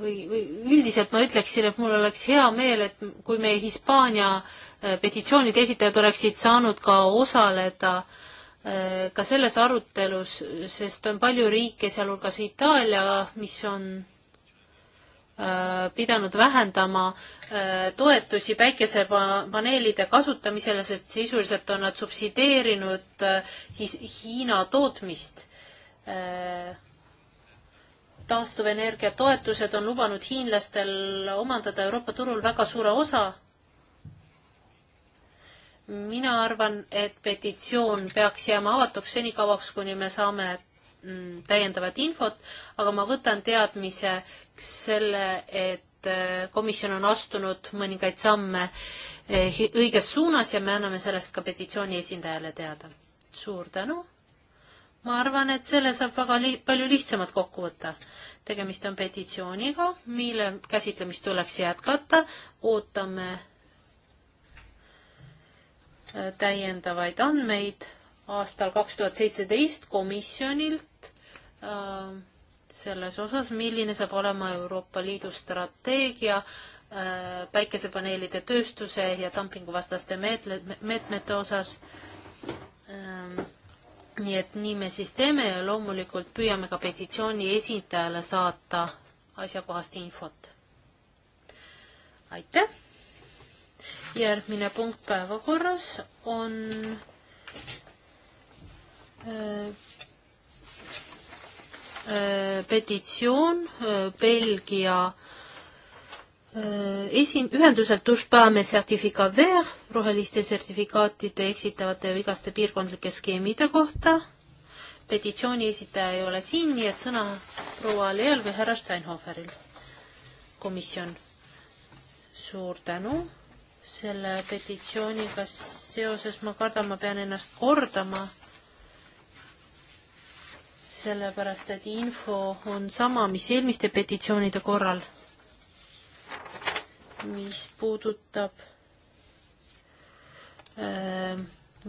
või, või üldiselt ma ütleksin, et mul oleks hea meel, et kui meie Hispaania äh, petitsioonide esitajad oleksid saanud ka osaleda äh, ka selles arutelus, sest on palju riike, sealhulgas Itaalia, mis on pidanud vähendama toetusi päikesepaneelide kasutamisele, sest sisuliselt on nad subsideerinud Hiina tootmist Äh, taastuvenergia toetused on lubanud hiinlastel omandada Euroopa turul väga suure osa. mina arvan, et petitsioon peaks jääma avatuks senikauaks, kuni me saame mm, täiendavat infot, aga ma võtan teadmiseks selle, et äh, komisjon on astunud mõningaid samme äh, õiges suunas ja me anname sellest ka petitsiooni esindajale teada. suur tänu ma arvan, et selle saab väga li palju lihtsamalt kokku võtta. tegemist on petitsiooniga, mille käsitlemist tuleks jätkata, ootame äh, täiendavaid andmeid aastal kaks tuhat seitseteist komisjonilt äh, selles osas, milline saab olema Euroopa Liidu strateegia äh, päikesepaneelide tööstuse ja dumpinguvastaste meetmete meet osas äh, nii et nii me siis teeme ja loomulikult püüame ka petitsiooni esindajale saata asjakohast infot. aitäh! järgmine punkt päevakorras on öö, äh, öö, äh, petitsioon öö, äh, Belgia öö, Äh, esin-, ühenduselt Ushbame sertifika VR roheliste sertifikaatide eksitavate vigaste piirkondlike skeemide kohta. petitsiooni esitaja ei ole siin, nii et sõna proua Leel või härra Steinhoferil. komisjon, suur tänu selle petitsiooniga seoses, ma kardan, ma pean ennast kordama, sellepärast et info on sama, mis eelmiste petitsioonide korral mis puudutab äh,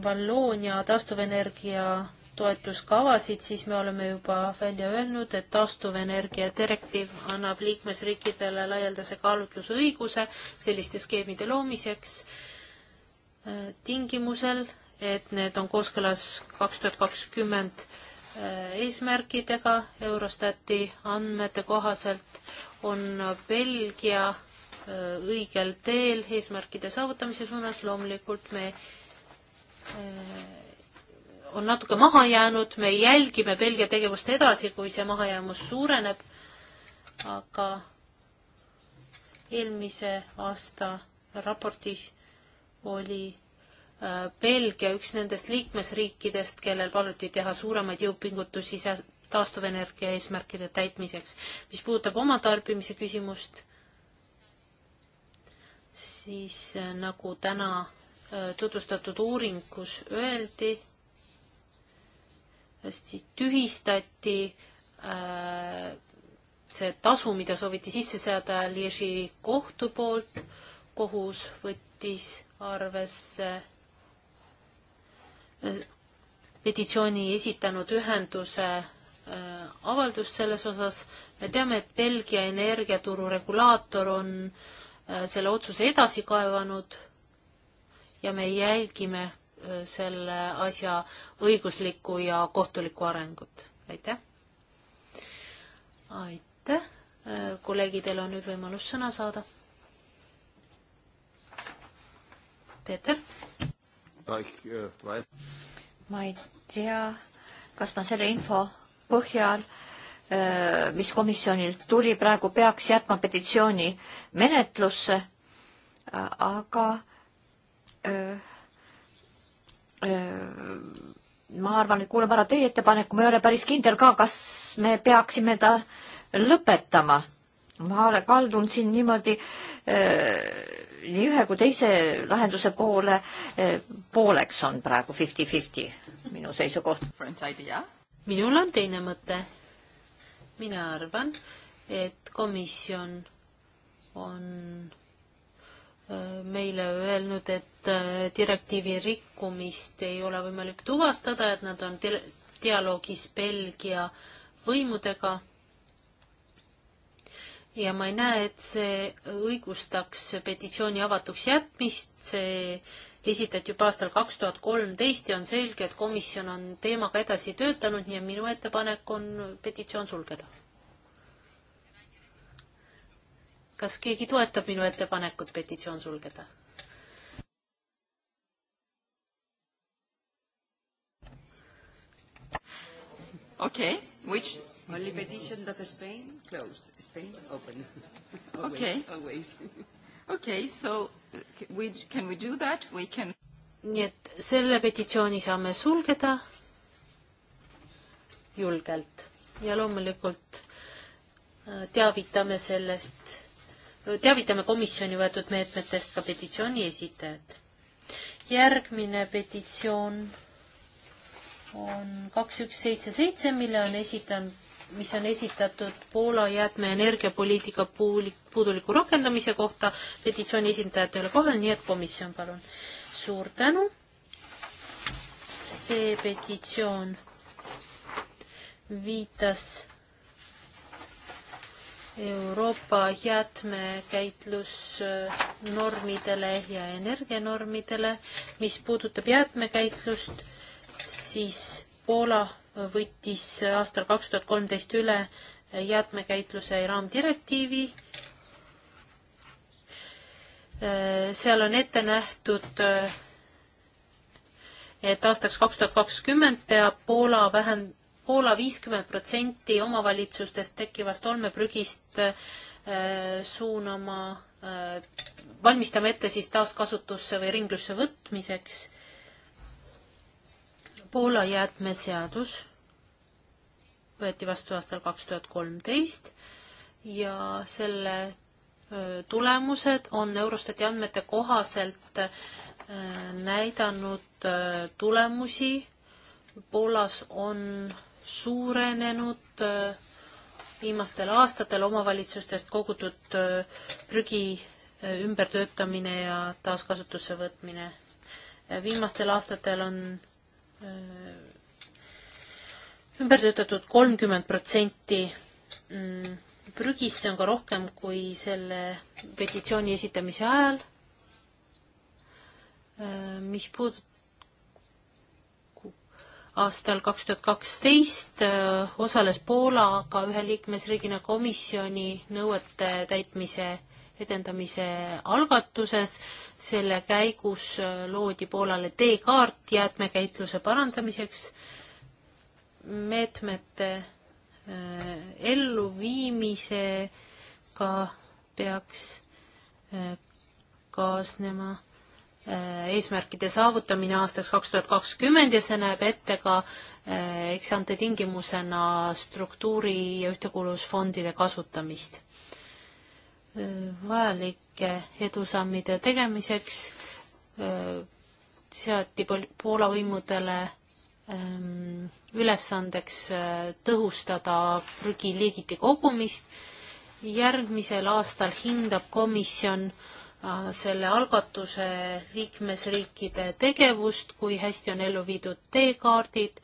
Valloonia taastuvenergia toetuskavasid, siis me oleme juba välja öelnud, et taastuvenergia direktiiv annab liikmesriikidele laialdase kaalutlusõiguse selliste skeemide loomiseks äh, tingimusel, et need on kooskõlas kaks tuhat kakskümmend äh, eesmärkidega. Eurostati andmete kohaselt on Belgia Äh, õigel teel eesmärkide saavutamise suunas, loomulikult me äh, on natuke maha jäänud, me jälgime Belgia tegevust edasi, kui see mahajäämus suureneb, aga eelmise aasta raportis oli äh, Belgia üks nendest liikmesriikidest, kellel paluti teha suuremaid jõupingutusi taastuvenergia eesmärkide täitmiseks. mis puudutab oma tarbimise küsimust, siis äh, nagu täna äh, tutvustatud uuringus öeldi, tühistati äh, see tasu, mida sooviti sisse seada Liege'i kohtu poolt, kohus võttis arvesse petitsiooni esitanud ühenduse avaldust selles osas. me teame, et Belgia energiaturu regulaator on äh, Äh, selle otsuse edasi kaevanud ja me jälgime äh, selle asja õiguslikku ja kohtulikku arengut. aitäh! aitäh! Äh, kolleegidel on nüüd võimalus sõna saada. Peeter? ma ei tea, kas ma selle info põhjal äh, Äh, mis komisjonilt tuli, praegu peaks jätma petitsiooni menetlusse, aga äh, äh, ma arvan, et kuulame ära teie ettepaneku, ma ei ole päris kindel ka, kas me peaksime ta lõpetama. ma kaldun siin niimoodi nii ühe kui teise lahenduse poole, pooleks on praegu fifty-fifty minu seisukoht. minul on teine mõte mina arvan, et komisjon on äh, meile öelnud, et äh, direktiivi rikkumist ei ole võimalik tuvastada, et nad on dialoogis Belgia võimudega. ja ma ei näe, et see õigustaks petitsiooni avatuks jätmist, see esitati juba aastal kaks tuhat kolmteist ja on selge, et komisjon on teemaga edasi töötanud, nii et minu ettepanek on petitsioon sulgeda. kas keegi toetab minu ettepanekut petitsioon sulgeda? okei okay,, which? Only petition that Spain closed, Spain open. okei. okei okay,, so we, can we do that, we can. nii et selle petitsiooni saame sulgeda julgelt ja loomulikult äh, teavitame sellest, äh, teavitame komisjoni võetud meetmetest ka petitsiooni esitajat. järgmine petitsioon on kaks, üks, seitse, seitse, mille on esitanud mis on esitatud Poola jäätme energiapoliitika puuduliku rakendamise kohta petitsiooni esindajatele kohal, nii et komisjon, palun. suur tänu. see petitsioon viitas Euroopa jäätmekäitlusnormidele ja energianormidele. mis puudutab jäätmekäitlust, siis Poola võttis aastal kaks tuhat kolmteist üle jäätmekäitluse raamdirektiivi. seal on ette nähtud, et aastaks kaks tuhat kakskümmend peab Poola vähen-, Poola viiskümmend protsenti omavalitsustest tekkivast olmeprügist äh, suunama, äh, valmistame ette siis taaskasutusse või ringlusse võtmiseks Poola jäätmeseadus võeti vastu aastal kaks tuhat kolmteist ja selle tulemused on Eurostati andmete kohaselt näidanud tulemusi. Poolas on suurenenud viimastel aastatel omavalitsustest kogutud prügi ümbertöötamine ja taaskasutusse võtmine. viimastel aastatel on Äh, ümber töötatud kolmkümmend protsenti mm, prügist, see on ka rohkem kui selle petitsiooni esitamise ajal. Äh, mis puudutab aastal kaks tuhat kaksteist äh, osales Poola ka ühe liikmesriigina komisjoni nõuete täitmise edendamise algatuses. selle käigus loodi Poolale teekaart jäätmekäitluse parandamiseks, meetmete äh, elluviimisega peaks äh, kaasnema äh, eesmärkide saavutamine aastaks kaks tuhat kakskümmend ja see näeb ette ka eksante tingimusena struktuuri ja ühtekuuluvusfondide kasutamist. Äh, vajalike edusammide tegemiseks äh, seati Poola võimudele ähm, ülesandeks äh, tõhustada prügi liigiti kogumist. järgmisel aastal hindab komisjon selle algatuse liikmesriikide tegevust, kui hästi on ellu viidud teekaardid,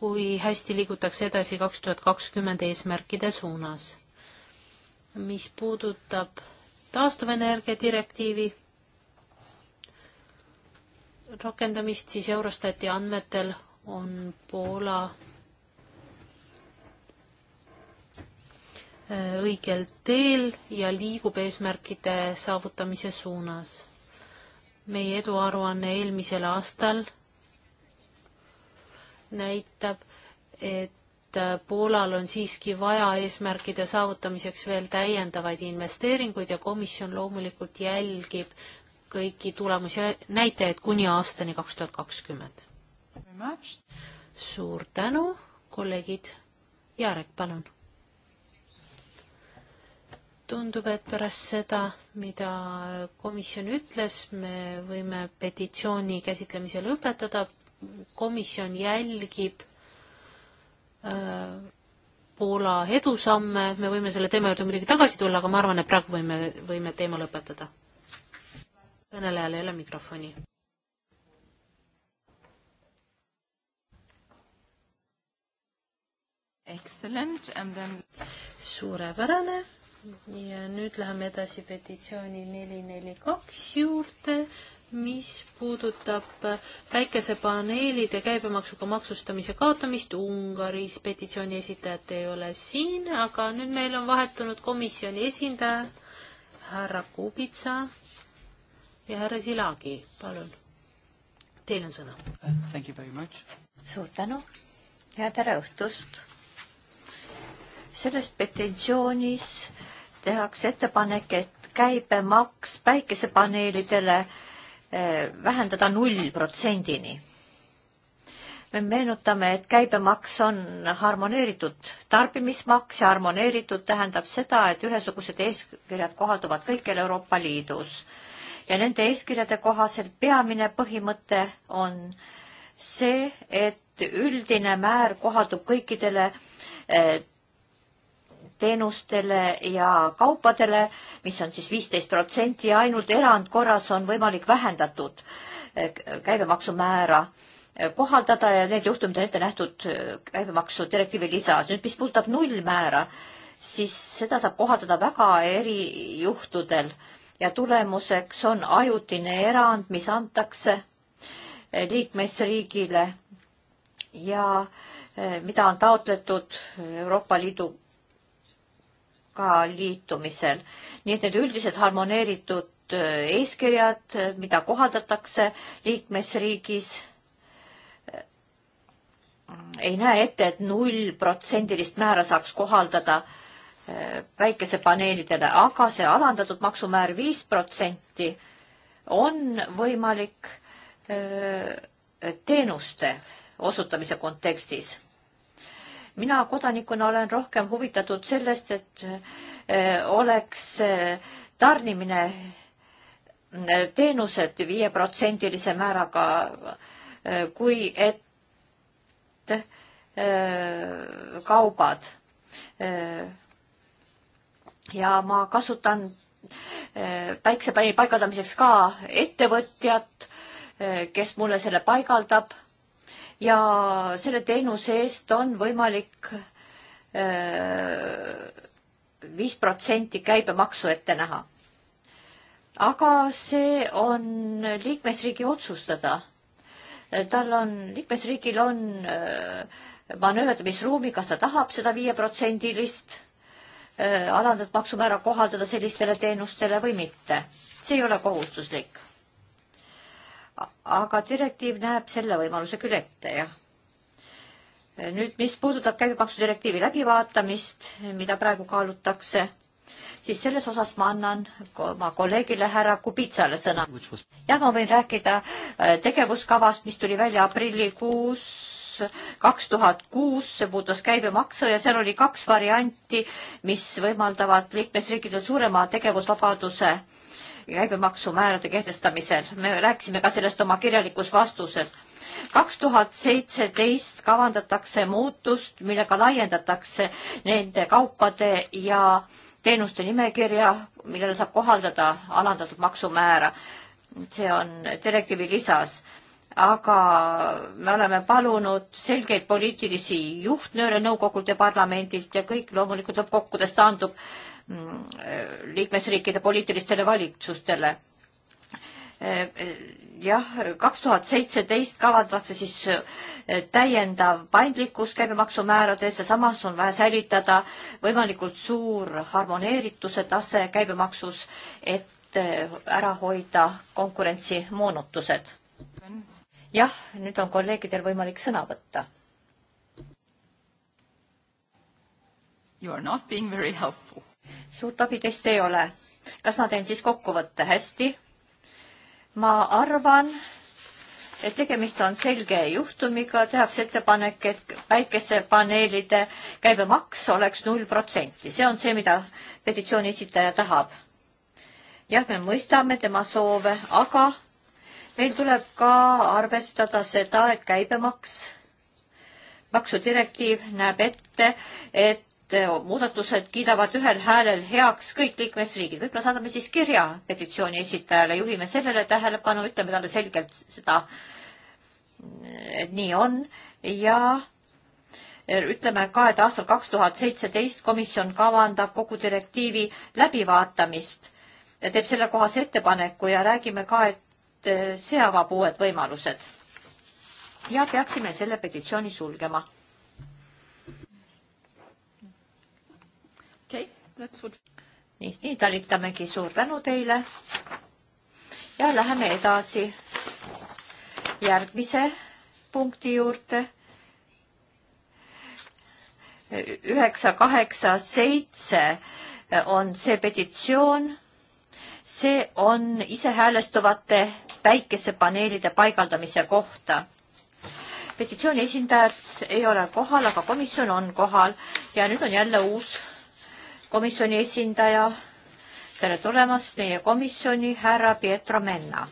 kui hästi liigutakse edasi kaks tuhat kakskümmend eesmärkide suunas mis puudutab taastuvenergia direktiivi rakendamist, siis Eurostati andmetel on Poola äh, õigel teel ja liigub eesmärkide saavutamise suunas. meie eduaruanne eelmisel aastal näitab, et et äh, Poolal on siiski vaja eesmärkide saavutamiseks veel täiendavaid investeeringuid ja komisjon loomulikult jälgib kõiki tulemusi ja näitajaid kuni aastani kaks tuhat kakskümmend. suur tänu, kolleegid. Jarek, palun. tundub, et pärast seda, mida komisjon ütles, me võime petitsiooni käsitlemise lõpetada. komisjon jälgib Poola edusamme, me võime selle teema juurde muidugi tagasi tulla, aga ma arvan, et praegu võime, võime teema lõpetada. kõnelejal ei ole mikrofoni. Excellent and then suurepärane ja nüüd läheme edasi petitsiooni neli neli kaks juurde mis puudutab päikesepaneelide käibemaksuga maksustamise kaotamist Ungaris, petitsiooni esitajat ei ole siin, aga nüüd meil on vahetunud komisjoni esindaja, härra Kubitsa ja härra Silagi, palun. Teil on sõna. suur tänu ja tere õhtust. selles petitsioonis tehakse ettepanek, et käibemaks päikesepaneelidele äh, vähendada null protsendini. me meenutame, et käibemaks on harmoneeritud tarbimismaks ja harmoneeritud tähendab seda, et ühesugused eeskirjad kohalduvad kõikjal Euroopa Liidus ja nende eeskirjade kohaselt peamine põhimõte on see, et üldine määr kohaldub kõikidele eh, teenustele ja kaupadele, mis on siis viisteist protsenti ja ainult erandkorras on võimalik vähendatud eh, käibemaksumäära eh, kohaldada ja need juhtumid on ette nähtud eh, käibemaksu direktiivi lisas. nüüd, mis puudutab nullmäära, siis seda saab kohaldada väga eri juhtudel ja tulemuseks on ajutine erand, mis antakse liikmesriigile ja mida on taotletud Euroopa Liidu ka liitumisel. nii et need üldised harmoneeritud äh, eeskirjad, äh, mida kohaldatakse liikmesriigis, äh, ei näe ette et, et nullprotsendilist määra saaks kohaldada päikesepaneelidele, aga see alandatud maksumäär viis protsenti on võimalik teenuste osutamise kontekstis mina kodanikuna olen rohkem huvitatud sellest, et eh, oleks eh, tarnimine, eh, teenused viieprotsendilise määraga, kui et kaubad. ja ma kasutan päiksepaneeli paigaldamiseks ka ettevõtjat, kes mulle selle paigaldab ja selle teenuse eest on võimalik äh, viis protsenti käibemaksu ette näha. aga see on liikmesriigi otsustada. tal on, liikmesriigil on äh, manööverdamisruumi, kas ta tahab seda viieprotsendilist äh, alandatud maksumäära kohaldada sellistele teenustele või mitte. see ei ole kohustuslik aga direktiiv näeb selle võimaluse küll ette, jah. nüüd, mis puudutab käibemaksudirektiivi läbivaatamist, mida praegu kaalutakse, siis selles osas ma annan oma kolleegile härra Kubitsale sõna. jah, ma võin rääkida äh, tegevuskavast, mis tuli välja aprillikuus kaks tuhat kuus, see puudutas käibemaksu ja seal oli kaks varianti, mis võimaldavad liikmesriikidel suurema tegevusvabaduse käibemaksumäärade kehtestamisel. me rääkisime ka sellest oma kirjalikus vastuses. kaks tuhat seitseteist kavandatakse muutust, millega laiendatakse nende kaupade ja teenuste nimekirja, millele saab kohaldada alandatud maksumäära. see on direktiivi lisas aga me oleme palunud selgeid poliitilisi juhtnööre nõukogult ja parlamendilt ja kõik loomulikult lõppkokkuvõttes taandub äh, Mm, liikmesriikide poliitilistele valitsustele. Eh, jah, kaks tuhat seitseteist kavandatakse siis eh, täiendav paindlikkus käibemaksumäärades ja samas on vaja säilitada võimalikult suur harmoneerituse tase käibemaksus, et eh, ära hoida konkurentsimoonutused. jah, nüüd on kolleegidel võimalik sõna võtta. You are not being very helpful suurt abi teist ei ole. kas ma teen siis kokkuvõtte? hästi. ma arvan, et tegemist on selge juhtumiga, tehakse ettepanek, et päikesepaneelide käibemaks oleks null protsenti, see on see, mida petitsiooni esitaja tahab. jah, me mõistame tema soove, aga meil tuleb ka arvestada seda, et käibemaks, maksudirektiiv näeb ette, et Eh, muudatused kiidavad ühel häälel heaks kõik liikmesriigid. võib-olla saadame siis kirja petitsiooni esitajale, juhime sellele tähelepanu, ütleme talle selgelt seda, eh, et nii on ja eh, ütleme ka, et aastal kaks tuhat seitseteist komisjon kavandab kogu direktiivi läbivaatamist ja teeb sellekohase ettepaneku ja räägime ka, et see avab uued võimalused. ja peaksime selle petitsiooni sulgema What... nii, nii talitamegi, suur tänu teile. ja läheme edasi järgmise punkti juurde. üheksa, kaheksa, seitse on see petitsioon. see on isehäälestuvate päikesepaneelide paigaldamise kohta. petitsiooni esindajad ei ole kohal, aga komisjon on kohal ja nüüd on jälle uus komisjoni esindaja. tere tulemast meie komisjoni, härra Pietro Menna.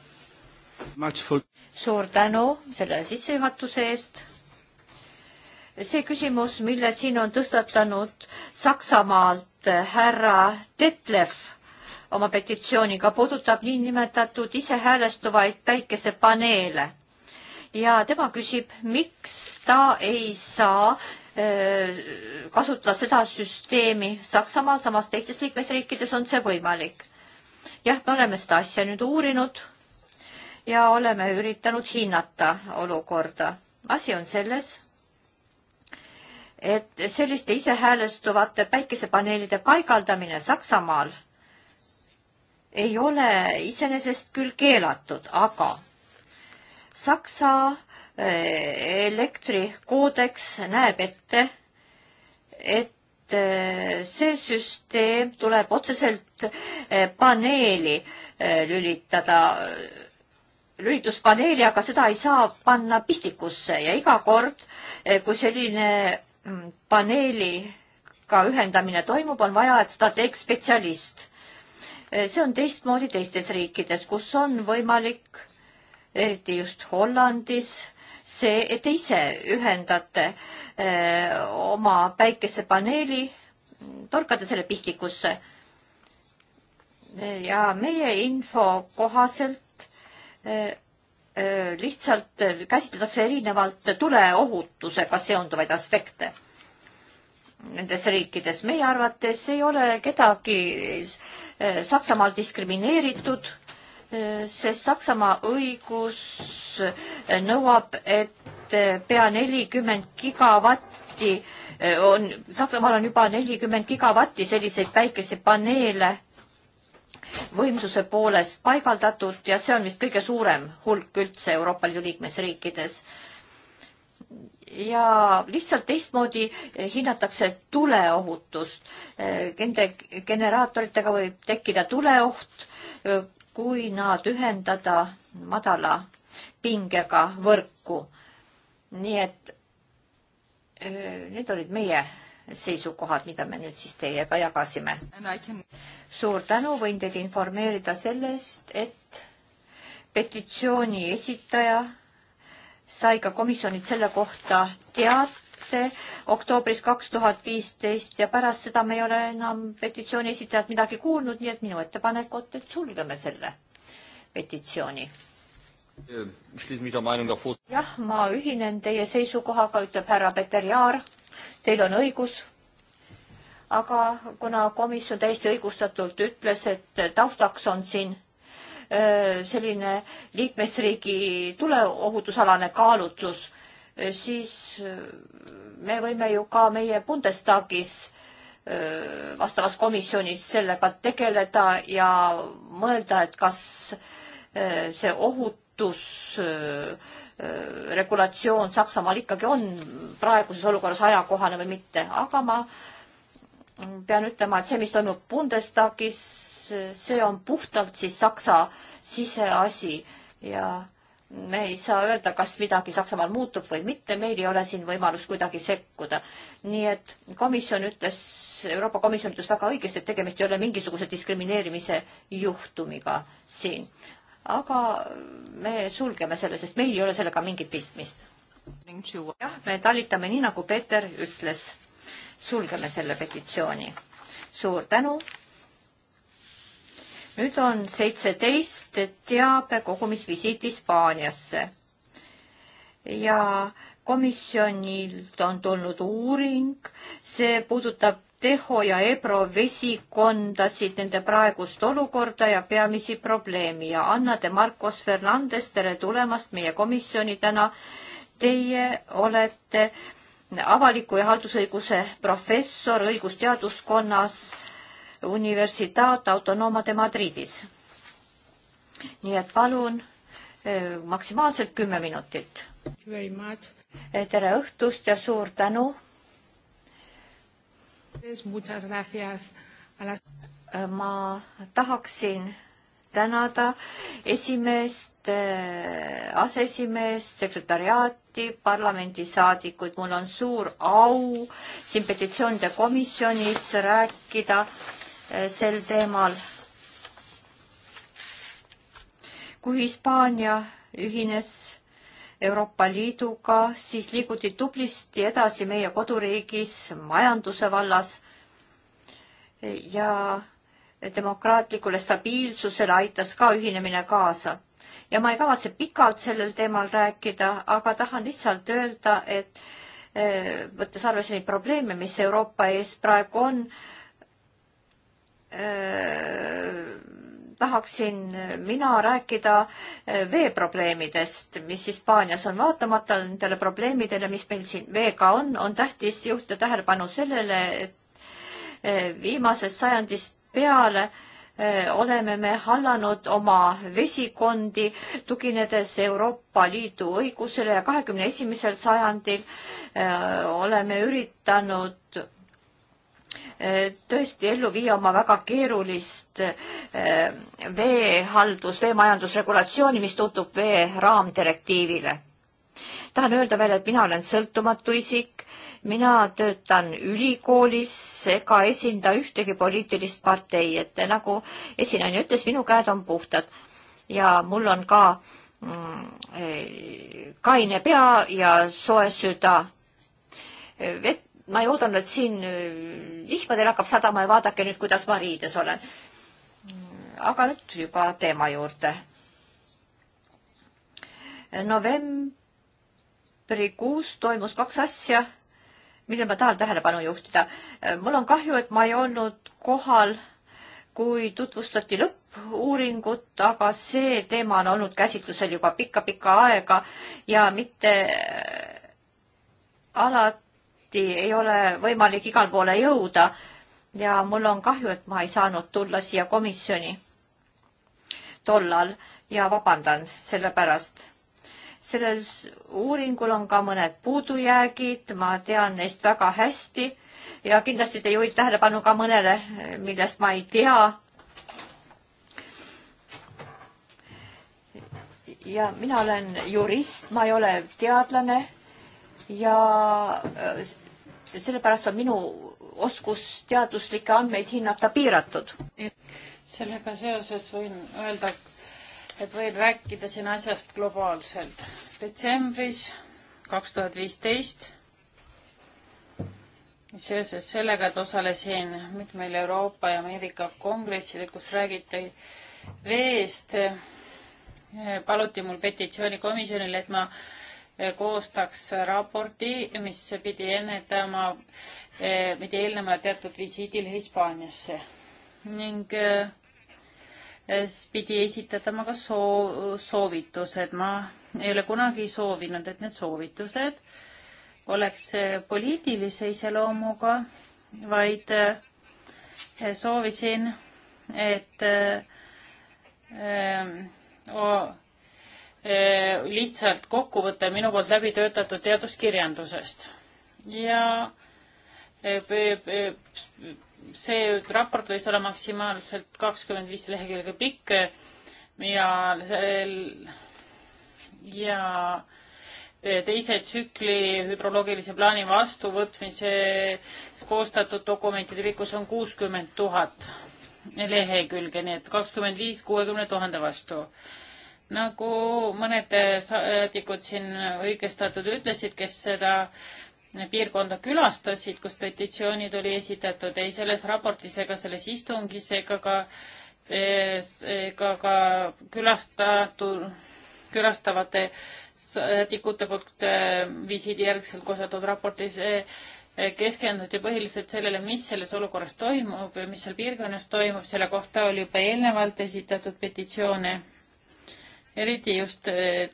suur tänu selle sissejuhatuse eest. see küsimus, mille siin on tõstatanud Saksamaalt härra Detlef oma petitsiooniga, puudutab niinimetatud isehäälestuvaid päikesepaneele ja tema küsib, miks ta ei saa Äh, kasutada seda süsteemi Saksamaal, samas teistes liikmesriikides on see võimalik. jah, me oleme seda asja nüüd uurinud ja oleme üritanud hinnata olukorda. asi on selles, et selliste isehäälestuvate päikesepaneelide paigaldamine Saksamaal ei ole iseenesest küll keelatud, aga Saksa Äh, elektrikoodeks näeb ette, et äh, see süsteem tuleb otseselt äh, paneeli lülitada, lülituspaneeli, aga seda ei saa panna pistikusse ja iga kord, kui selline mm, paneeliga ühendamine toimub, on vaja, et seda teeks spetsialist. see on teistmoodi teistes riikides, kus on võimalik, eriti just Hollandis, see, et te ise ühendate öö, eh, oma päikesepaneeli, torkate selle pistikusse. ja meie info kohaselt öö, eh, öö, eh, lihtsalt käsitletakse erinevalt tuleohutusega seonduvaid aspekte nendes riikides. meie arvates ei ole kedagi Saksamaal diskrimineeritud sest Saksamaa õigus nõuab, et pea nelikümmend gigavatti on, Saksamaal on juba nelikümmend gigavatti selliseid päikesepaneele võimsuse poolest paigaldatud ja see on vist kõige suurem hulk üldse Euroopa Liidu liikmesriikides. ja lihtsalt teistmoodi hinnatakse tuleohutust. Nende generaatoritega võib tekkida tuleoht kui nad ühendada madala pingega võrku. nii et need olid meie seisukohad, mida me nüüd siis teiega jagasime. Can... suur tänu, võin teid informeerida sellest, et petitsiooni esitaja sai ka komisjonilt selle kohta teate, seitse oktoobris kaks tuhat viisteist ja pärast seda me ei ole enam petitsiooni esitajalt midagi kuulnud, nii et minu ettepanek on, et sulgeme selle petitsiooni. jah, ma ühinen teie seisukohaga, ütleb härra Peter Jaar. Teil on õigus aga kuna komisjon täiesti õigustatult ütles, et taustaks on siin öö, äh, selline liikmesriigi tuleohutusalane kaalutlus, Äh, siis äh, me võime ju ka meie Bundestagis äh, vastavas komisjonis sellega tegeleda ja mõelda, et kas see ohutusregulatsioon Saksamaal ikkagi on praeguses olukorras ajakohane või mitte, aga ma pean ütlema, et see, mis toimub Bundestagis, see on puhtalt siis Saksa siseasi ja äh, me ei saa öelda, kas midagi Saksamaal muutub või mitte, meil ei ole siin võimalust kuidagi sekkuda. nii et komisjon ütles, Euroopa Komisjon ütles väga õigesti, et tegemist ei ole mingisuguse diskrimineerimise juhtumiga siin. aga me sulgeme selle, sest meil ei ole sellega mingit pistmist. jah, me talitame nii, nagu Peeter ütles. sulgeme selle petitsiooni. suur tänu nüüd on seitseteist teabe kogumisvisiit Hispaaniasse ja komisjonilt on tulnud uuring, see puudutab Teho ja Ebro vesikondasid, nende praegust olukorda ja peamisi probleemi ja Anna de Marcos Fernandes, tere tulemast meie komisjoni täna. Teie olete avaliku ja haldusõiguse professor õigusteaduskonnas Universitat Autonoma de Madridis. nii et palun eh, maksimaalselt kümme minutit. Eh, tere õhtust ja suur tänu. Eh, ma tahaksin tänada esimeest, aseesimeest, sekretariaati, parlamendisaadikuid. mul on suur au siin petitsioonide komisjonis rääkida äh, Äh, sel teemal. kui Hispaania ühines Euroopa Liiduga, siis liiguti tublisti edasi meie koduriigis majanduse vallas ja demokraatlikule stabiilsusele aitas ka ühinemine kaasa. ja ma ei kavatse pikalt sellel teemal rääkida, aga tahan lihtsalt öelda, et äh, võttes arvesse neid probleeme, mis Euroopa ees praegu on, Äh, tahaksin mina rääkida äh, veeprobleemidest, mis Hispaanias on. vaatamata nendele probleemidele, mis meil siin veega on, on tähtis juhtida tähelepanu sellele, et äh, viimasest sajandist peale oleme me hallanud oma vesikondi, tuginedes Euroopa Liidu õigusele ja kahekümne esimesel sajandil oleme üritanud tõesti ellu viia oma väga keerulist eh, veehaldus, veemajandusregulatsiooni, mis tutvub vee raamdirektiivile. tahan öelda veel, et mina olen sõltumatu isik, mina töötan ülikoolis ega esinda ühtegi poliitilist partei, et nagu esinaine ütles, minu käed on puhtad ja mul on ka mm, eh, kaine pea ja soe süda. vett ma ei oodanud, et siin äh, vihmadel hakkab sadama ja vaadake nüüd, kuidas ma riides olen. aga nüüd juba teema juurde. novembrikuus toimus kaks asja, millele ma tahan tähelepanu juhtida. mul on kahju, et ma ei olnud kohal, kui tutvustati lõppuuringut, aga see teema on olnud käsitlusel juba pikka-pikka aega ja mitte äh, alati tihti ei ole võimalik igale poole jõuda ja mul on kahju, et ma ei saanud tulla siia komisjoni tollal ja vabandan selle pärast. sellel uuringul on ka mõned puudujäägid, ma tean neist väga hästi ja kindlasti te juhite tähelepanu ka mõnele, millest ma ei tea. ja mina olen jurist, ma ei ole teadlane ja äh, sellepärast on minu oskus teaduslikke andmeid hinnata piiratud. sellega seoses võin öelda, et võin rääkida siin asjast globaalselt. detsembris kaks tuhat viisteist seoses sellega, et osalesin mitmel Euroopa ja Ameerika kongressidel, kus räägiti veest, paluti mul petitsioonikomisjonile, et ma koostaks raporti, mis pidi ennetama, eh, pidi eelnema teatud visiidile Hispaaniasse ning eh, pidi esitatama ka soo-, soovitused. ma ei ole kunagi soovinud, et need soovitused oleks eh, poliitilise iseloomuga, vaid soovisin, et öö, o, Äh, lihtsalt kokkuvõte minu poolt läbi töötatud teaduskirjandusest. ja äh, see raport võis olla maksimaalselt kakskümmend viis lehekülge pikk äh, ja sel ja teise tsükli hüdroloogilise plaani vastuvõtmise koostatud dokumentide pikkus on kuuskümmend tuhat lehekülge, nii et kakskümmend viis kuuekümne tuhande vastu nagu mõned saadikud siin õigestatud ütlesid, kes seda piirkonda külastasid, kus petitsioonid oli esitatud, ei selles raportis ega selles istungis ega ka, ega ka külastatud, külastavate saadikute poolt visiidi järgselt koostatud raportis eh, keskenduti põhiliselt sellele, mis selles olukorras toimub ja mis seal piirkonnas toimub, selle kohta oli juba eelnevalt esitatud petitsioone eriti just eh,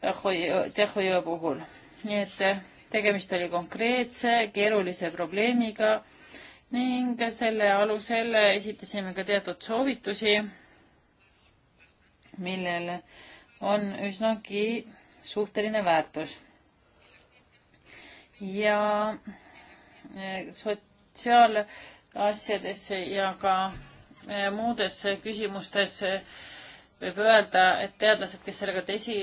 tervishoiu puhul. nii et eh, tegemist oli konkreetse keerulise probleemiga ning selle alusel esitasime ka teatud soovitusi, millel on üsnagi suhteline väärtus. ja eh, sotsiaalasjadesse ja ka muudes küsimustes äh, võib öelda, et teadlased, kes sellega tesi,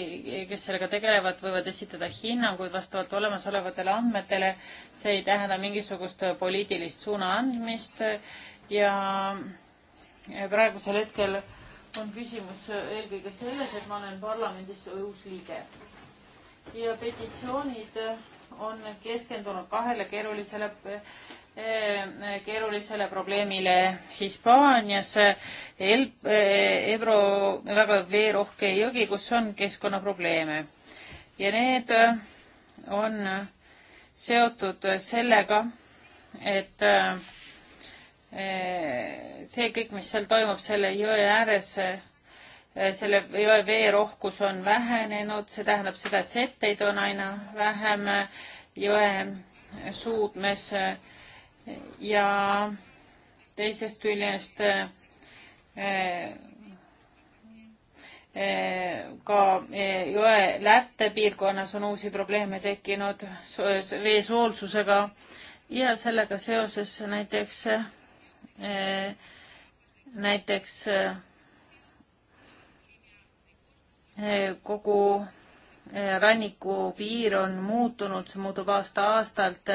kes sellega tegelevad, võivad esitada hinnanguid vastavalt olemasolevatele andmetele. see ei tähenda mingisugust poliitilist suuna andmist ja praegusel hetkel on küsimus eelkõige selles, et ma olen parlamendis uus liige. ja petitsioonid on keskendunud kahele keerulisele Eh, keerulisele probleemile Hispaanias. El-, eh, Ebro väga veerohke jõgi, kus on keskkonnaprobleeme. ja need eh, on seotud sellega, et see kõik, mis seal toimub selle jõe ääres, selle jõe veerohkus on vähenenud, see tähendab seda, et setteid on aina vähem jõe suudmes äh, ja teisest küljest eh, eh, ka eh, jõe lätte piirkonnas on uusi probleeme tekkinud vee soolsusega ja sellega seoses näiteks, näiteks kogu rannikupiir on muutunud, see muutub aasta-aastalt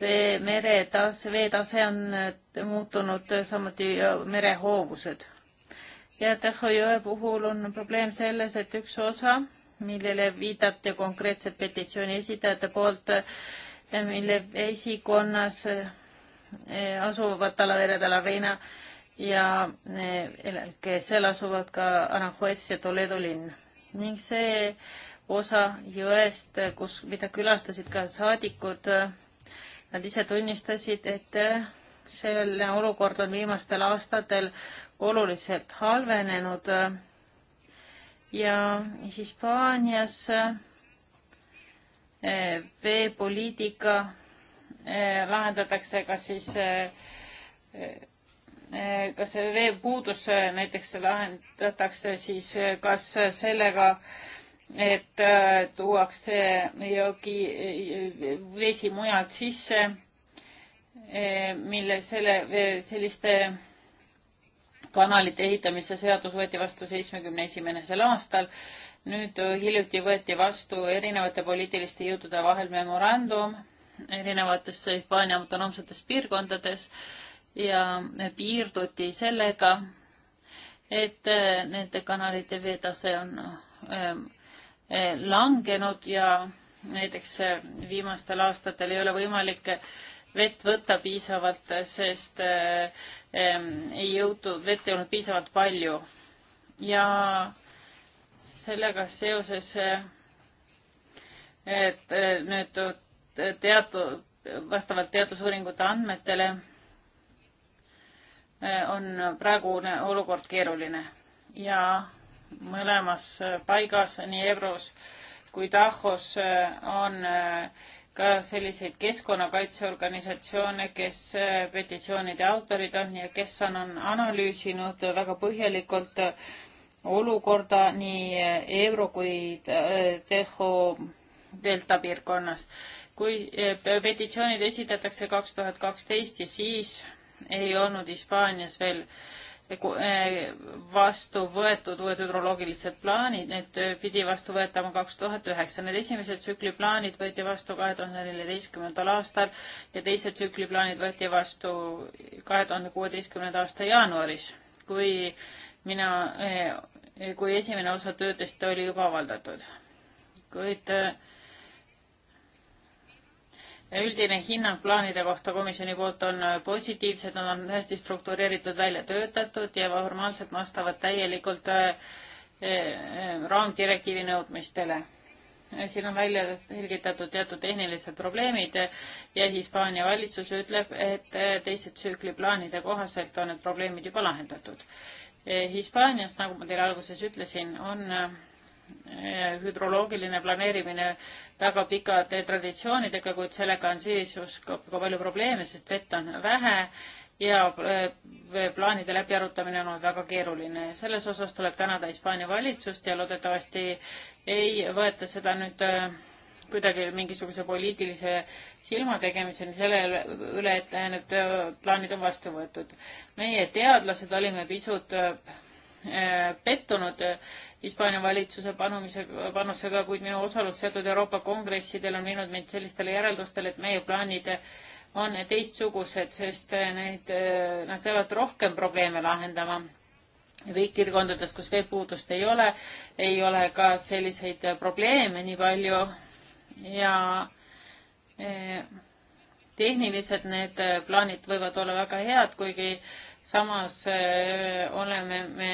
vee, meretase, veetase on äh, muutunud, äh, samuti äh, merehoovused. ja Tehojõe puhul on probleem selles, et üks osa, millele viidati konkreetselt petitsiooni esitajate poolt, mille esikonnas asuvad Talavere, Talaveina ja kes seal asuvad ka Aranjuez ja Toledo linn ning see osa jõest, kus, mida külastasid ka saadikud Nad ise tunnistasid, et selle olukord on viimastel aastatel oluliselt halvenenud ja Hispaanias eh, veepoliitika eh, lahendatakse eh, kas siis kas veepuudus näiteks lahendatakse siis kas sellega äh, et äh, tuuakse jogi, äh, vesi mujalt sisse, äh, mille selle, selliste kanalite ehitamise seadus võeti vastu seitsmekümne esimesel aastal. nüüd hiljuti võeti vastu erinevate poliitiliste jõudude vahel memorandum erinevates Hispaania autonoomsetes piirkondades ja piirduti sellega, et nende kanalite veetase on ähm, Eh, langenud ja näiteks eh, viimastel aastatel ei ole võimalik vett võtta piisavalt, sest eh, ei jõutud, vett ei olnud piisavalt palju. ja sellega seoses, et nüüd teatud, vastavalt teadusuuringute andmetele on praegune olukord keeruline ja mõlemas äh, paigas, nii Ebros kui Tahos äh, on äh, ka selliseid keskkonnakaitseorganisatsioone, kes petitsioonide autorid on ja kes on, on analüüsinud väga põhjalikult olukorda nii Euro kui Teho delta piirkonnas. kui petitsioonid esitatakse kaks tuhat kaksteist ja siis ei olnud Hispaanias veel äh, Eh, vastu võetud uued hüdroloogilised plaanid, need pidi vastu võetama kaks tuhat üheksa. Need esimesed tsükli plaanid võeti vastu kahe tuhande neljateistkümnendal aastal ja teised tsükli plaanid võeti vastu kahe tuhande kuueteistkümnenda aasta jaanuaris, kui mina, eh, kui esimene osa töödest oli juba avaldatud. kuid äh, üldine hinnang plaanide kohta komisjoni poolt on positiivsed, nad on hästi struktureeritud, välja töötatud ja formaalselt vastavad täielikult äh, äh, raamdirektiivi nõudmistele. siin on välja selgitatud teatud tehnilised probleemid ja Hispaania valitsus ütleb, et äh, teise tsükli plaanide kohaselt on need probleemid juba lahendatud. Hispaanias, nagu ma teile alguses ütlesin, on Eh, hüdroloogiline planeerimine väga pikade traditsioonidega, kuid sellega on siis ka palju probleeme, sest vett on vähe ja eh, plaanide läbiarutamine on olnud väga keeruline. selles osas tuleb tänada Hispaania valitsust ja loodetavasti ei võeta seda nüüd eh, kuidagi mingisuguse poliitilise silmategemiseni selle üle, et need plaanid on vastu võetud. meie teadlased olime pisut pettunud Hispaania valitsuse panumisega, panusega, kuid minu osalus seotud Euroopa kongressidel on viinud mind sellistele järeldustele, et meie plaanid on teistsugused, sest need, nad peavad rohkem probleeme lahendama riikirkondades, kus veepuudust ei ole, ei ole ka selliseid probleeme nii palju ja eh, tehniliselt need plaanid võivad olla väga head, kuigi samas eh, oleme me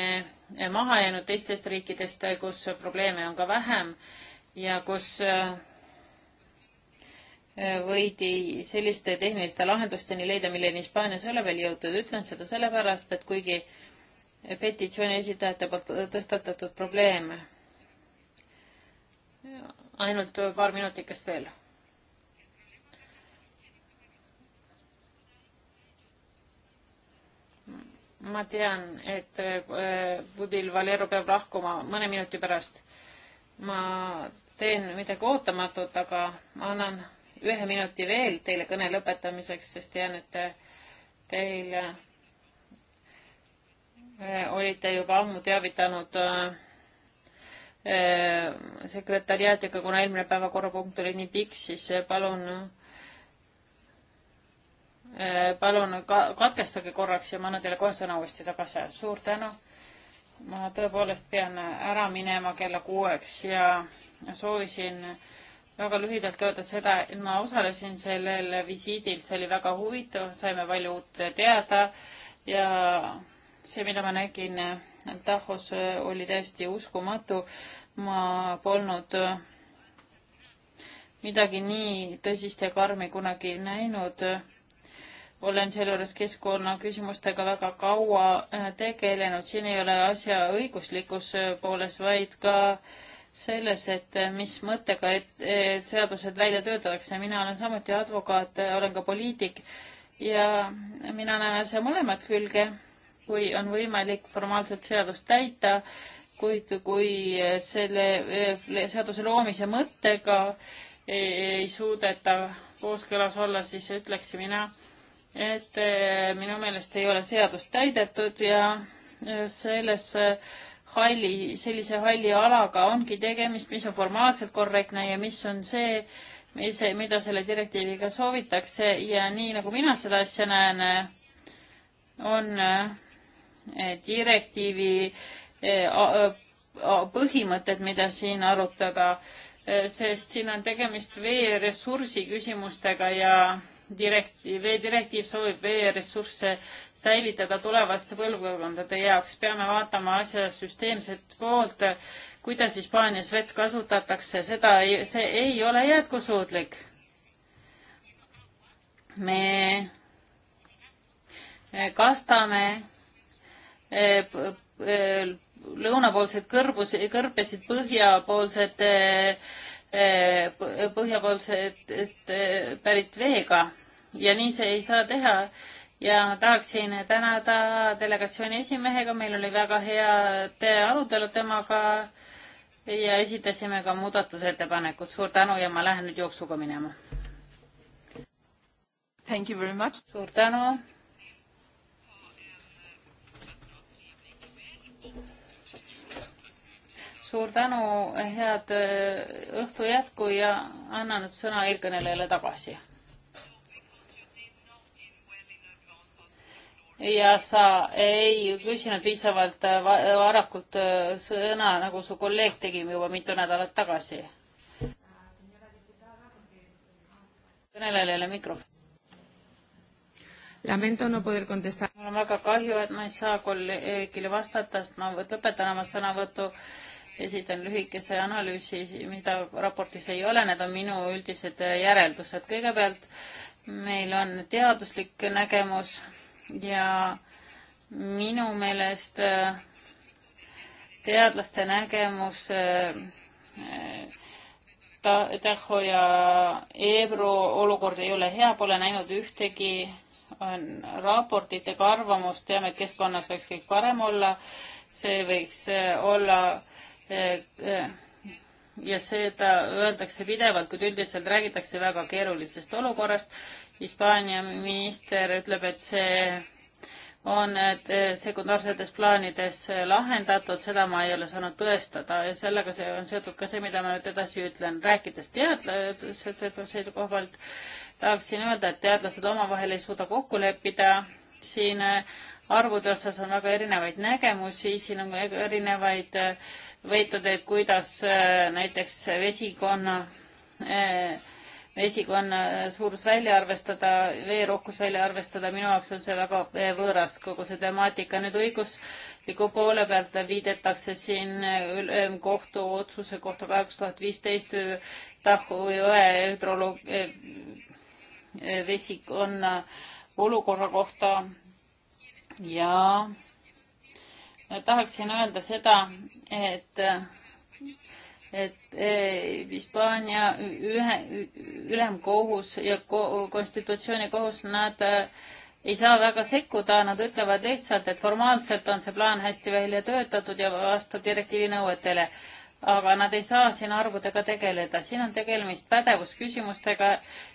Eh, maha jäänud teistest riikidest, eh, kus probleeme on ka vähem ja kus eh, võidi selliste tehniliste lahendusteni leida, milleni Hispaanias ei ole veel jõutud. ütlen seda sellepärast, et kuigi petitsiooni esitajate poolt tõstatatud probleem ainult paar minutikest veel ma tean, et äh, Budil Valero peab lahkuma mõne minuti pärast. ma teen midagi ootamatut, aga ma annan ühe minuti veel teile kõne lõpetamiseks, sest tean, et teil äh, olite juba ammu teavitanud äh, sekretäriaadiga, kuna eelmine päevakorrapunkt oli nii pikk, siis palun Äh, palun ka-, katkestage korraks ja ma annan teile kohe sõna uuesti tagasi. suur tänu. ma tõepoolest pean ära minema kella kuueks ja soovisin väga lühidalt öelda seda, et ma osalesin sellel visiidil, see oli väga huvitav, saime palju uut teada ja see, mida ma nägin Tahos, oli täiesti uskumatu. ma polnud midagi nii tõsist ja karmi kunagi näinud olen sealjuures keskkonnaküsimustega väga kaua äh, tegelenud, siin ei ole asja õiguslikus äh, pooles, vaid ka selles, et äh, mis mõttega, et seadused välja töötatakse, mina olen samuti advokaat, olen ka poliitik ja mina näen asja mõlemat külge, kui on võimalik formaalselt seadust täita, kuid kui selle seaduse loomise mõttega ei suudeta kooskõlas olla, siis ütleks mina, et eh, minu meelest ei ole seadust täidetud ja eh, selles eh, halli, sellise halli alaga ongi tegemist, mis on formaalselt korrektne ja mis on see, mis, mida selle direktiiviga soovitakse ja nii nagu mina seda asja näen, on direktiivi põhimõtted, mida siin arutada, sest siin on tegemist veeressursi küsimustega ja direktiiv, veedirektiiv soovib veeressursse säilitada tulevaste põlvkondade jaoks. peame vaatama asja süsteemset poolt, kuidas Hispaanias vett kasutatakse, seda ei, see ei ole jätkusuutlik. me kastame e, e, lõunapoolseid kõrbusi, kõrbesid põhjapoolsete Eh, põhjapoolsest eh, pärit veega ja nii see ei saa teha. ja tahaksin tänada delegatsiooni esimehega, meil oli väga hea arutelu temaga ja esitasime ka muudatusettepanekud. suur tänu ja ma lähen nüüd jooksuga minema. suur tänu suur tänu, head äh, õhtu jätku ja annan nüüd sõna eelkõnelejale tagasi. ja sa ei küsinud piisavalt äh, varakult äh, sõna, nagu su kolleeg tegi juba mitu nädalat tagasi. kõnelejale mikrofon. Lamento no poder contestar. mul on väga kahju, et ma ei saa kolleegile vastata, sest ma lõpetan oma sõnavõtu esitan lühikese analüüsi, mida raportis ei ole, need on minu üldised järeldused. kõigepealt meil on teaduslik nägemus ja minu meelest äh, teadlaste nägemus äh, Taho ja Ebro olukord ei ole hea, pole näinud ühtegi on raportit ega arvamust, teame, et keskkonnas võiks kõik parem olla, see võiks äh, olla äh, Äh, äh, ja seda öeldakse pidevalt, kuid üldiselt räägitakse väga keerulisest olukorrast. Hispaania minister ütleb, et see on äh, sekundaarsetes plaanides lahendatud, seda ma ei ole saanud tõestada ja sellega see on seotud ka see, mida ma nüüd edasi ütlen, rääkides teadlaste seisukohalt, tahaksin öelda, et teadlased omavahel ei suuda kokku leppida, siin arvude osas on väga erinevaid nägemusi, siin on erinevaid äh, võetud, et kuidas äh, näiteks vesikonna, äh, vesikonna suurus välja arvestada, veerohkus välja arvestada, minu jaoks on see väga äh, võõras, kogu see temaatika. nüüd õigusliku poole pealt viidetakse siin kohtuotsuse kohta kaks tuhat viisteist Tahu jõe hüdroloog-, vesikonna olukorra kohta ja tahaksin öelda seda, et et eh, Hispaania ühe, ülemkohus ja ko, konstitutsioonikohus, nad eh, ei saa väga sekkuda, nad ütlevad lihtsalt, et formaalselt on see plaan hästi välja töötatud ja vastab direktiivi nõuetele. aga nad ei saa siin arvudega tegeleda, siin on tegelemist pädevusküsimustega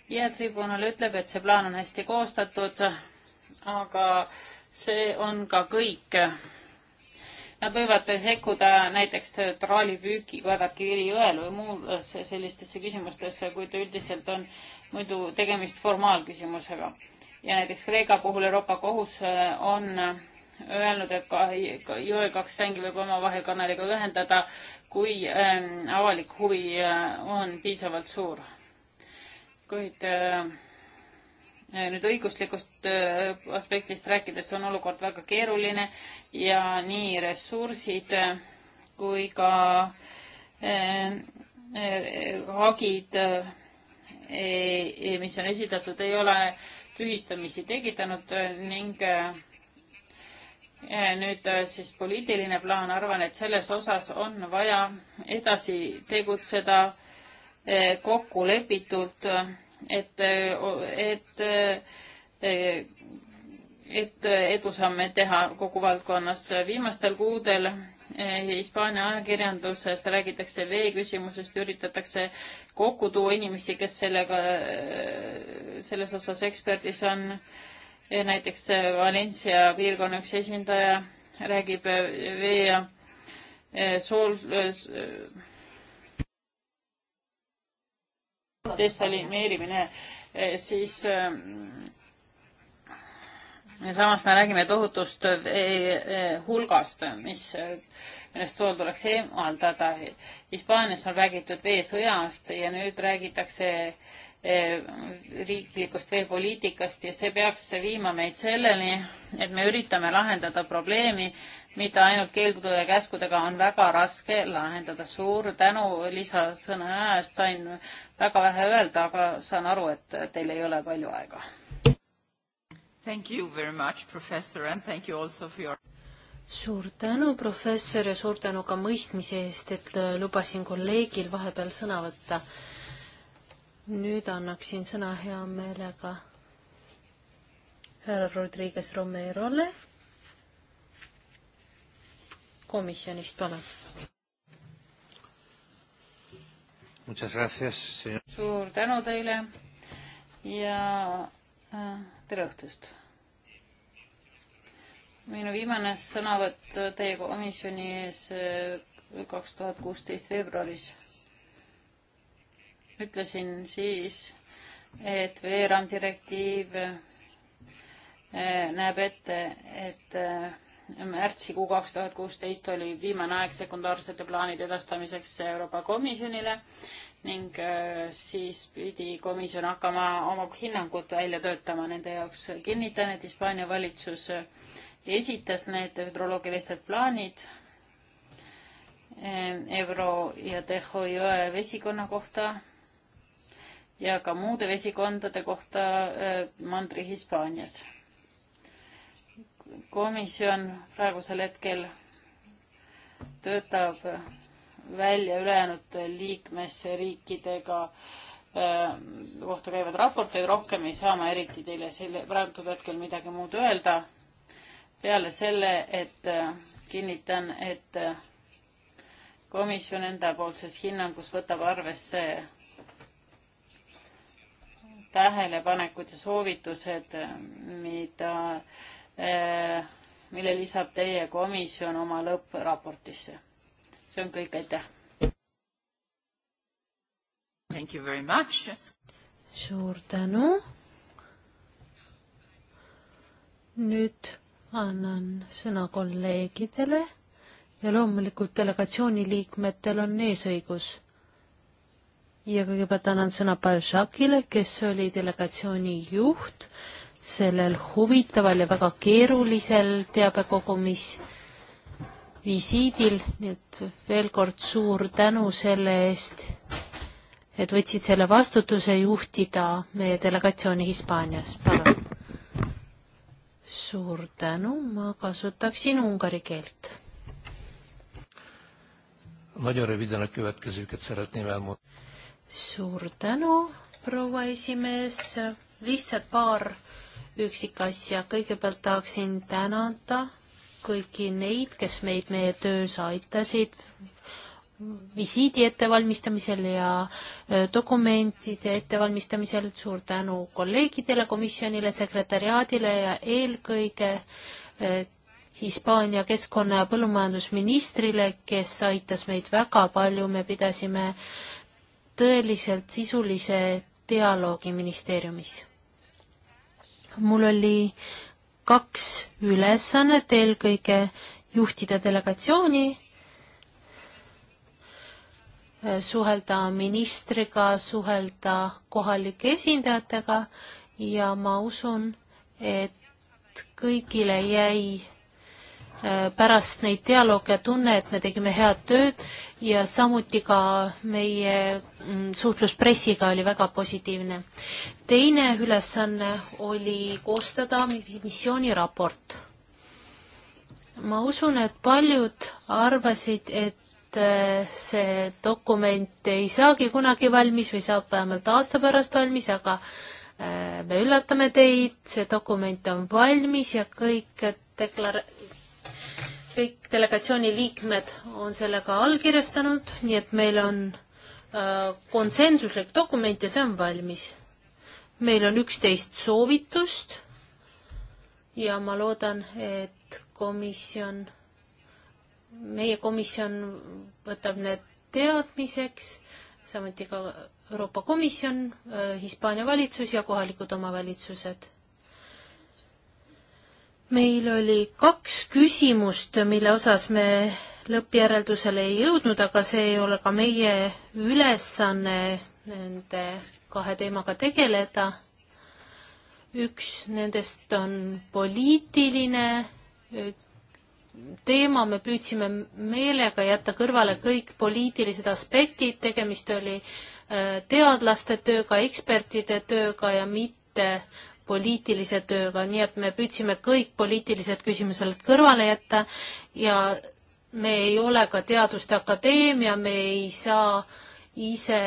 ja tribunal ütleb, et see plaan on hästi koostatud, aga see on ka kõik Nad võivad sekkuda näiteks traalipüüki Kadakiri jõel või muu sellistesse küsimustesse, kuid üldiselt on muidu tegemist formaalküsimusega. ja näiteks Kreeka puhul Euroopa Kohus äh, on äh, öelnud, et ka jõe kaks sängi võib omavahel kanaliga ühendada, kui ähm, avalik huvi äh, on piisavalt suur. kuid Eh, nüüd õiguslikust eh, aspektist rääkides on olukord väga keeruline ja nii ressursid eh, kui ka hagid, mis on esitatud, ei ole tühistamisi tekitanud ning nüüd siis poliitiline plaan, arvan, et selles osas on vaja edasi tegutseda kokkulepitult et, et, et, et edusamme teha kogu valdkonnas. viimastel kuudel Hispaania ajakirjanduses räägitakse vee küsimusest, üritatakse kokku tuua inimesi, kes sellega, selles osas eksperdis on. näiteks Valencia piirkonna üks esindaja räägib vee ja sool, desalimeerimine, eh, siis ehm, ja samas me räägime tohutust eh, hulgast, mis, millest sool tuleks eemaldada. Hispaanias on räägitud veesõjast ja nüüd räägitakse eh, riiklikust veepoliitikast ja see peaks viima meid selleni, et me üritame lahendada probleemi, mitte ainult keeldude ja käskudega on väga raske lahendada. suur tänu lisasõna eest, sain väga vähe öelda, aga saan aru, et teil ei ole palju aega. Thank you very much, professor, and thank you also for your suur tänu, professor, ja suur tänu ka mõistmise eest, et lubasin kolleegil vahepeal sõna võtta. nüüd annaksin sõna hea meelega härra Rodriguez Romerole komisjonist, palun. suur tänu teile ja äh, tere õhtust. minu viimane sõnavõtt teie komisjoni ees äh, kaks tuhat kuusteist veebruaris. ütlesin siis, et veeranddirektiiv äh, näeb ette, et märtsikuu kaks tuhat kuusteist oli viimane aeg sekundaarsete plaanide edastamiseks Euroopa Komisjonile ning äh, siis pidi komisjon hakkama oma hinnangut välja töötama nende jaoks. kinnitan, et Hispaania valitsus esitas need hüdroloogilised plaanid äh, Ebro ja Teho jõe vesikonna kohta ja ka muude vesikondade kohta äh, Mandri-Hispaanias komisjon praegusel hetkel töötab välja ülejäänud liikmesriikidega äh, kohta käivad raporteid, rohkem ei saa ma eriti teile selle, praegusel hetkel midagi muud öelda. peale selle, et äh, kinnitan, et äh, komisjon endapoolses hinnangus võtab arvesse tähelepanekud ja soovitused, mida Eh, mille lisab teie komisjon oma lõppraportisse. see on kõik, aitäh. Thank you very much. suur tänu. nüüd annan sõna kolleegidele ja loomulikult delegatsiooni liikmetel on eesõigus. ja kõigepealt annan sõna Baršakile, kes oli delegatsiooni juht sellel huvitaval ja väga keerulisel teabekogumisvisiidil, nii et veel kord suur tänu selle eest, et võtsid selle vastutuse juhtida meie delegatsiooni Hispaanias, palun. suur tänu, ma kasutaksin ungari keelt. suur tänu, proua esimees, lihtsalt paar üksikasja. kõigepealt tahaksin tänada kõiki neid, kes meid meie töös aitasid visiidi ettevalmistamisel ja dokumentide ettevalmistamisel. suur tänu kolleegidele, komisjonile, sekretäriaadile ja eelkõige Hispaania keskkonna- ja põllumajandusministrile, kes aitas meid väga palju, me pidasime tõeliselt sisulise dialoogi ministeeriumis mul oli kaks ülesannet, eelkõige juhtida delegatsiooni, äh, suhelda ministriga, suhelda kohalike esindajatega ja ma usun, et kõigile jäi Äh, pärast neid dialoogi tunne, et me tegime head tööd ja samuti ka meie mm, suhtlus pressiga oli väga positiivne. teine ülesanne oli koostada missiooniraport. ma usun, et paljud arvasid, et äh, see dokument ei saagi kunagi valmis või saab vähemalt aasta pärast valmis, aga äh, me üllatame teid, see dokument on valmis ja kõik deklar-, kõik delegatsiooni liikmed on sellega allkirjastanud, nii et meil on äh, konsensuslik dokument ja see on valmis. meil on üksteist soovitust ja ma loodan, et komisjon, meie komisjon võtab need teadmiseks, samuti ka Euroopa Komisjon äh,, Hispaania valitsus ja kohalikud omavalitsused meil oli kaks küsimust, mille osas me lõppjäreldusele ei jõudnud, aga see ei ole ka meie ülesanne nende kahe teemaga tegeleda. üks nendest on poliitiline teema, me püüdsime meelega jätta kõrvale kõik poliitilised aspektid, tegemist oli äh, teadlaste tööga, ekspertide tööga ja mitte poliitilise tööga, nii et me püüdsime kõik poliitilised küsimused kõrvale jätta ja me ei ole ka Teaduste Akadeemia, me ei saa ise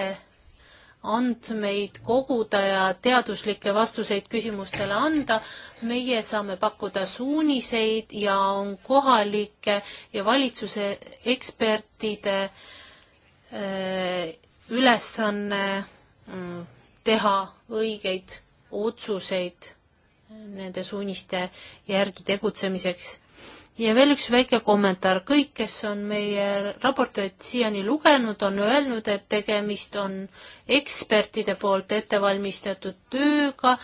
andmeid koguda ja teaduslikke vastuseid küsimustele anda. meie saame pakkuda suuniseid ja on kohalike ja valitsuse ekspertide äh, ülesanne mm, teha õigeid otsuseid nende suuniste järgi tegutsemiseks. ja veel üks väike kommentaar, kõik, kes on meie raportööd siiani lugenud, on öelnud, et tegemist on ekspertide poolt ettevalmistatud tööga,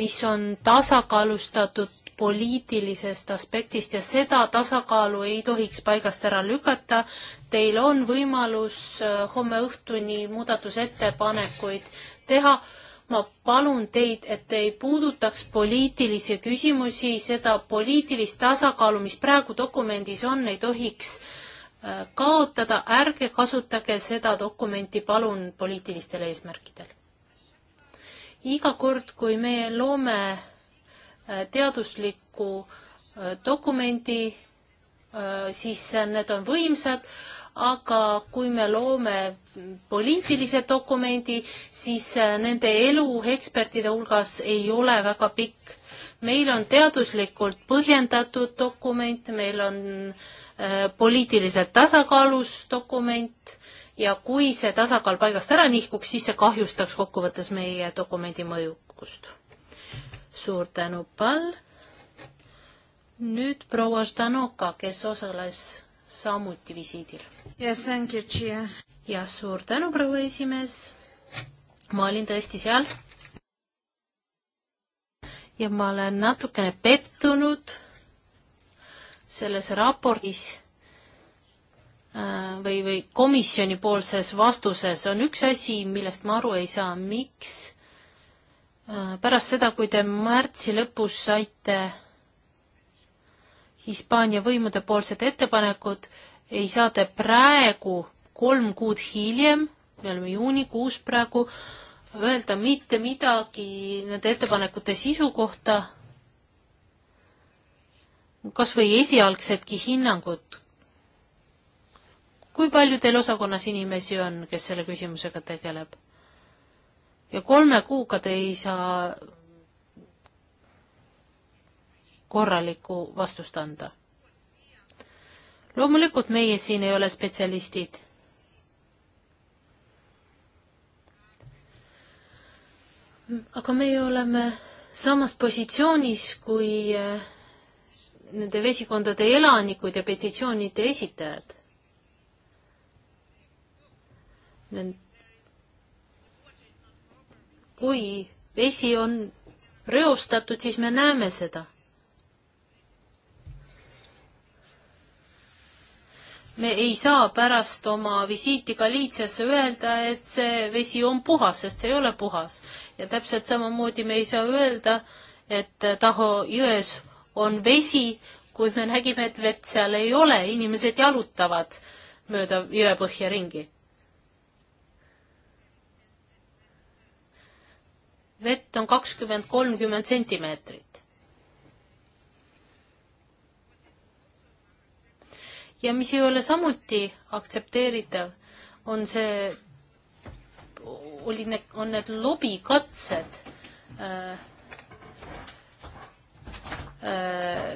mis on tasakaalustatud poliitilisest aspektist ja seda tasakaalu ei tohiks paigast ära lükata. Teil on võimalus äh, homme õhtuni muudatusettepanekuid teha ma palun teid, et te ei puudutaks poliitilisi küsimusi, seda poliitilist tasakaalu, mis praegu dokumendis on, ei tohiks äh, kaotada, ärge kasutage seda dokumenti palun poliitilistel eesmärkidel. iga kord, kui me loome äh, teadusliku äh, dokumendi, siis need on võimsad, aga kui me loome poliitilise dokumendi, siis äh, nende elu ekspertide hulgas ei ole väga pikk. meil on teaduslikult põhjendatud dokument, meil on äh, poliitiliselt tasakaalus dokument ja kui see tasakaal paigast ära nihkuks, siis see kahjustaks kokkuvõttes meie dokumendi mõjukust. suur tänu, Pall. nüüd proua Ždanoka, kes osales samuti visiidil. ja suur tänu, proua esimees. ma olin tõesti seal. ja ma olen natukene pettunud selles raportis äh, või, või komisjonipoolses vastuses on üks asi, millest ma aru ei saa, miks äh, pärast seda, kui te märtsi lõpus saite Hispaania võimude poolsed ettepanekud ei saa te praegu, kolm kuud hiljem, me oleme juunikuus praegu, öelda mitte midagi nende ettepanekute sisu kohta, kas või esialgsedki hinnangud. kui palju teil osakonnas inimesi on, kes selle küsimusega tegeleb? ja kolme kuuga te ei saa korralikku vastust anda. loomulikult meie siin ei ole spetsialistid. aga meie oleme samas positsioonis kui äh, nende vesikondade elanikud ja petitsioonide esitajad. kui vesi on reostatud, siis me näeme seda me ei saa pärast oma visiiti Galiitsiasse öelda, et see vesi on puhas, sest see ei ole puhas. ja täpselt samamoodi me ei saa öelda, et Taho jões on vesi, kui me nägime, et vett seal ei ole, inimesed jalutavad mööda jõepõhja ringi. vett on kakskümmend, kolmkümmend sentimeetrit. ja mis ei ole samuti aktsepteeritav, on see, olid need, on need lobikatsed äh, äh,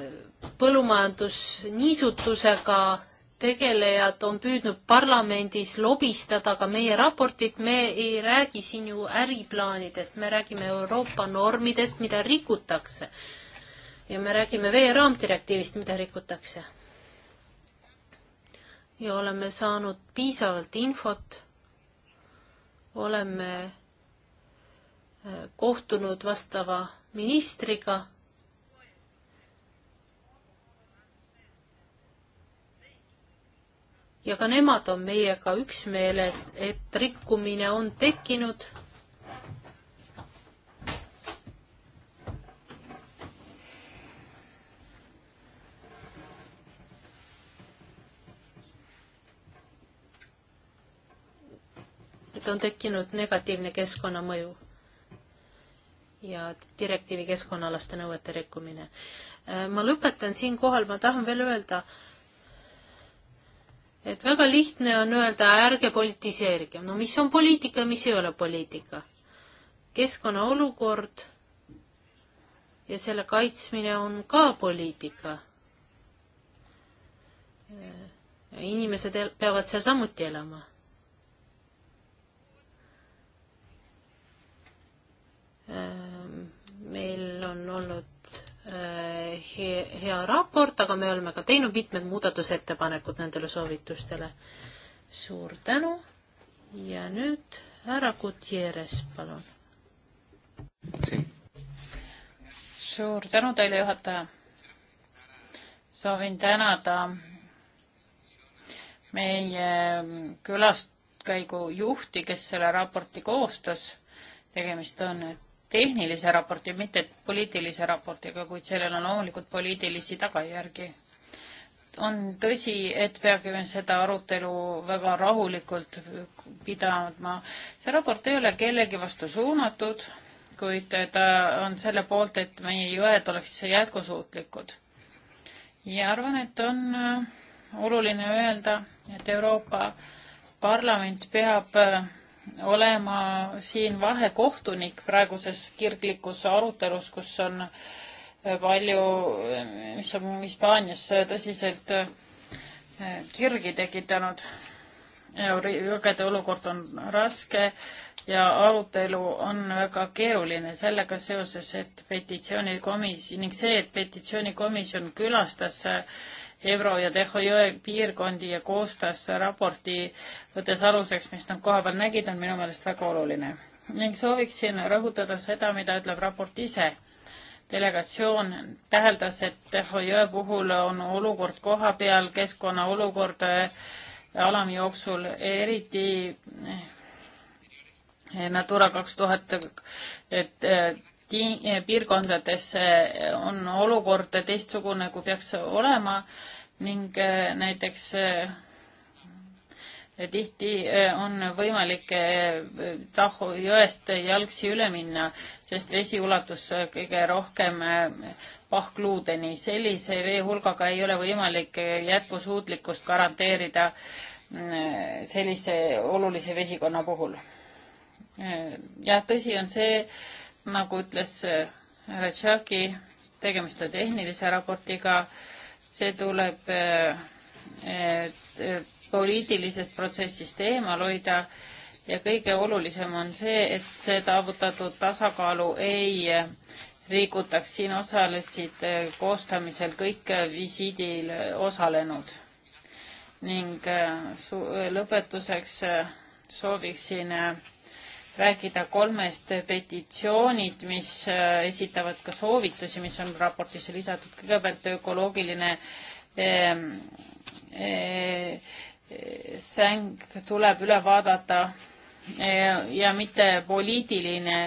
põllumajandusniisutusega tegelejad on püüdnud parlamendis lobistada ka meie raportit, me ei räägi siin ju äriplaanidest, me räägime Euroopa normidest, mida rikutakse. ja me räägime veeraamdirektiivist, mida rikutakse ja oleme saanud piisavalt infot, oleme äh, kohtunud vastava ministriga ja ka nemad on meiega üksmeeles, et rikkumine on tekkinud on tekkinud negatiivne keskkonnamõju ja direktiivi keskkonnaalaste nõuete rikkumine. Äh, ma lõpetan siinkohal, ma tahan veel öelda, et väga lihtne on öelda, ärge politiseerige. no mis on poliitika, mis ei ole poliitika? keskkonna olukord ja selle kaitsmine on ka poliitika. Äh, inimesed peavad seal samuti elama Ehm, meil on olnud eh, he-, hea raport, aga me oleme ka teinud mitmed muudatusettepanekud nendele soovitustele. suur tänu ja nüüd härra Gutierrez, palun. suur tänu teile, juhataja. soovin tänada meie külaskäigu juhti, kes selle raporti koostas. tegemist on tehnilise raporti, mitte poliitilise raportiga, kuid sellel on loomulikult poliitilisi tagajärgi. on tõsi, et peame seda arutelu väga rahulikult pidama. see raport ei ole kellegi vastu suunatud, kuid ta on selle poolt, et meie jõed oleks jätkusuutlikud. ja arvan, et on äh, oluline öelda, et Euroopa Parlament peab äh, olema siin vahekohtunik praeguses kirglikus arutelus, kus on eh, palju, eh, mis on Hispaanias tõsiselt eh, kirgi tekitanud. jõgede olukord on raske ja arutelu on väga keeruline sellega seoses, et petitsioonikomisjon ning see, et petitsioonikomisjon külastas äh, Ebro ja Teho jõe piirkondi ja koostas raporti, võttes aluseks, mis nad kohapeal nägid, on minu meelest väga oluline. ning sooviksin rõhutada seda, mida ütleb raport ise. delegatsioon täheldas, et Teho jõe puhul on olukord kohapeal, keskkonna olukord äh, alami jooksul eriti äh, Natura kaks tuhat, et äh, piirkondades on olukord teistsugune, kui peaks olema ning äh, näiteks äh, tihti äh, on võimalik Tahu jõest jalgsi üle minna, sest vesi ulatus kõige rohkem pahkluudeni. sellise vee hulgaga ei ole võimalik jätkusuutlikkust garanteerida mm, sellise olulise vesikonna puhul. jah, tõsi on see, nagu ütles äh, härra Tšaki, tegemist on tehnilise raportiga, see tuleb äh, äh, poliitilisest protsessist eemal hoida ja kõige olulisem on see, et see taavutatud tasakaalu ei liigutaks, siin osalesid koostamisel kõik visiidil osalenud. ning lõpetuseks sooviksin rääkida kolmest petitsioonid, mis äh, esitavad ka soovitusi, mis on raportisse lisatud. kõigepealt ökoloogiline eh, eh, säng tuleb üle vaadata eh, ja mitte poliitiline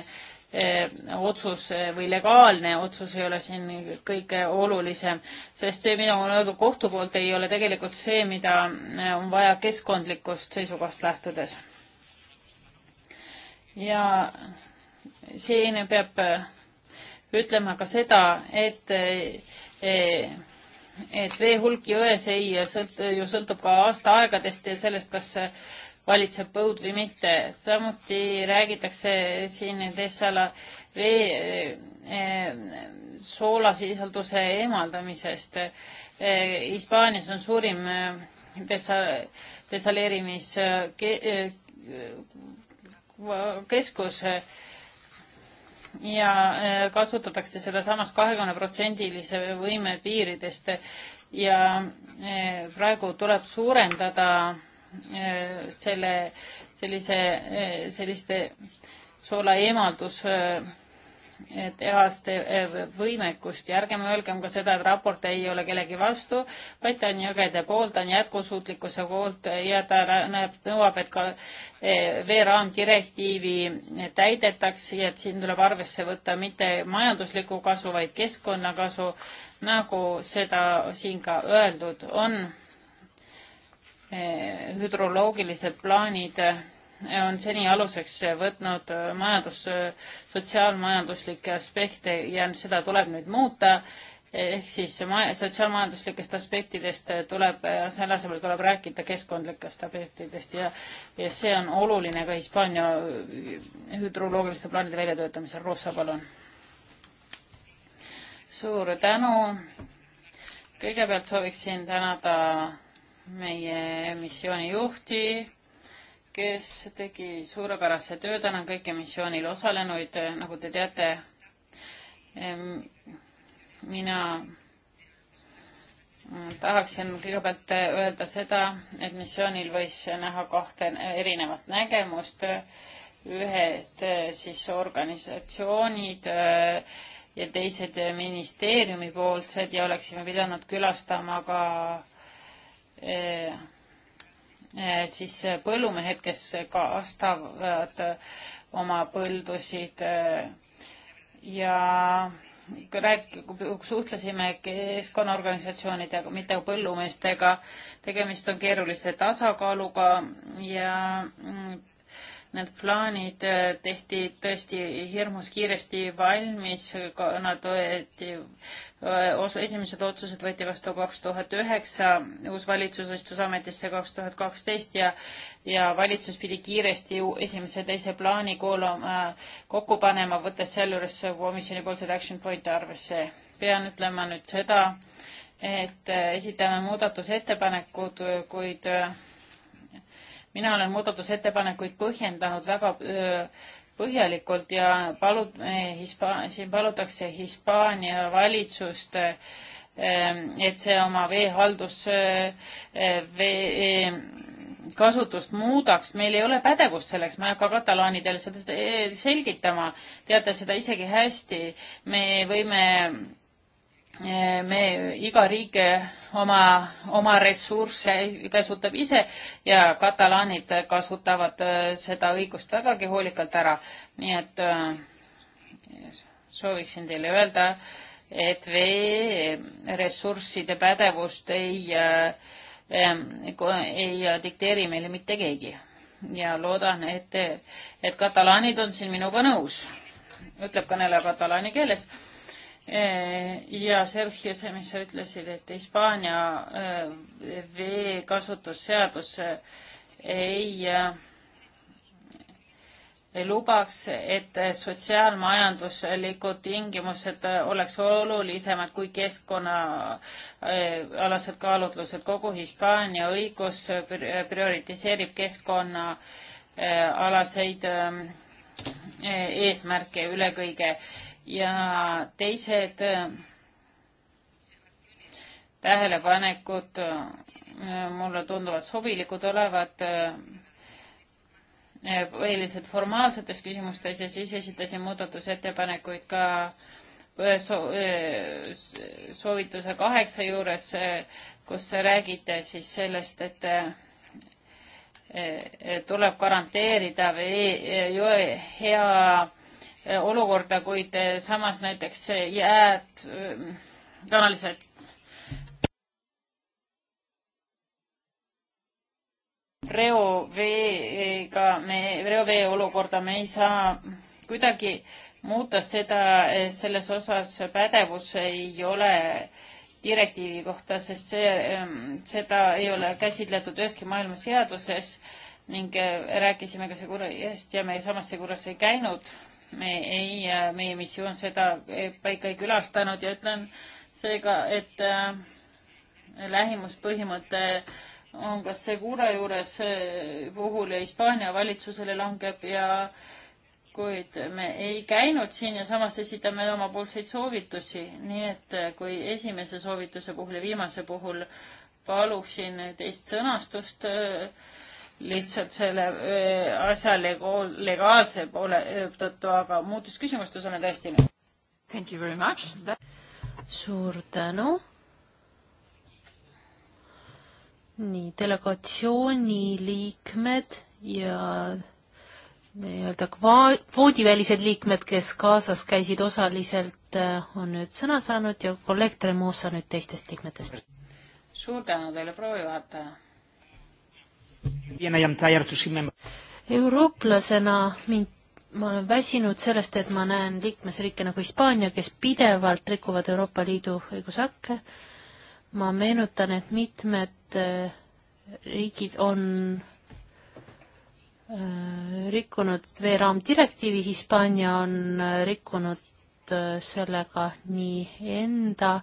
otsus või legaalne otsus ei ole siin kõige olulisem, sest see, mida on öeldud kohtu poolt, ei ole tegelikult see, mida on vaja keskkondlikust seisukohast lähtudes ja siin peab äh, ütlema ka seda, et äh, äh, et vee hulk jões ei sõlt-, ju sõltub ka aastaaegadest ja sellest, kas valitseb põud või mitte. samuti räägitakse siin Tessala vee e, soolasisalduse eemaldamisest e,. Hispaanias on suurim desa-, desaleerimis ke, e, keskus ja äh, kasutatakse sedasamast kahekümneprotsendilise võime piiridest ja äh, praegu tuleb suurendada äh, selle, sellise, selliste soola eemaldus tehaste eh, võimekust ja ärgem öelgem ka seda, et raport ei ole kellegi vastu, vaid ta on jõgede poolt, ta on jätkusuutlikkuse poolt ja ta näeb, nõuab, et ka eh, veeraamdirektiivi täidetaks ja et siin tuleb arvesse võtta mitte majanduslikku kasu, vaid keskkonnakasu, nagu seda siin ka öeldud on. Eh, hüdroloogilised plaanid on seni aluseks võtnud äh, majandus, sotsiaalmajanduslikke aspekte ja seda tuleb nüüd muuta. ehk siis sotsiaalmajanduslikest aspektidest äh, tuleb, äh, selle asemel tuleb rääkida keskkondlikest aspektidest ja, ja see on oluline ka Hispaania hüdroloogiliste plaanide väljatöötamisel. Rosa, palun. suur tänu. kõigepealt sooviksin tänada meie missiooni juhti kes tegi suurepärase töö, tänan kõiki missioonil osalenuid, nagu te teate, ehm, mina mm, tahaksin kõigepealt öelda seda, et missioonil võis näha kahte erinevat nägemust, ühest eh, siis organisatsioonid eh, ja teised eh, ministeeriumipoolsed ja oleksime pidanud külastama ka Eh, siis eh, põllumehed, kes kastavad eh, oma põldusid ja rääk-, suhtlesime keskkonnaorganisatsioonidega, mitte põllumeestega. tegemist on keerulise tasakaaluga ja mm, Need plaanid äh, tehti tõesti hirmus kiiresti valmis, nad võeti, äh, esimesed otsused võeti vastu kaks tuhat üheksa, uus valitsus astus ametisse kaks tuhat kaksteist ja, ja valitsus pidi kiiresti esimese ja teise plaani koolama, äh, kokku panema, võttes sealjuures komisjonipoolsed action point'e arvesse. pean ütlema nüüd seda, et esitame muudatusettepanekud, kuid mina olen muudatusettepanekuid põhjendanud väga põhjalikult ja palud- eh,, Hispa-, siin palutakse Hispaania valitsust eh, et see oma veehaldus eh, vee, eh, kasutust muudaks, meil ei ole pädevust selleks, ma ei hakka katalaanidele seda eh, selgitama, teate seda isegi hästi, me võime Eh, me, iga riik oma, oma ressursse käsutab ise ja katalaanid kasutavad eh, seda õigust vägagi hoolikalt ära. nii et eh, sooviksin teile öelda, et veeressursside pädevust ei, ei dikteeri meile mitte keegi. ja loodan, et, et katalaanid on siin minuga nõus, ütleb kõneleja katalaani keeles Eh, ja Sergio, see, mis sa ütlesid, et Hispaania eh, veekasutusseadus ei, eh, ei lubaks, et sotsiaalmajanduslikud tingimused oleks olulisemad kui keskkonnaalased kaalutlused. kogu Hispaania õigus prioritiseerib keskkonnaalaseid eesmärke üle kõige ja teised äh, tähelepanekud äh, mulle tunduvad sobilikud olevat äh, põhiliselt formaalsetes küsimustes ja siis esitasin muudatusettepanekuid ka soo soovituse kaheksa juures, kus räägite siis sellest, et tuleb garanteerida vee, jõe hea Eh, olukorda, kuid eh, samas näiteks jääd, eh, kanalised reoveega me, reovee olukorda me ei saa kuidagi muuta seda, selles osas pädevus ei ole direktiivi kohta, sest see, seda ei ole käsitletud üheski maailma seaduses ning rääkisime ka see kurjast ja me samas see kurjast ei käinud me ei, äh, meie missioon seda äh, paika ei külastanud ja ütlen seega, et äh, lähimuspõhimõte on kas Segura juures äh, puhul ja Hispaania valitsusele langeb ja kuid me ei käinud siin ja samas esitame omapoolseid soovitusi, nii et kui esimese soovituse puhul ja viimase puhul paluksin teist sõnastust äh, lihtsalt selle äh, asja legaalse poole äh, tõttu, aga muudes küsimustes olen täiesti nõus. Thank you very much That.... suur tänu. nii, delegatsiooni liikmed ja nii-öelda kvoodivälised liikmed, kes kaasas käisid osaliselt, äh, on nüüd sõna saanud ja kolleeg Tremosa nüüd teistest liikmetest. suur tänu teile, proua juhataja eurooplasena mind, ma olen väsinud sellest, et ma näen liikmesriike nagu Hispaania, kes pidevalt rikuvad Euroopa Liidu õigusakke. ma meenutan, et mitmed äh, riigid on äh, rikkunud veeraamdirektiivi, Hispaania on äh, rikkunud sellega nii enda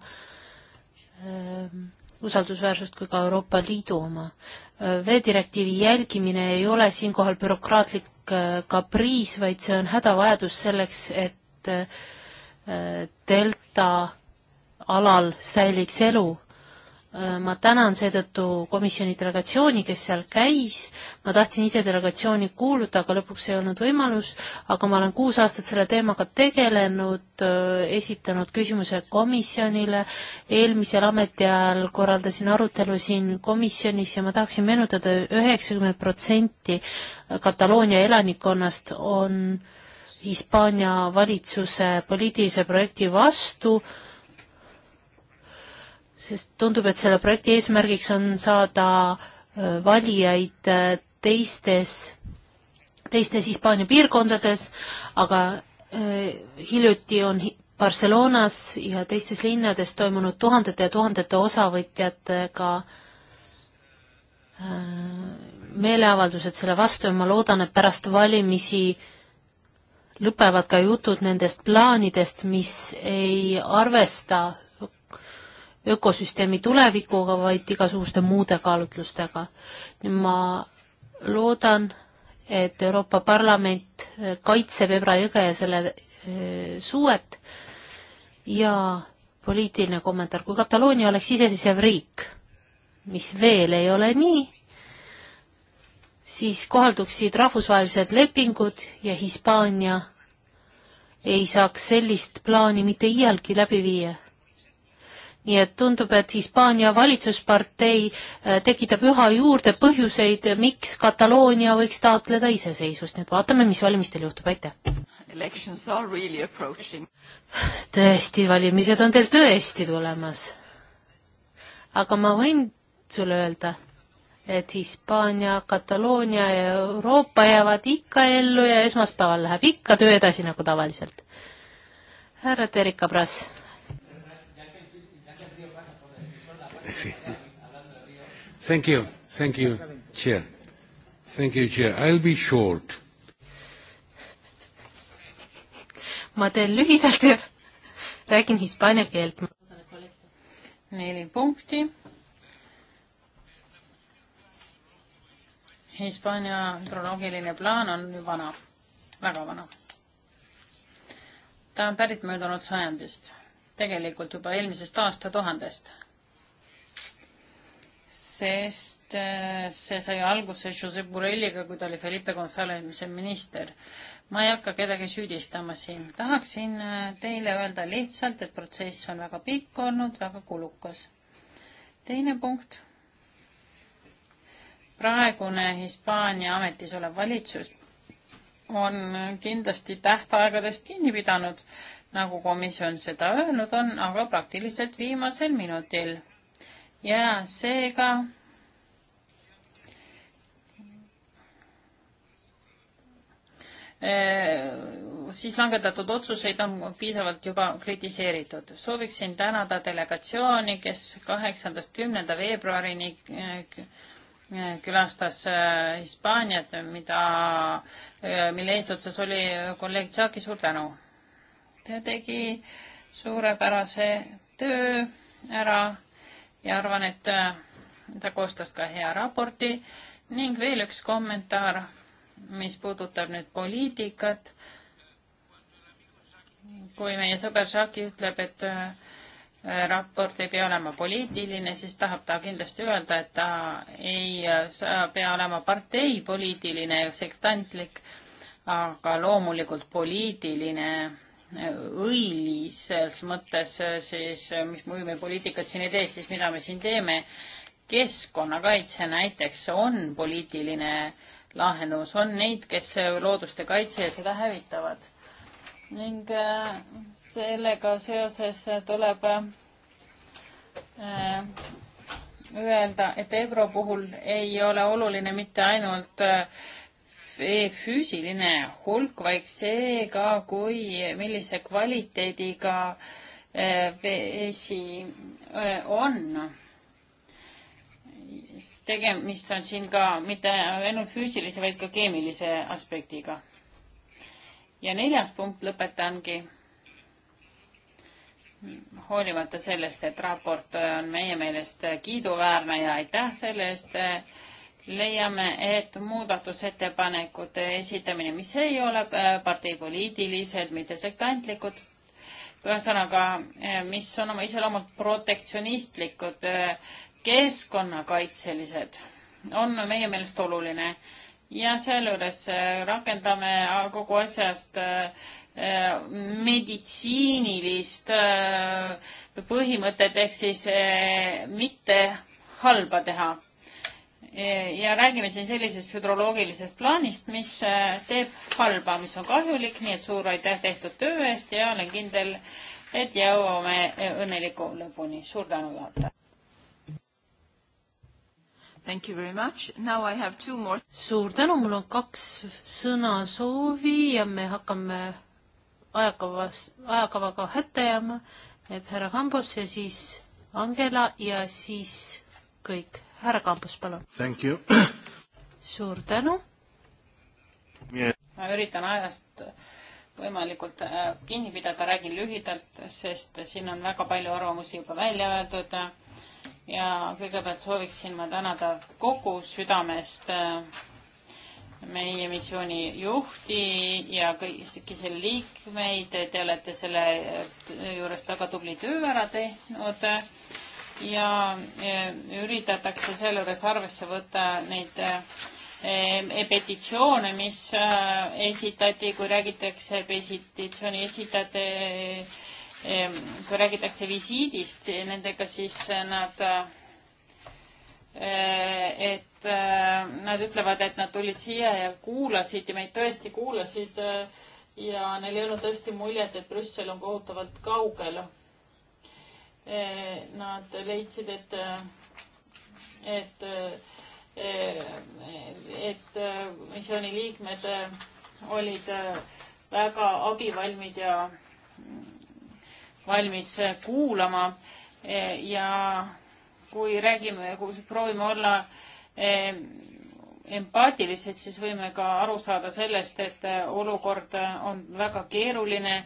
usaldusväärsust kui ka Euroopa Liidu oma veedirektiivi jälgimine ei ole siinkohal bürokraatlik äh, kapriis, vaid see on hädavajadus selleks, et äh, delta alal säiliks elu Äh, ma tänan seetõttu komisjoni delegatsiooni, kes seal käis, ma tahtsin ise delegatsiooni kuuluda, aga lõpuks ei olnud võimalus, aga ma olen kuus aastat selle teemaga tegelenud, äh, esitanud küsimuse komisjonile, eelmisel ametiajal korraldasin arutelu siin komisjonis ja ma tahaksin meenutada, üheksakümmend protsenti Kataloonia elanikkonnast on Hispaania valitsuse poliitilise projekti vastu, sest tundub, et selle projekti eesmärgiks on saada äh, valijaid äh, teistes, teistes Hispaania piirkondades, aga äh, hiljuti on Barcelonas ja teistes linnades toimunud tuhandete ja tuhandete osavõtjatega meeleavaldused selle vastu ja ma loodan, et pärast valimisi lõpevad ka jutud nendest plaanidest, mis ei arvesta ökosüsteemi tulevikuga, vaid igasuguste muude kaalutlustega. ma loodan, et Euroopa Parlament kaitseb Ebra jõge ja selle eh, suuet ja poliitiline kommentaar, kui Kataloonia oleks iseseisev riik, mis veel ei ole nii, siis kohalduksid rahvusvahelised lepingud ja Hispaania ei saaks sellist plaani mitte iialgi läbi viia nii et tundub, et Hispaania valitsuspartei äh, tekitab üha juurde põhjuseid, äh, miks Kataloonia võiks taotleda iseseisvust, nii et vaatame, mis valimistel juhtub, aitäh! Really tõesti, valimised on teil tõesti tulemas. aga ma võin sulle öelda, et Hispaania, Kataloonia ja Euroopa jäävad ikka ellu ja esmaspäeval läheb ikka töö edasi nagu tavaliselt. härra Terika Pras Thank you. Thank you, Chair. Thank you, Chair. I'll be short. ma teen lühidalt ja räägin hispaania keelt. neli punkti. Hispaania kronoloogiline plaan on vana, väga vana. ta on pärit möödunud sajandist, tegelikult juba eelmisest aastatuhandest sest äh, see sai alguse Josep Borrelliga, kui ta oli Felipe Gonzalez'e minister. ma ei hakka kedagi süüdistama siin, tahaksin äh, teile öelda lihtsalt, et protsess on väga pikk olnud, väga kulukas. teine punkt. praegune Hispaania ametis olev valitsus on kindlasti tähtaegadest kinni pidanud, nagu komisjon seda öelnud on, aga praktiliselt viimasel minutil ja seega eh, siis langetatud otsuseid on piisavalt juba kritiseeritud. sooviksin tänada delegatsiooni, kes kaheksandast kümnenda veebruarini eh, külastas eh, Hispaaniat, mida, mille eesotsas oli kolleeg Tšaki, suur tänu. ta tegi suurepärase töö ära ja arvan, et äh, ta koostas ka hea raporti ning veel üks kommentaar, mis puudutab nüüd poliitikat. kui meie sõber Shaki ütleb, et äh, raport ei pea olema poliitiline, siis tahab ta kindlasti öelda, et ta ei äh, pea olema parteipoliitiline ja sektantlik, aga loomulikult poliitiline õilises mõttes äh, siis, äh, mis muidu me poliitikat siin ei tee, siis mida me siin teeme, keskkonnakaitse näiteks on poliitiline lahendus, on neid, kes äh, looduste kaitse ja seda hävitavad. ning sellega seoses tuleb öelda, et Ebro puhul ei ole oluline mitte ainult äh, füüsiline hulk, vaid see ka, kui, millise kvaliteediga eh, vesi eh, on. tegemist on siin ka mitte ainult füüsilise, vaid ka keemilise aspektiga. ja neljas punkt lõpetangi. hoolimata sellest, et raport on meie meelest kiiduväärne ja aitäh selle eest eh, leiame, et muudatusettepanekute esitamine, mis ei ole äh, parteipoliitilised, mitte sektantlikud, ühesõnaga, äh, mis on oma iseloomult protektsionistlikud, äh, keskkonnakaitselised, on meie meelest oluline ja sealjuures rakendame kogu asjast meditsiinilist põhimõtet ehk siis mitte halba teha ja räägime siin sellisest hüdroloogilisest plaanist, mis äh, teeb halba, mis on kahjulik, nii et suur aitäh tehtud töö eest ja olen kindel, et jõuame äh, õnneliku lõpuni. suur tänu, juhataja! Thank you very much. Now I have two more. suur tänu, mul on kaks sõnasoovi ja me hakkame ajakavas, ajakavaga hätta jääma, et härra Hambos ja siis Angela ja siis kõik härra Kampus, palun. suur tänu yeah.. ma üritan ajast võimalikult äh, kinni pidada, räägin lühidalt, sest siin on väga palju arvamusi juba välja öeldud. ja kõigepealt sooviksin ma tänada kogu südamest äh, meie missiooni juhti ja kõiki selle liikmeid, te olete selle äh, juures väga tubli töö ära teinud ja üritatakse sealjuures arvesse võtta neid eh, e-, petitsioone, mis eh, esitati, kui räägitakse petitsiooni esitajate, eh, kui räägitakse visiidist nendega, siis nad, et nad ütlevad, et nad tulid siia ja kuulasid ja meid tõesti kuulasid ja neil ei olnud tõesti muljet, et Brüssel on kohutavalt kaugel Eh, nad leidsid, et, eh, et, eh, et missiooni liikmed olid väga abivalmid ja mm, valmis kuulama ja kui räägime, kui proovime olla empaatilised, siis võime ka aru saada sellest, et äh, olukord äh, on väga keeruline,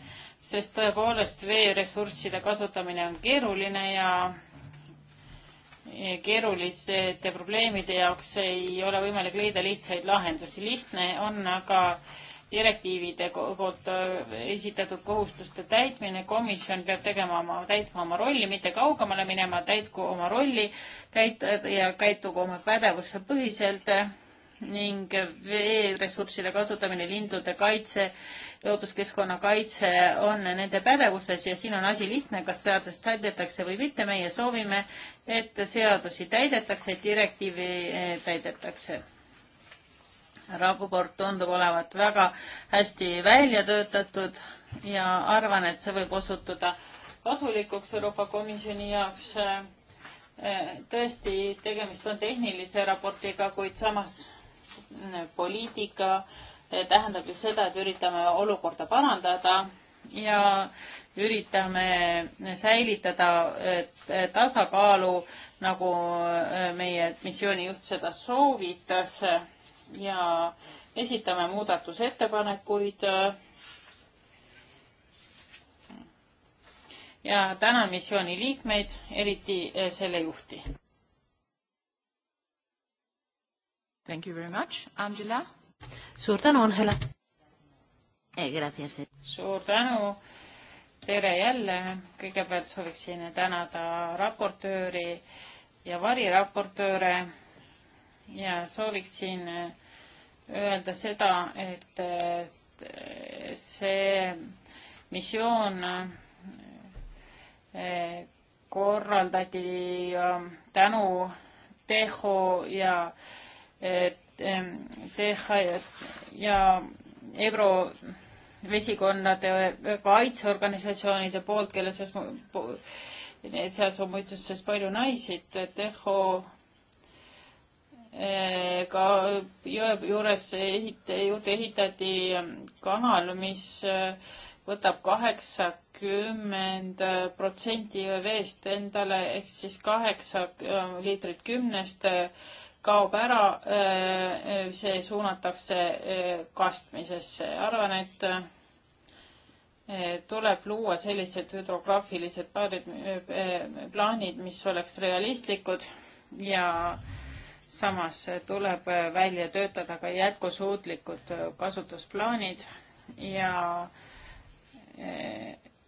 sest tõepoolest veeressursside kasutamine on keeruline ja keeruliste probleemide jaoks ei ole võimalik leida lihtsaid lahendusi. lihtne on aga direktiivide poolt äh, esitatud kohustuste täitmine, komisjon peab tegema oma, täitma oma rolli, mitte kaugemale minema, täitku oma rolli, käit- ja käitugu oma pädevuse põhiselt ning veeressursside kasutamine, lindude kaitse, looduskeskkonna kaitse on nende pädevuses ja siin on asi lihtne, kas seadust täidetakse või mitte. meie soovime, et seadusi täidetakse, direktiivi eh, täidetakse. raport tundub olevat väga hästi välja töötatud ja arvan, et see võib osutuda kasulikuks Euroopa Komisjoni jaoks eh, tõesti, tegemist on tehnilise raportiga, kuid samas poliitika eh, tähendab ju seda, et üritame olukorda parandada ja üritame säilitada eh, tasakaalu, nagu eh, meie missioonijuht seda soovitas ja esitame muudatusettepanekuid. ja tänan missiooni liikmeid, eriti selle juhti. Thank you very much, Angela. suur tänu, Angela hey,. Eh, suur tänu. tere jälle. kõigepealt sooviksin tänada raportööri ja variraportööre ja sooviksin öelda seda, et eh, see missioon eh, korraldati tänu Teho ja äh, THS ja Ebro vesikonnade kaitseorganisatsioonide poolt, kelle seas, seas on muidsuses palju naisi, et Teho eh, ka jõe juures ehit-, juurde ehitati kanal, mis eh, võtab kaheksakümmend eh, protsenti jõe veest endale ehk siis kaheksa liitrit kümnest kaob ära, see suunatakse kastmisesse. arvan, et tuleb luua sellised hüdrograafilised paarid, plaanid, mis oleks realistlikud ja samas tuleb välja töötada ka jätkusuutlikud kasutusplaanid ja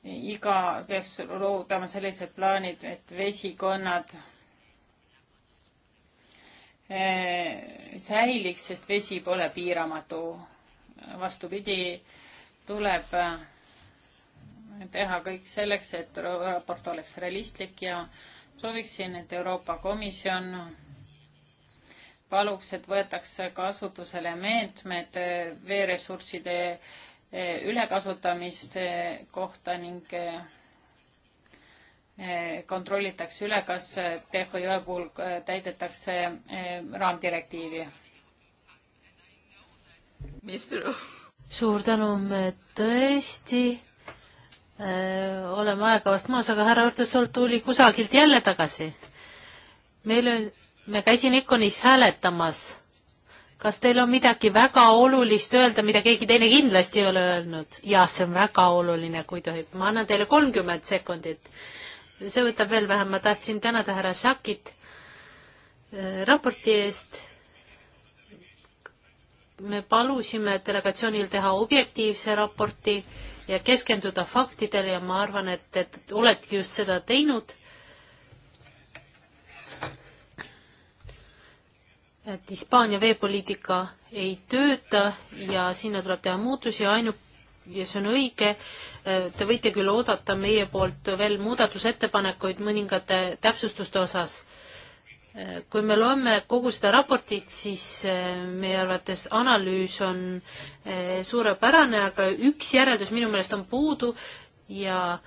iga peaks loodama sellised plaanid, et vesikonnad Eh, säiliks, sest vesi pole piiramatu. vastupidi, tuleb eh, teha kõik selleks, et raport oleks realistlik ja sooviksin, et Euroopa Komisjon paluks, et võetaks kasutusele meetmed eh, veeressursside ülekasutamise kohta ning Eh, kontrollitakse üle, kas eh, THÜ puhul eh, täidetakse raamdirektiivi. suur tänu, me tõesti öö, oleme ajakavast maas, aga härra Ortesol tuli kusagilt jälle tagasi. meil on, ma käisin Iconis hääletamas. kas teil on midagi väga olulist öelda, mida keegi teine kindlasti ei ole öelnud? jah, see on väga oluline, kui tohib. ma annan teile kolmkümmend sekundit see võtab veel vähem, ma tahtsin tänada härra Šakit äh, raporti eest. me palusime delegatsioonil teha objektiivse raporti ja keskenduda faktidele ja ma arvan, et, et oledki just seda teinud. et Hispaania veepoliitika ei tööta ja sinna tuleb teha muutusi, ainult ja see on õige. Te võite küll oodata meie poolt veel muudatusettepanekuid mõningate täpsustuste osas. kui me loeme kogu seda raportit, siis eh, meie arvates analüüs on eh, suurepärane, aga üks järeldus minu meelest on puudu ja äh,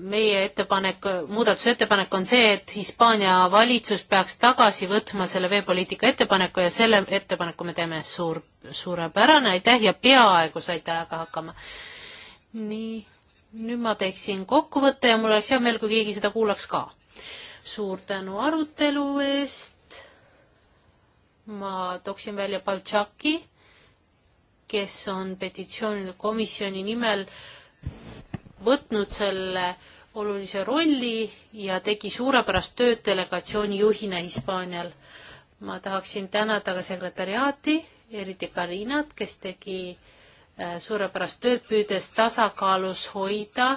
meie ettepanek, muudatusettepanek on see, et Hispaania valitsus peaks tagasi võtma selle veepoliitika ettepaneku ja selle ettepaneku me teeme suur, suurepärane, aitäh ja peaaegu saite ajaga hakkama. nii, nüüd ma teeksin kokkuvõtte ja mul oleks hea meel, kui keegi seda kuulaks ka. suur tänu arutelu eest. ma tooksin välja Baltšaki, kes on petitsioonide komisjoni nimel äh, võtnud selle olulise rolli ja tegi suurepärast tööd delegatsiooni juhina Hispaanial. ma tahaksin tänada ka sekretäriaati, eriti Karinat, kes tegi äh, suurepärast tööd, püüdes tasakaalus hoida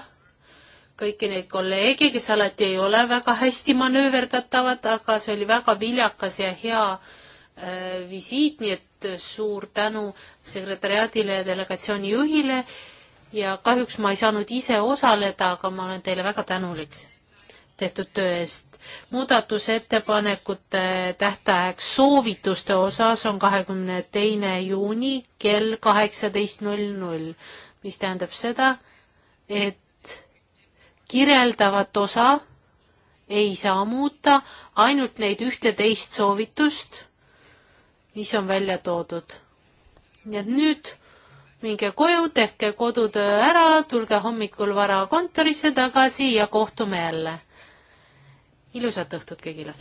kõiki neid kolleege, kes alati ei ole väga hästi manööverdatavad, aga see oli väga viljakas ja hea äh, visiit, nii et suur tänu sekretäriaadile ja delegatsiooni juhile ja kahjuks ma ei saanud ise osaleda, aga ma olen teile väga tänulik tehtud töö eest. muudatusettepanekute tähtajaks soovituste osas on kahekümne teine juuni kell kaheksateist null null, mis tähendab seda, et kirjeldavat osa ei saa muuta, ainult neid ühte-teist soovitust, mis on välja toodud. nii et nüüd minge koju, tehke kodutöö ära, tulge hommikul vara kontorisse tagasi ja kohtume jälle. ilusat õhtut kõigile!